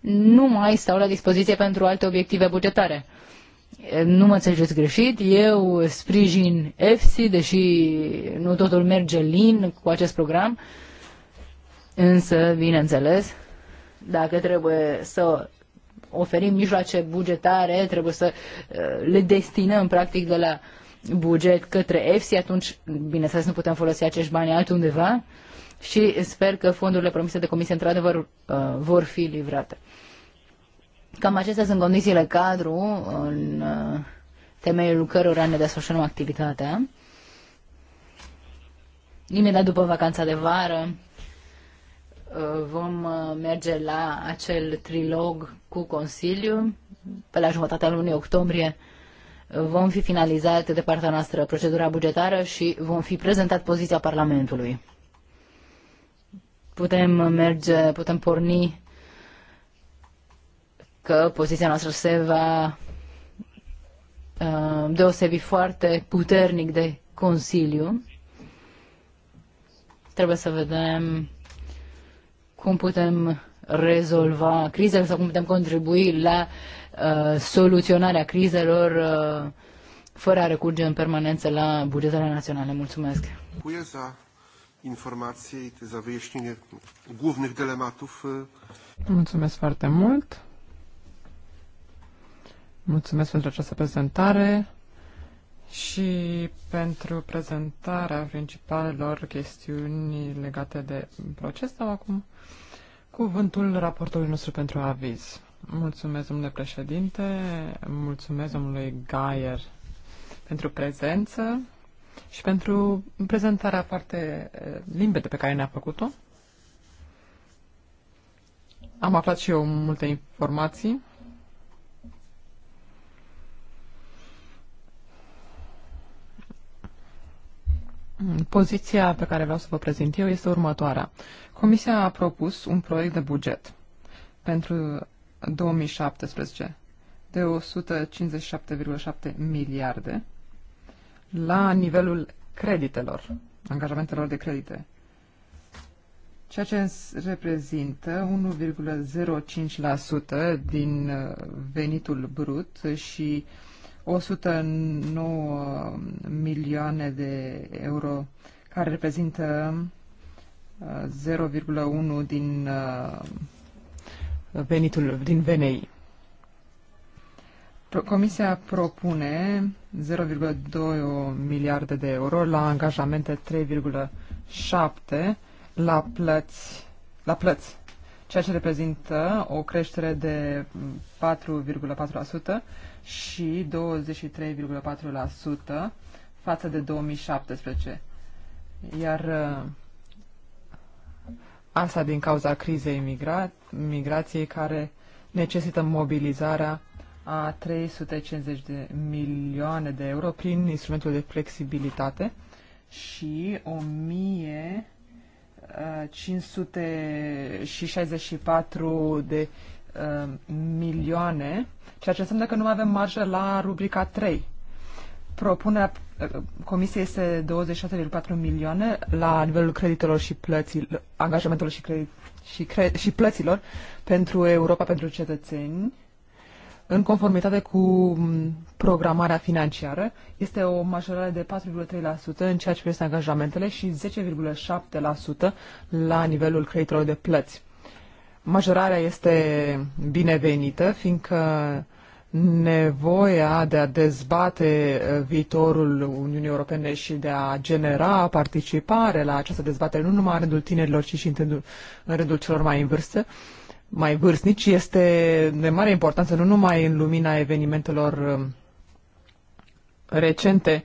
nu mai stau la dispoziție pentru alte obiective bugetare. Nu mă înțelegeți greșit, eu sprijin EFSI, deși nu totul merge lin cu acest program, însă, bineînțeles, dacă trebuie să oferim mijloace bugetare, trebuie să uh, le destinăm practic de la buget către EFSI, atunci, bineînțeles, nu putem folosi acești bani altundeva și sper că fondurile promise de comisie, într-adevăr, uh, vor fi livrate. Cam acestea sunt condițiile cadru în uh, temeiul cărora ne desfășurăm activitatea. Imediat după vacanța de vară uh, vom uh, merge la acel trilog cu Consiliu. Pe la jumătatea lunii octombrie vom fi finalizat de partea noastră procedura bugetară și vom fi prezentat poziția Parlamentului. Putem merge, putem porni că poziția noastră se va uh, deosebi foarte puternic de Consiliu. Trebuie să vedem cum putem rezolva crizele sau cum putem contribui la uh, soluționarea crizelor uh, fără a recurge în permanență la bugetele naționale. Mulțumesc! Dziękuję za informacje i za Mulțumesc foarte mult! Mulțumesc pentru această prezentare și pentru prezentarea principalelor chestiuni legate de proces. Dau acum cuvântul raportului nostru pentru aviz. Mulțumesc, domnule președinte, mulțumesc domnului Gaier pentru prezență și pentru prezentarea foarte eh, limpede pe care ne-a făcut-o. Am aflat și eu multe informații Poziția pe care vreau să vă prezint eu este următoarea. Comisia a propus un proiect de buget pentru 2017 de 157,7 miliarde la nivelul creditelor, angajamentelor de credite, ceea ce reprezintă 1,05% din uh, venitul brut și 109 milioane de euro, care reprezintă 0,1 uh, din uh, venitul din VNI. Comisia propune 0,2 miliarde de euro la angajamente 3,7 la plăți, la plăți, ceea ce reprezintă o creștere de 4,4% mm, și 23,4% față de 2017. Iar uh, asta din cauza crizei migra migrației care necesită mobilizarea a 350 de milioane de euro prin instrumentul de flexibilitate și 1564 uh, de uh, milioane ceea ce înseamnă că nu mai avem marjă la rubrica 3. Propunerea uh, comisiei este 26,4 milioane la nivelul creditelor și plăților, angajamentelor și, credit, și, cre, și plăților pentru Europa pentru cetățeni în conformitate cu mm, programarea financiară. Este o majorare de 4,3% în ceea ce privește angajamentele și 10,7% la nivelul creditelor de plăți. Majorarea este binevenită, fiindcă nevoia de a dezbate uh, viitorul Uniunii Europene și de a genera participare la această dezbatere, nu numai în rândul tinerilor, ci și în rândul, în rândul celor mai în vârstă, mai vârstnici, este de mare importanță, nu numai în lumina evenimentelor um, recente,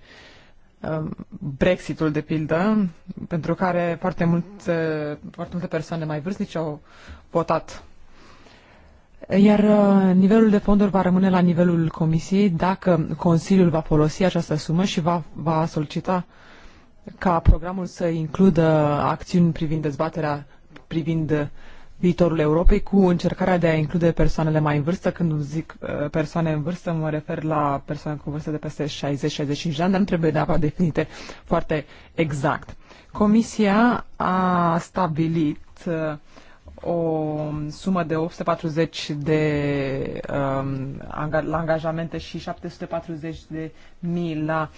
um, Brexitul, de pildă, pentru care foarte, mult, uh, foarte multe persoane mai vârstnice au votat. Iar uh, nivelul de fonduri va rămâne la nivelul Comisiei dacă Consiliul va folosi această sumă și va, va solicita ca programul să includă acțiuni privind dezbaterea, privind viitorul Europei cu încercarea de a include persoanele mai în vârstă. Când zic uh, persoane în vârstă, mă refer la persoane cu vârstă de peste 60-65 de ani, dar nu trebuie neapărat definite foarte exact. Comisia a stabilit uh, o sumă de 840 de um, la angajamente și 740 de mii la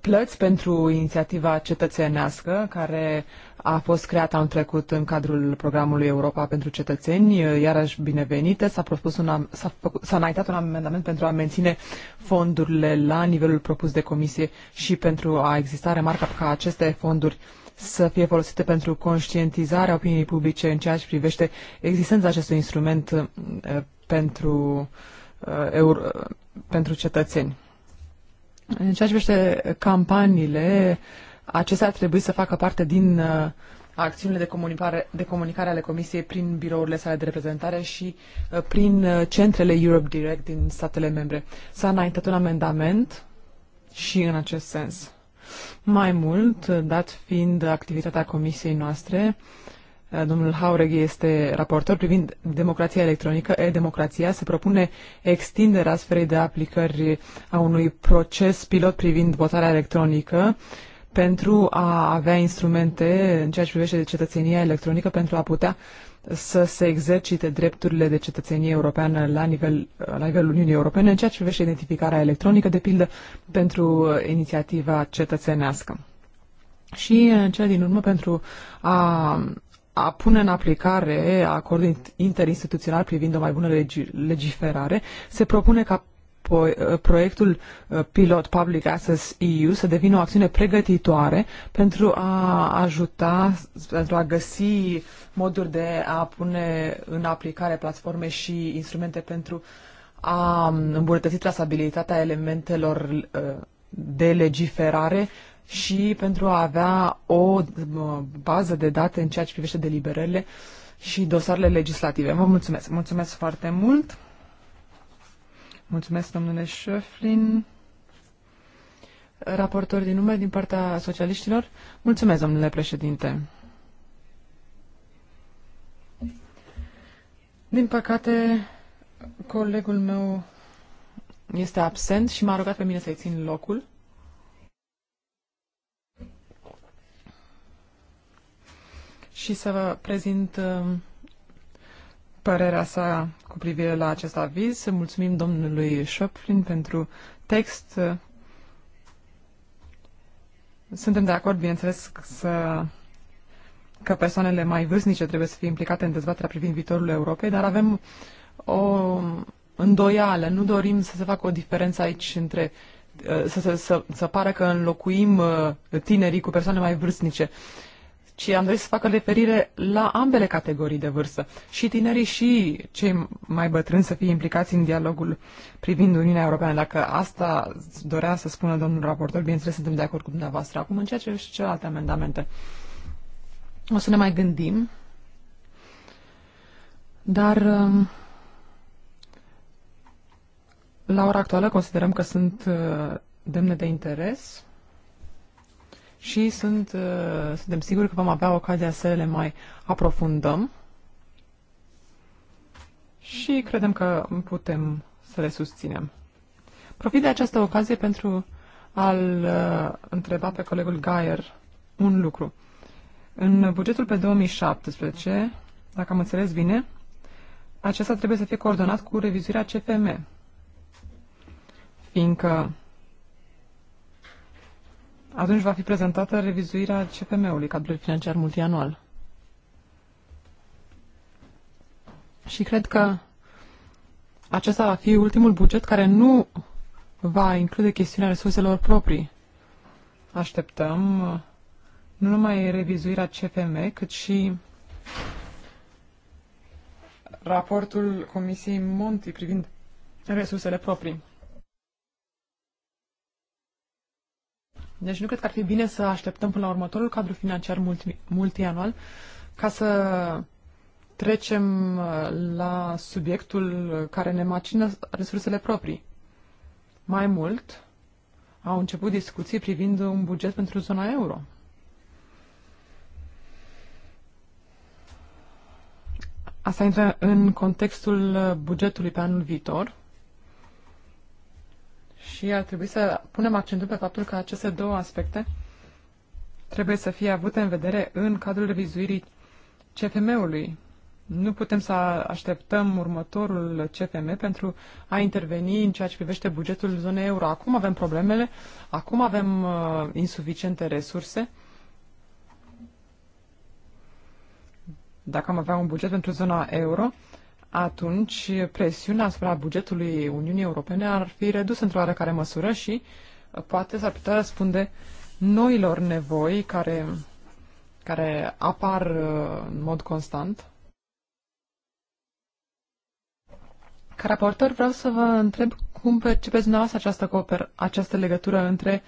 plăți pentru inițiativa cetățenească care a fost creată în trecut în cadrul programului Europa pentru cetățeni, iarăși binevenită. S-a propus un, s-a, făcut, s-a înaintat un amendament pentru a menține fondurile la nivelul propus de comisie și pentru a exista remarca că aceste fonduri uh, să fie folosite pentru conștientizarea opiniei publice în ceea ce privește existența acestui instrument uh, pentru, uh, euro, uh, pentru cetățeni. În ceea ce privește campaniile, acestea ar trebui să facă parte din acțiunile de comunicare, de comunicare ale Comisiei prin birourile sale de reprezentare și prin centrele Europe Direct din statele membre. S-a înaintat un amendament și în acest sens. Mai mult, dat fiind activitatea comisiei noastre, domnul Haureghi este raportor privind democrația electronică, e-democrația, se propune extinderea sferei de aplicări a unui proces pilot privind votarea electronică pentru a avea instrumente în ceea ce privește cetățenia electronică pentru a putea uh, să se exercite drepturile de cetățenie europeană la, nivel, la nivelul Uniunii Europene în ceea ce privește identificarea electronică, de pildă, pentru uh, inițiativa cetățenească. Și, în cea din urmă, pentru a a pune în aplicare acordul interinstituțional privind o mai bună legi legiferare, se propune ca Eh, proiectul eh, pilot Public Access EU să devină o acțiune pregătitoare pentru a ajuta, pentru a găsi moduri de a pune în aplicare platforme și instrumente pentru a îmbunătăți trasabilitatea elementelor eh, de legiferare și pentru a avea o bază de date în ceea ce privește deliberările și dosarele legislative. Vă mulțumesc! Mulțumesc foarte mult! Mulțumesc, domnule Șeflin. Raportor din nume din partea socialiștilor. Mulțumesc, domnule președinte. Din păcate, colegul meu este absent și m-a rugat pe mine să-i țin locul. Și să vă prezint uh, părerea sa cu privire la acest aviz. Mulțumim domnului Șoplin pentru text. Suntem de acord, bineînțeles, să, că persoanele mai vârstnice trebuie să fie implicate în dezbaterea privind viitorul Europei, dar avem o îndoială. Nu dorim să se facă o diferență aici între să, să, să, să pară că înlocuim uh, tinerii cu persoane mai vârstnice ci am dorit să facă referire la ambele categorii de vârstă, și tinerii și cei mai bătrâni să fie implicați în dialogul privind Uniunea Europeană. Dacă asta dorea să spună domnul raportor, bineînțeles suntem de acord cu dumneavoastră. Acum, în ceea ce și celelalte amendamente, o să ne mai gândim, dar um, la ora actuală considerăm că sunt uh, demne de interes și sunt, uh, suntem siguri că vom avea ocazia să le mai aprofundăm și credem că putem să le susținem. Profit de această ocazie pentru a-l uh, întreba pe colegul Gaier un lucru. În bugetul pe 2017, dacă am înțeles bine, acesta trebuie să fie coordonat cu revizuirea CFM, fiindcă atunci va fi prezentată revizuirea CFM-ului, cadrul financiar multianual. Și cred că acesta va fi ultimul buget care nu va include chestiunea resurselor proprii. Așteptăm nu numai revizuirea CFM, cât și raportul Comisiei Monti privind resursele proprii. Deci nu cred că ar fi bine să așteptăm până la următorul cadru financiar multi, multianual ca să trecem uh, la subiectul care ne macină resursele proprii. Mai mult, au început discuții privind un buget pentru zona euro. Asta intră în contextul bugetului pe anul viitor și ar trebui să punem accentul pe faptul că aceste două aspecte trebuie să fie avute în vedere în cadrul revizuirii CFM-ului. Nu putem să așteptăm următorul CFM pentru a interveni în ceea ce privește bugetul zonei euro. Acum avem problemele, acum avem uh, insuficiente resurse. Dacă am avea un buget pentru zona euro, atunci presiunea asupra bugetului Uniunii Europene ar fi redusă într-o oarecare măsură și uh, poate s-ar putea răspunde noilor nevoi care, care apar uh, în mod constant. Ca raportor vreau să vă întreb cum percepeți dumneavoastră această, cooper, această legătură între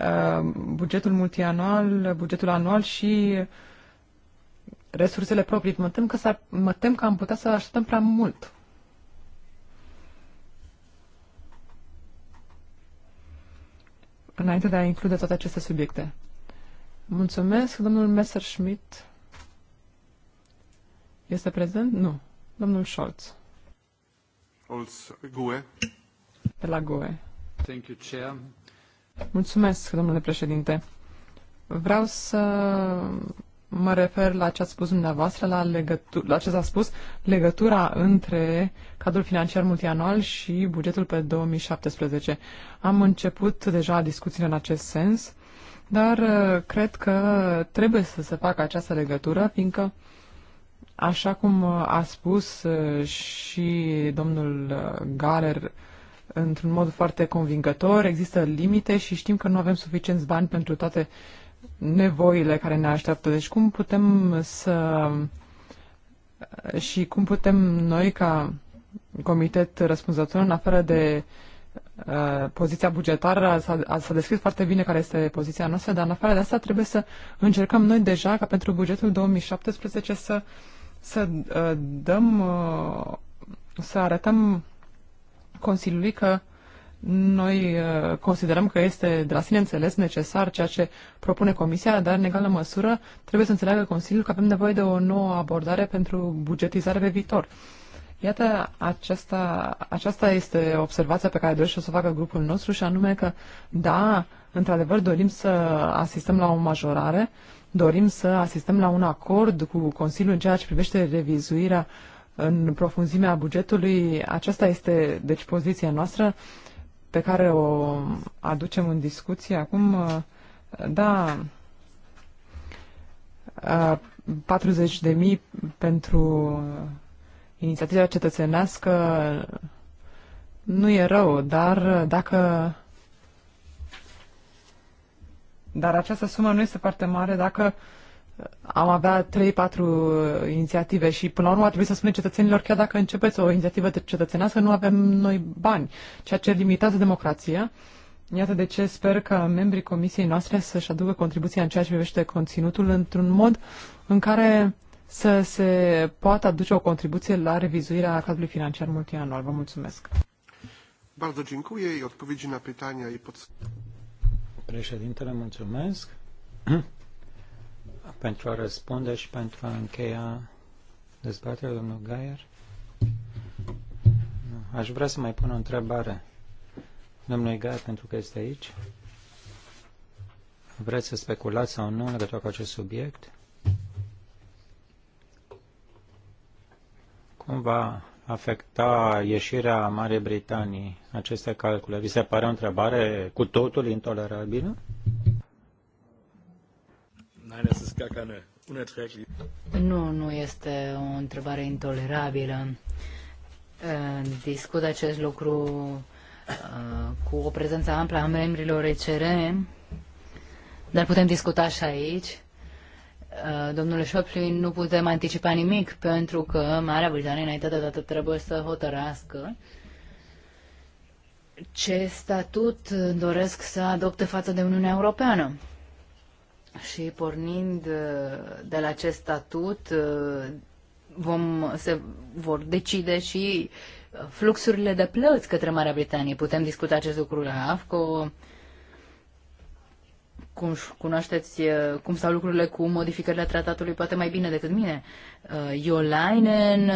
uh, bugetul multianual, bugetul anual și uh, resursele proprii. Mă tem, că s-ar, mă tem că am putea să așteptăm prea mult. Înainte de a include toate aceste subiecte. Mulțumesc, domnul Messerschmidt. Este prezent? Nu. Domnul Scholz. Scholz, GUE. De la GUE. Thank you, Chair. Mulțumesc, domnule președinte. Vreau să mă refer la ce a spus dumneavoastră, la, legătu- la ce s-a spus, legătura între cadrul financiar multianual și bugetul pe 2017. Am început deja discuțiile în acest sens, dar uh, cred că trebuie să se facă această legătură, fiindcă, așa cum uh, a spus uh, și domnul Galer, într-un mod foarte convingător, există limite și știm că nu avem suficienți bani pentru toate uh, nevoile care ne așteaptă. Deci cum putem să și cum putem noi ca comitet răspunzător în afară de uh, poziția bugetară, s-a descris foarte bine care este poziția noastră, dar în afară de asta trebuie să încercăm noi deja ca pentru bugetul 2017 să, să uh, dăm, uh, să arătăm Consiliului că noi uh, considerăm că este de la sine înțeles necesar ceea ce propune Comisia, dar în egală măsură trebuie să înțeleagă Consiliul că avem nevoie de o nouă abordare pentru bugetizare pe viitor. Iată, aceasta, aceasta este observația pe care dorește să o facă grupul nostru și anume că, da, într-adevăr dorim să asistăm la o majorare, dorim să asistăm la un acord cu Consiliul în ceea ce privește revizuirea în profunzimea bugetului. Aceasta este, deci, poziția noastră pe care o aducem în discuție acum, uh, da, 40 uh, de mii pentru inițiativa cetățenească nu e rău, dar dacă dar această sumă nu este foarte mare dacă uh, am avea 3-4 inițiative și până la urmă ar trebui să spunem cetățenilor, chiar dacă începeți o inițiativă de cetățenească, nu avem noi bani, ceea ce limitează democrația. Iată de ce sper că membrii comisiei noastre să-și aducă contribuția în ceea ce privește conținutul într-un mod în care să se poată aduce o contribuție la revizuirea cadrului financiar multianual. Vă mulțumesc. Bardzo dziękuję i odpowiedzi na pytania i pod... Președintele, mulțumesc pentru a răspunde și pentru a încheia dezbaterea, domnul Gaier. Aș vrea să mai pun o întrebare. Domnul Gaier, pentru că este aici, vreți să speculați sau nu în legătură cu acest subiect? Cum va afecta ieșirea Marii Britanii aceste calcule? Vi se pare o întrebare cu totul intolerabilă? Nu, nu este o întrebare intolerabilă. Ă, discut acest lucru ă, cu o prezență amplă a membrilor ECR, dar putem discuta și aici. Ă, domnule Șoplin, nu putem anticipa nimic pentru că Marea Britanie înainte de dată trebuie să hotărască ce statut doresc să adopte față de Uniunea Europeană și pornind uh, de la acest statut uh, vom, se vor decide și uh, fluxurile de plăți către Marea Britanie. Putem discuta acest lucru la AFCO. Cum cunoașteți cum stau lucrurile cu modificările tratatului, poate mai bine decât mine. Iolainen,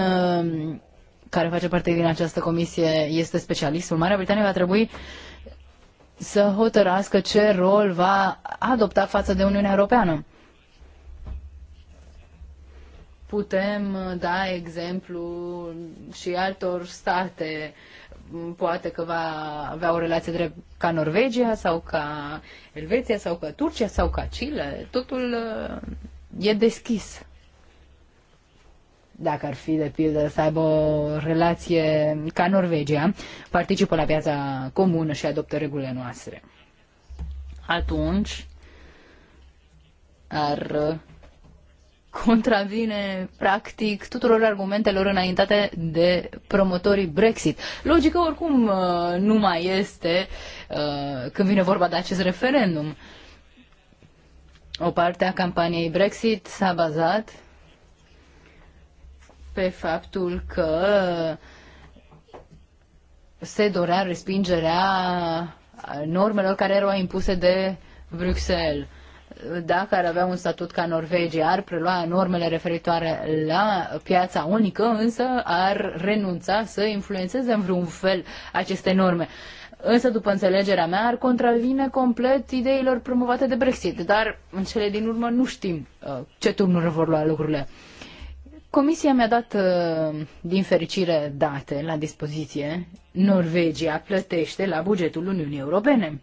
care face parte din această comisie, este specialistul. Marea Britanie va trebui să hotărască ce rol va adopta față de Uniunea Europeană. Putem da exemplu și altor state, poate că va avea o relație drept ca Norvegia sau ca Elveția sau ca Turcia sau ca Chile. Totul uh, e deschis dacă ar fi de pildă să aibă o relație ca Norvegia, participă la piața comună și adoptă regulile noastre. Atunci ar contravine practic tuturor argumentelor înaintate de promotorii Brexit. Logică oricum uh, nu mai este uh, când vine vorba de acest referendum. O parte a campaniei Brexit s-a bazat pe faptul că se dorea respingerea normelor care erau impuse de Bruxelles. Dacă ar avea un statut ca Norvegia, ar prelua normele referitoare la piața unică, însă ar renunța să influențeze în vreun fel aceste norme. Însă, după înțelegerea mea, ar contravine complet ideilor promovate de Brexit, dar în cele din urmă nu știm uh, ce turnuri vor lua lucrurile. Comisia mi-a dat, uh, din fericire, date la dispoziție. Norvegia plătește la bugetul Uniunii Europene.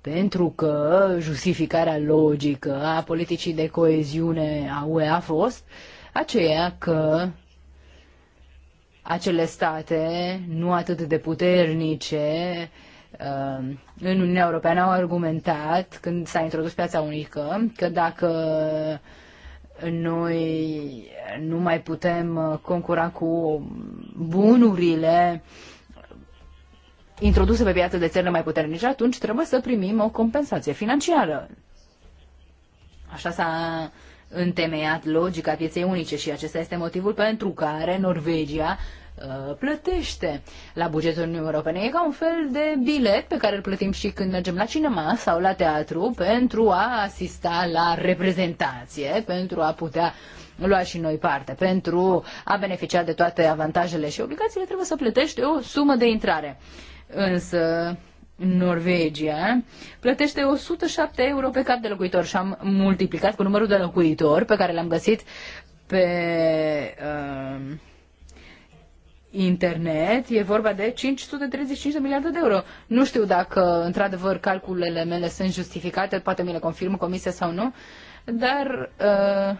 Pentru că justificarea logică a politicii de coeziune a UE a fost aceea că acele state nu atât de puternice uh, în Uniunea Europeană au argumentat când s-a introdus piața unică că dacă noi nu mai putem uh, concura cu bunurile introduse pe piață de țările mai puternice, atunci trebuie să primim o compensație financiară. Așa s-a întemeiat logica pieței unice și acesta este motivul pentru care Norvegia Uh, plătește. La bugetul Uniunii Europene e ca un fel de bilet pe care îl plătim și când mergem la cinema sau la teatru pentru a asista la reprezentație, pentru a putea lua și noi parte. Pentru a beneficia de toate avantajele și obligațiile trebuie să plătești o sumă de intrare. Însă Norvegia plătește 107 euro pe cap de locuitor și am multiplicat cu numărul de locuitori pe care l-am găsit pe uh, internet, e vorba de 535 de miliarde de euro. Nu știu dacă, într-adevăr, calculele mele sunt justificate, poate mi le confirmă comisia sau nu, dar, uh,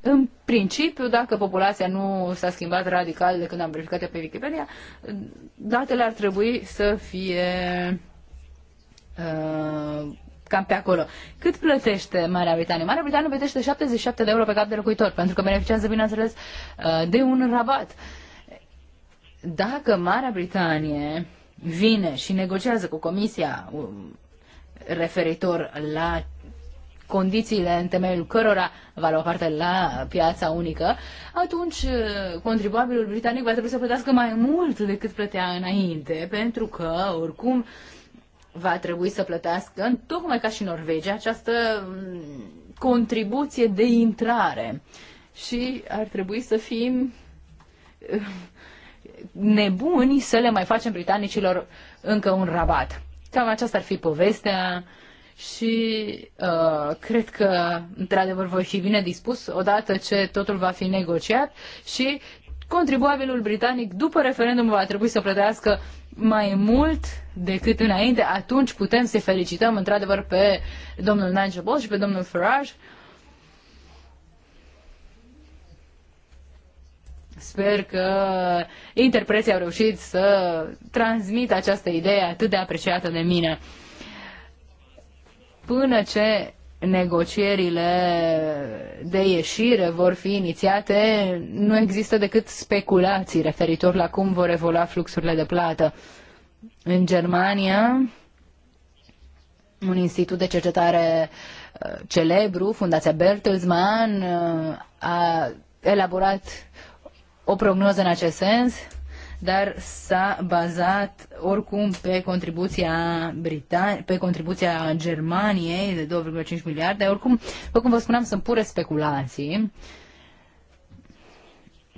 în principiu, dacă populația nu s-a schimbat radical de când am verificat pe Wikipedia, datele ar trebui să fie uh, cam pe acolo. Cât plătește Marea Britanie? Marea Britanie plătește 77 de euro pe cap de locuitor, pentru că beneficiază, bineînțeles, uh, de un rabat. Uh, dacă Marea Britanie vine și negociază cu Comisia um, referitor la condițiile în temeiul cărora va lua parte la piața unică, atunci uh, contribuabilul britanic va trebui să plătească mai mult decât plătea înainte, pentru că, oricum, va trebui să plătească, tocmai ca și Norvegia, această mm, contribuție de intrare. Și ar trebui să fim uh, nebuni să le mai facem britanicilor încă un rabat. Cam aceasta ar fi povestea și uh, cred că, într-adevăr, voi fi bine dispus odată ce totul va fi negociat și contribuabilul britanic după referendum va trebui să plătească mai mult decât înainte, atunci putem să felicităm într-adevăr pe domnul Nigel Boss și pe domnul Farage Sper că interpreții au reușit să transmit această idee atât de apreciată de mine. Până ce negocierile de ieșire vor fi inițiate, nu există decât speculații referitor la cum vor evolua fluxurile de plată. În Germania, un institut de cercetare uh, celebru, Fundația Bertelsmann, uh, a elaborat o prognoză în acest sens, dar s-a bazat oricum pe contribuția, Britan- pe contribuția Germaniei de 2,5 miliarde. Oricum, după cum vă spuneam, sunt pure speculații.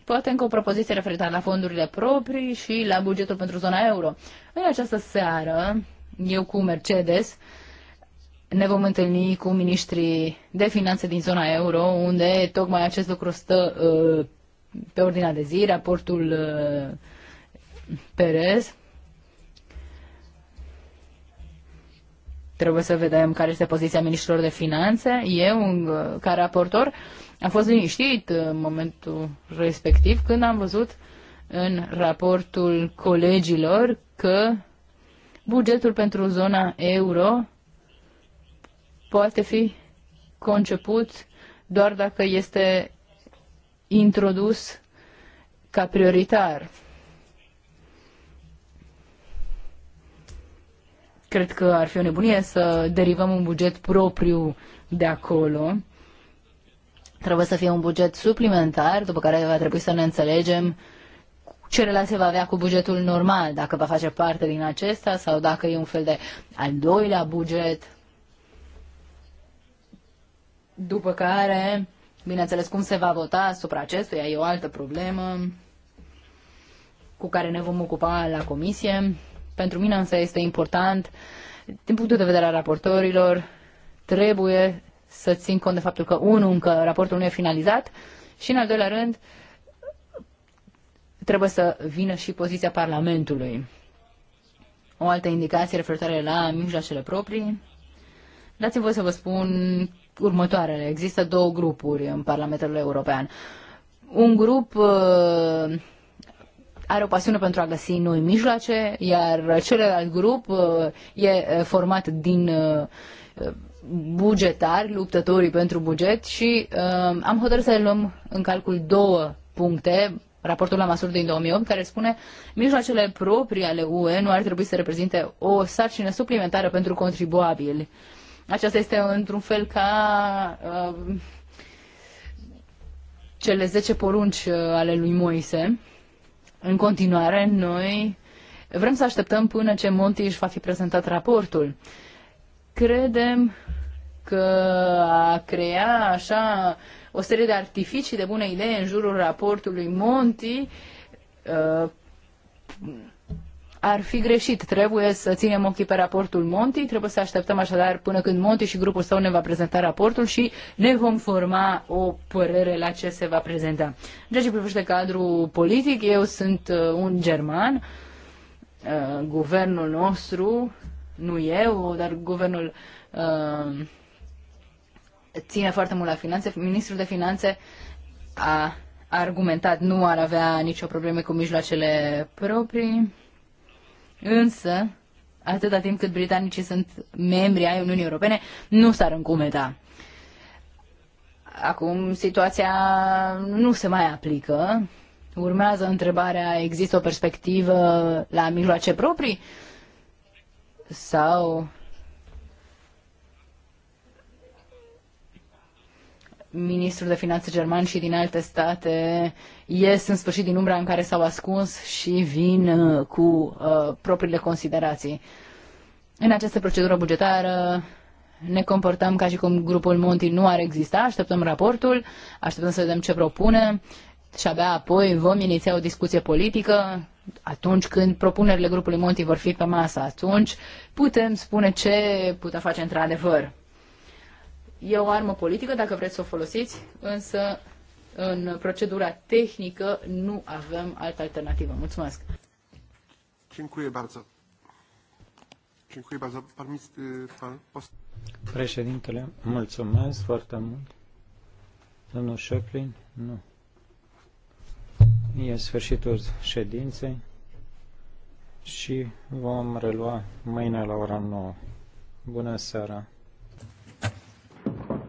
Poate încă o propoziție referitoare la fondurile proprii și la bugetul pentru zona euro. În această seară, eu cu Mercedes, ne vom întâlni cu ministrii de finanțe din zona euro, unde tocmai acest lucru stă uh, pe ordinea de zi, raportul uh, Perez. Trebuie să vedem care este poziția ministrilor de finanțe. Eu, uh, ca raportor, am fost liniștit în momentul respectiv când am văzut în raportul colegilor că bugetul pentru zona euro poate fi conceput doar dacă este introdus ca prioritar. Cred că ar fi o nebunie să derivăm un buget propriu de acolo. Trebuie să fie un buget suplimentar, după care va trebui să ne înțelegem ce relație va avea cu bugetul normal, dacă va face parte din acesta sau dacă e un fel de al doilea buget. După care Bineînțeles, cum se va vota asupra acestuia e o altă problemă cu care ne vom ocupa la comisie. Pentru mine însă este important, din punctul de vedere al raportorilor, trebuie să țin cont de faptul că, unul, încă raportul nu e finalizat și, în al doilea rând, trebuie să vină și poziția Parlamentului. O altă indicație referitoare la mijloacele proprii. Dați-mi voi să vă spun următoarele. Există două grupuri în Parlamentul European. Un grup uh, are o pasiune pentru a găsi noi mijloace, iar celălalt grup uh, e format din uh, bugetari, luptătorii pentru buget și uh, am hotărât să luăm în calcul două puncte, raportul la măsuri din 2008, care spune mijloacele proprii ale UE nu ar trebui să reprezinte o sarcină suplimentară pentru contribuabili. Uh, aceasta este într-un fel ca uh, cele 10 porunci uh, ale lui Moise. În continuare, noi vrem să așteptăm până ce Monti își va fi prezentat raportul. Credem că a crea așa o serie de artificii de bună idei în jurul raportului Monti uh, ar fi greșit. Trebuie să ținem ochii pe raportul Monti, trebuie să așteptăm așadar până când Monti și grupul său ne va prezenta raportul și ne vom forma o părere la ce se va prezenta. În ceea ce privește cadrul politic, eu sunt uh, un german, uh, guvernul nostru, nu eu, dar guvernul uh, ține foarte mult la finanțe. Ministrul de Finanțe a argumentat nu ar avea nicio problemă cu mijloacele proprii. Însă, atâta timp cât britanicii sunt membri ai Uniunii Europene, nu s-ar încumeta. Acum situația nu se mai aplică. Urmează întrebarea, există o perspectivă la mijloace proprii? Sau ministrul de finanțe german și din alte state ies în sfârșit din umbra în care s-au ascuns și vin uh, cu uh, propriile considerații. În această procedură bugetară ne comportăm ca și cum grupul Monti nu ar exista, așteptăm raportul, așteptăm să vedem ce propune și abia apoi vom iniția o discuție politică atunci când propunerile grupului Monti vor fi pe masă, atunci putem spune ce putem face într-adevăr. E o armă politică dacă vreți să o folosiți, însă în procedura tehnică nu avem altă alternativă. Mulțumesc! Dziękuję bardzo. Dziękuję bardzo. Pan, pan post... Președintele, mulțumesc foarte mult. Domnul Șeflin, nu. E sfârșitul ședinței și vom relua mâine la ora 9. Bună seara!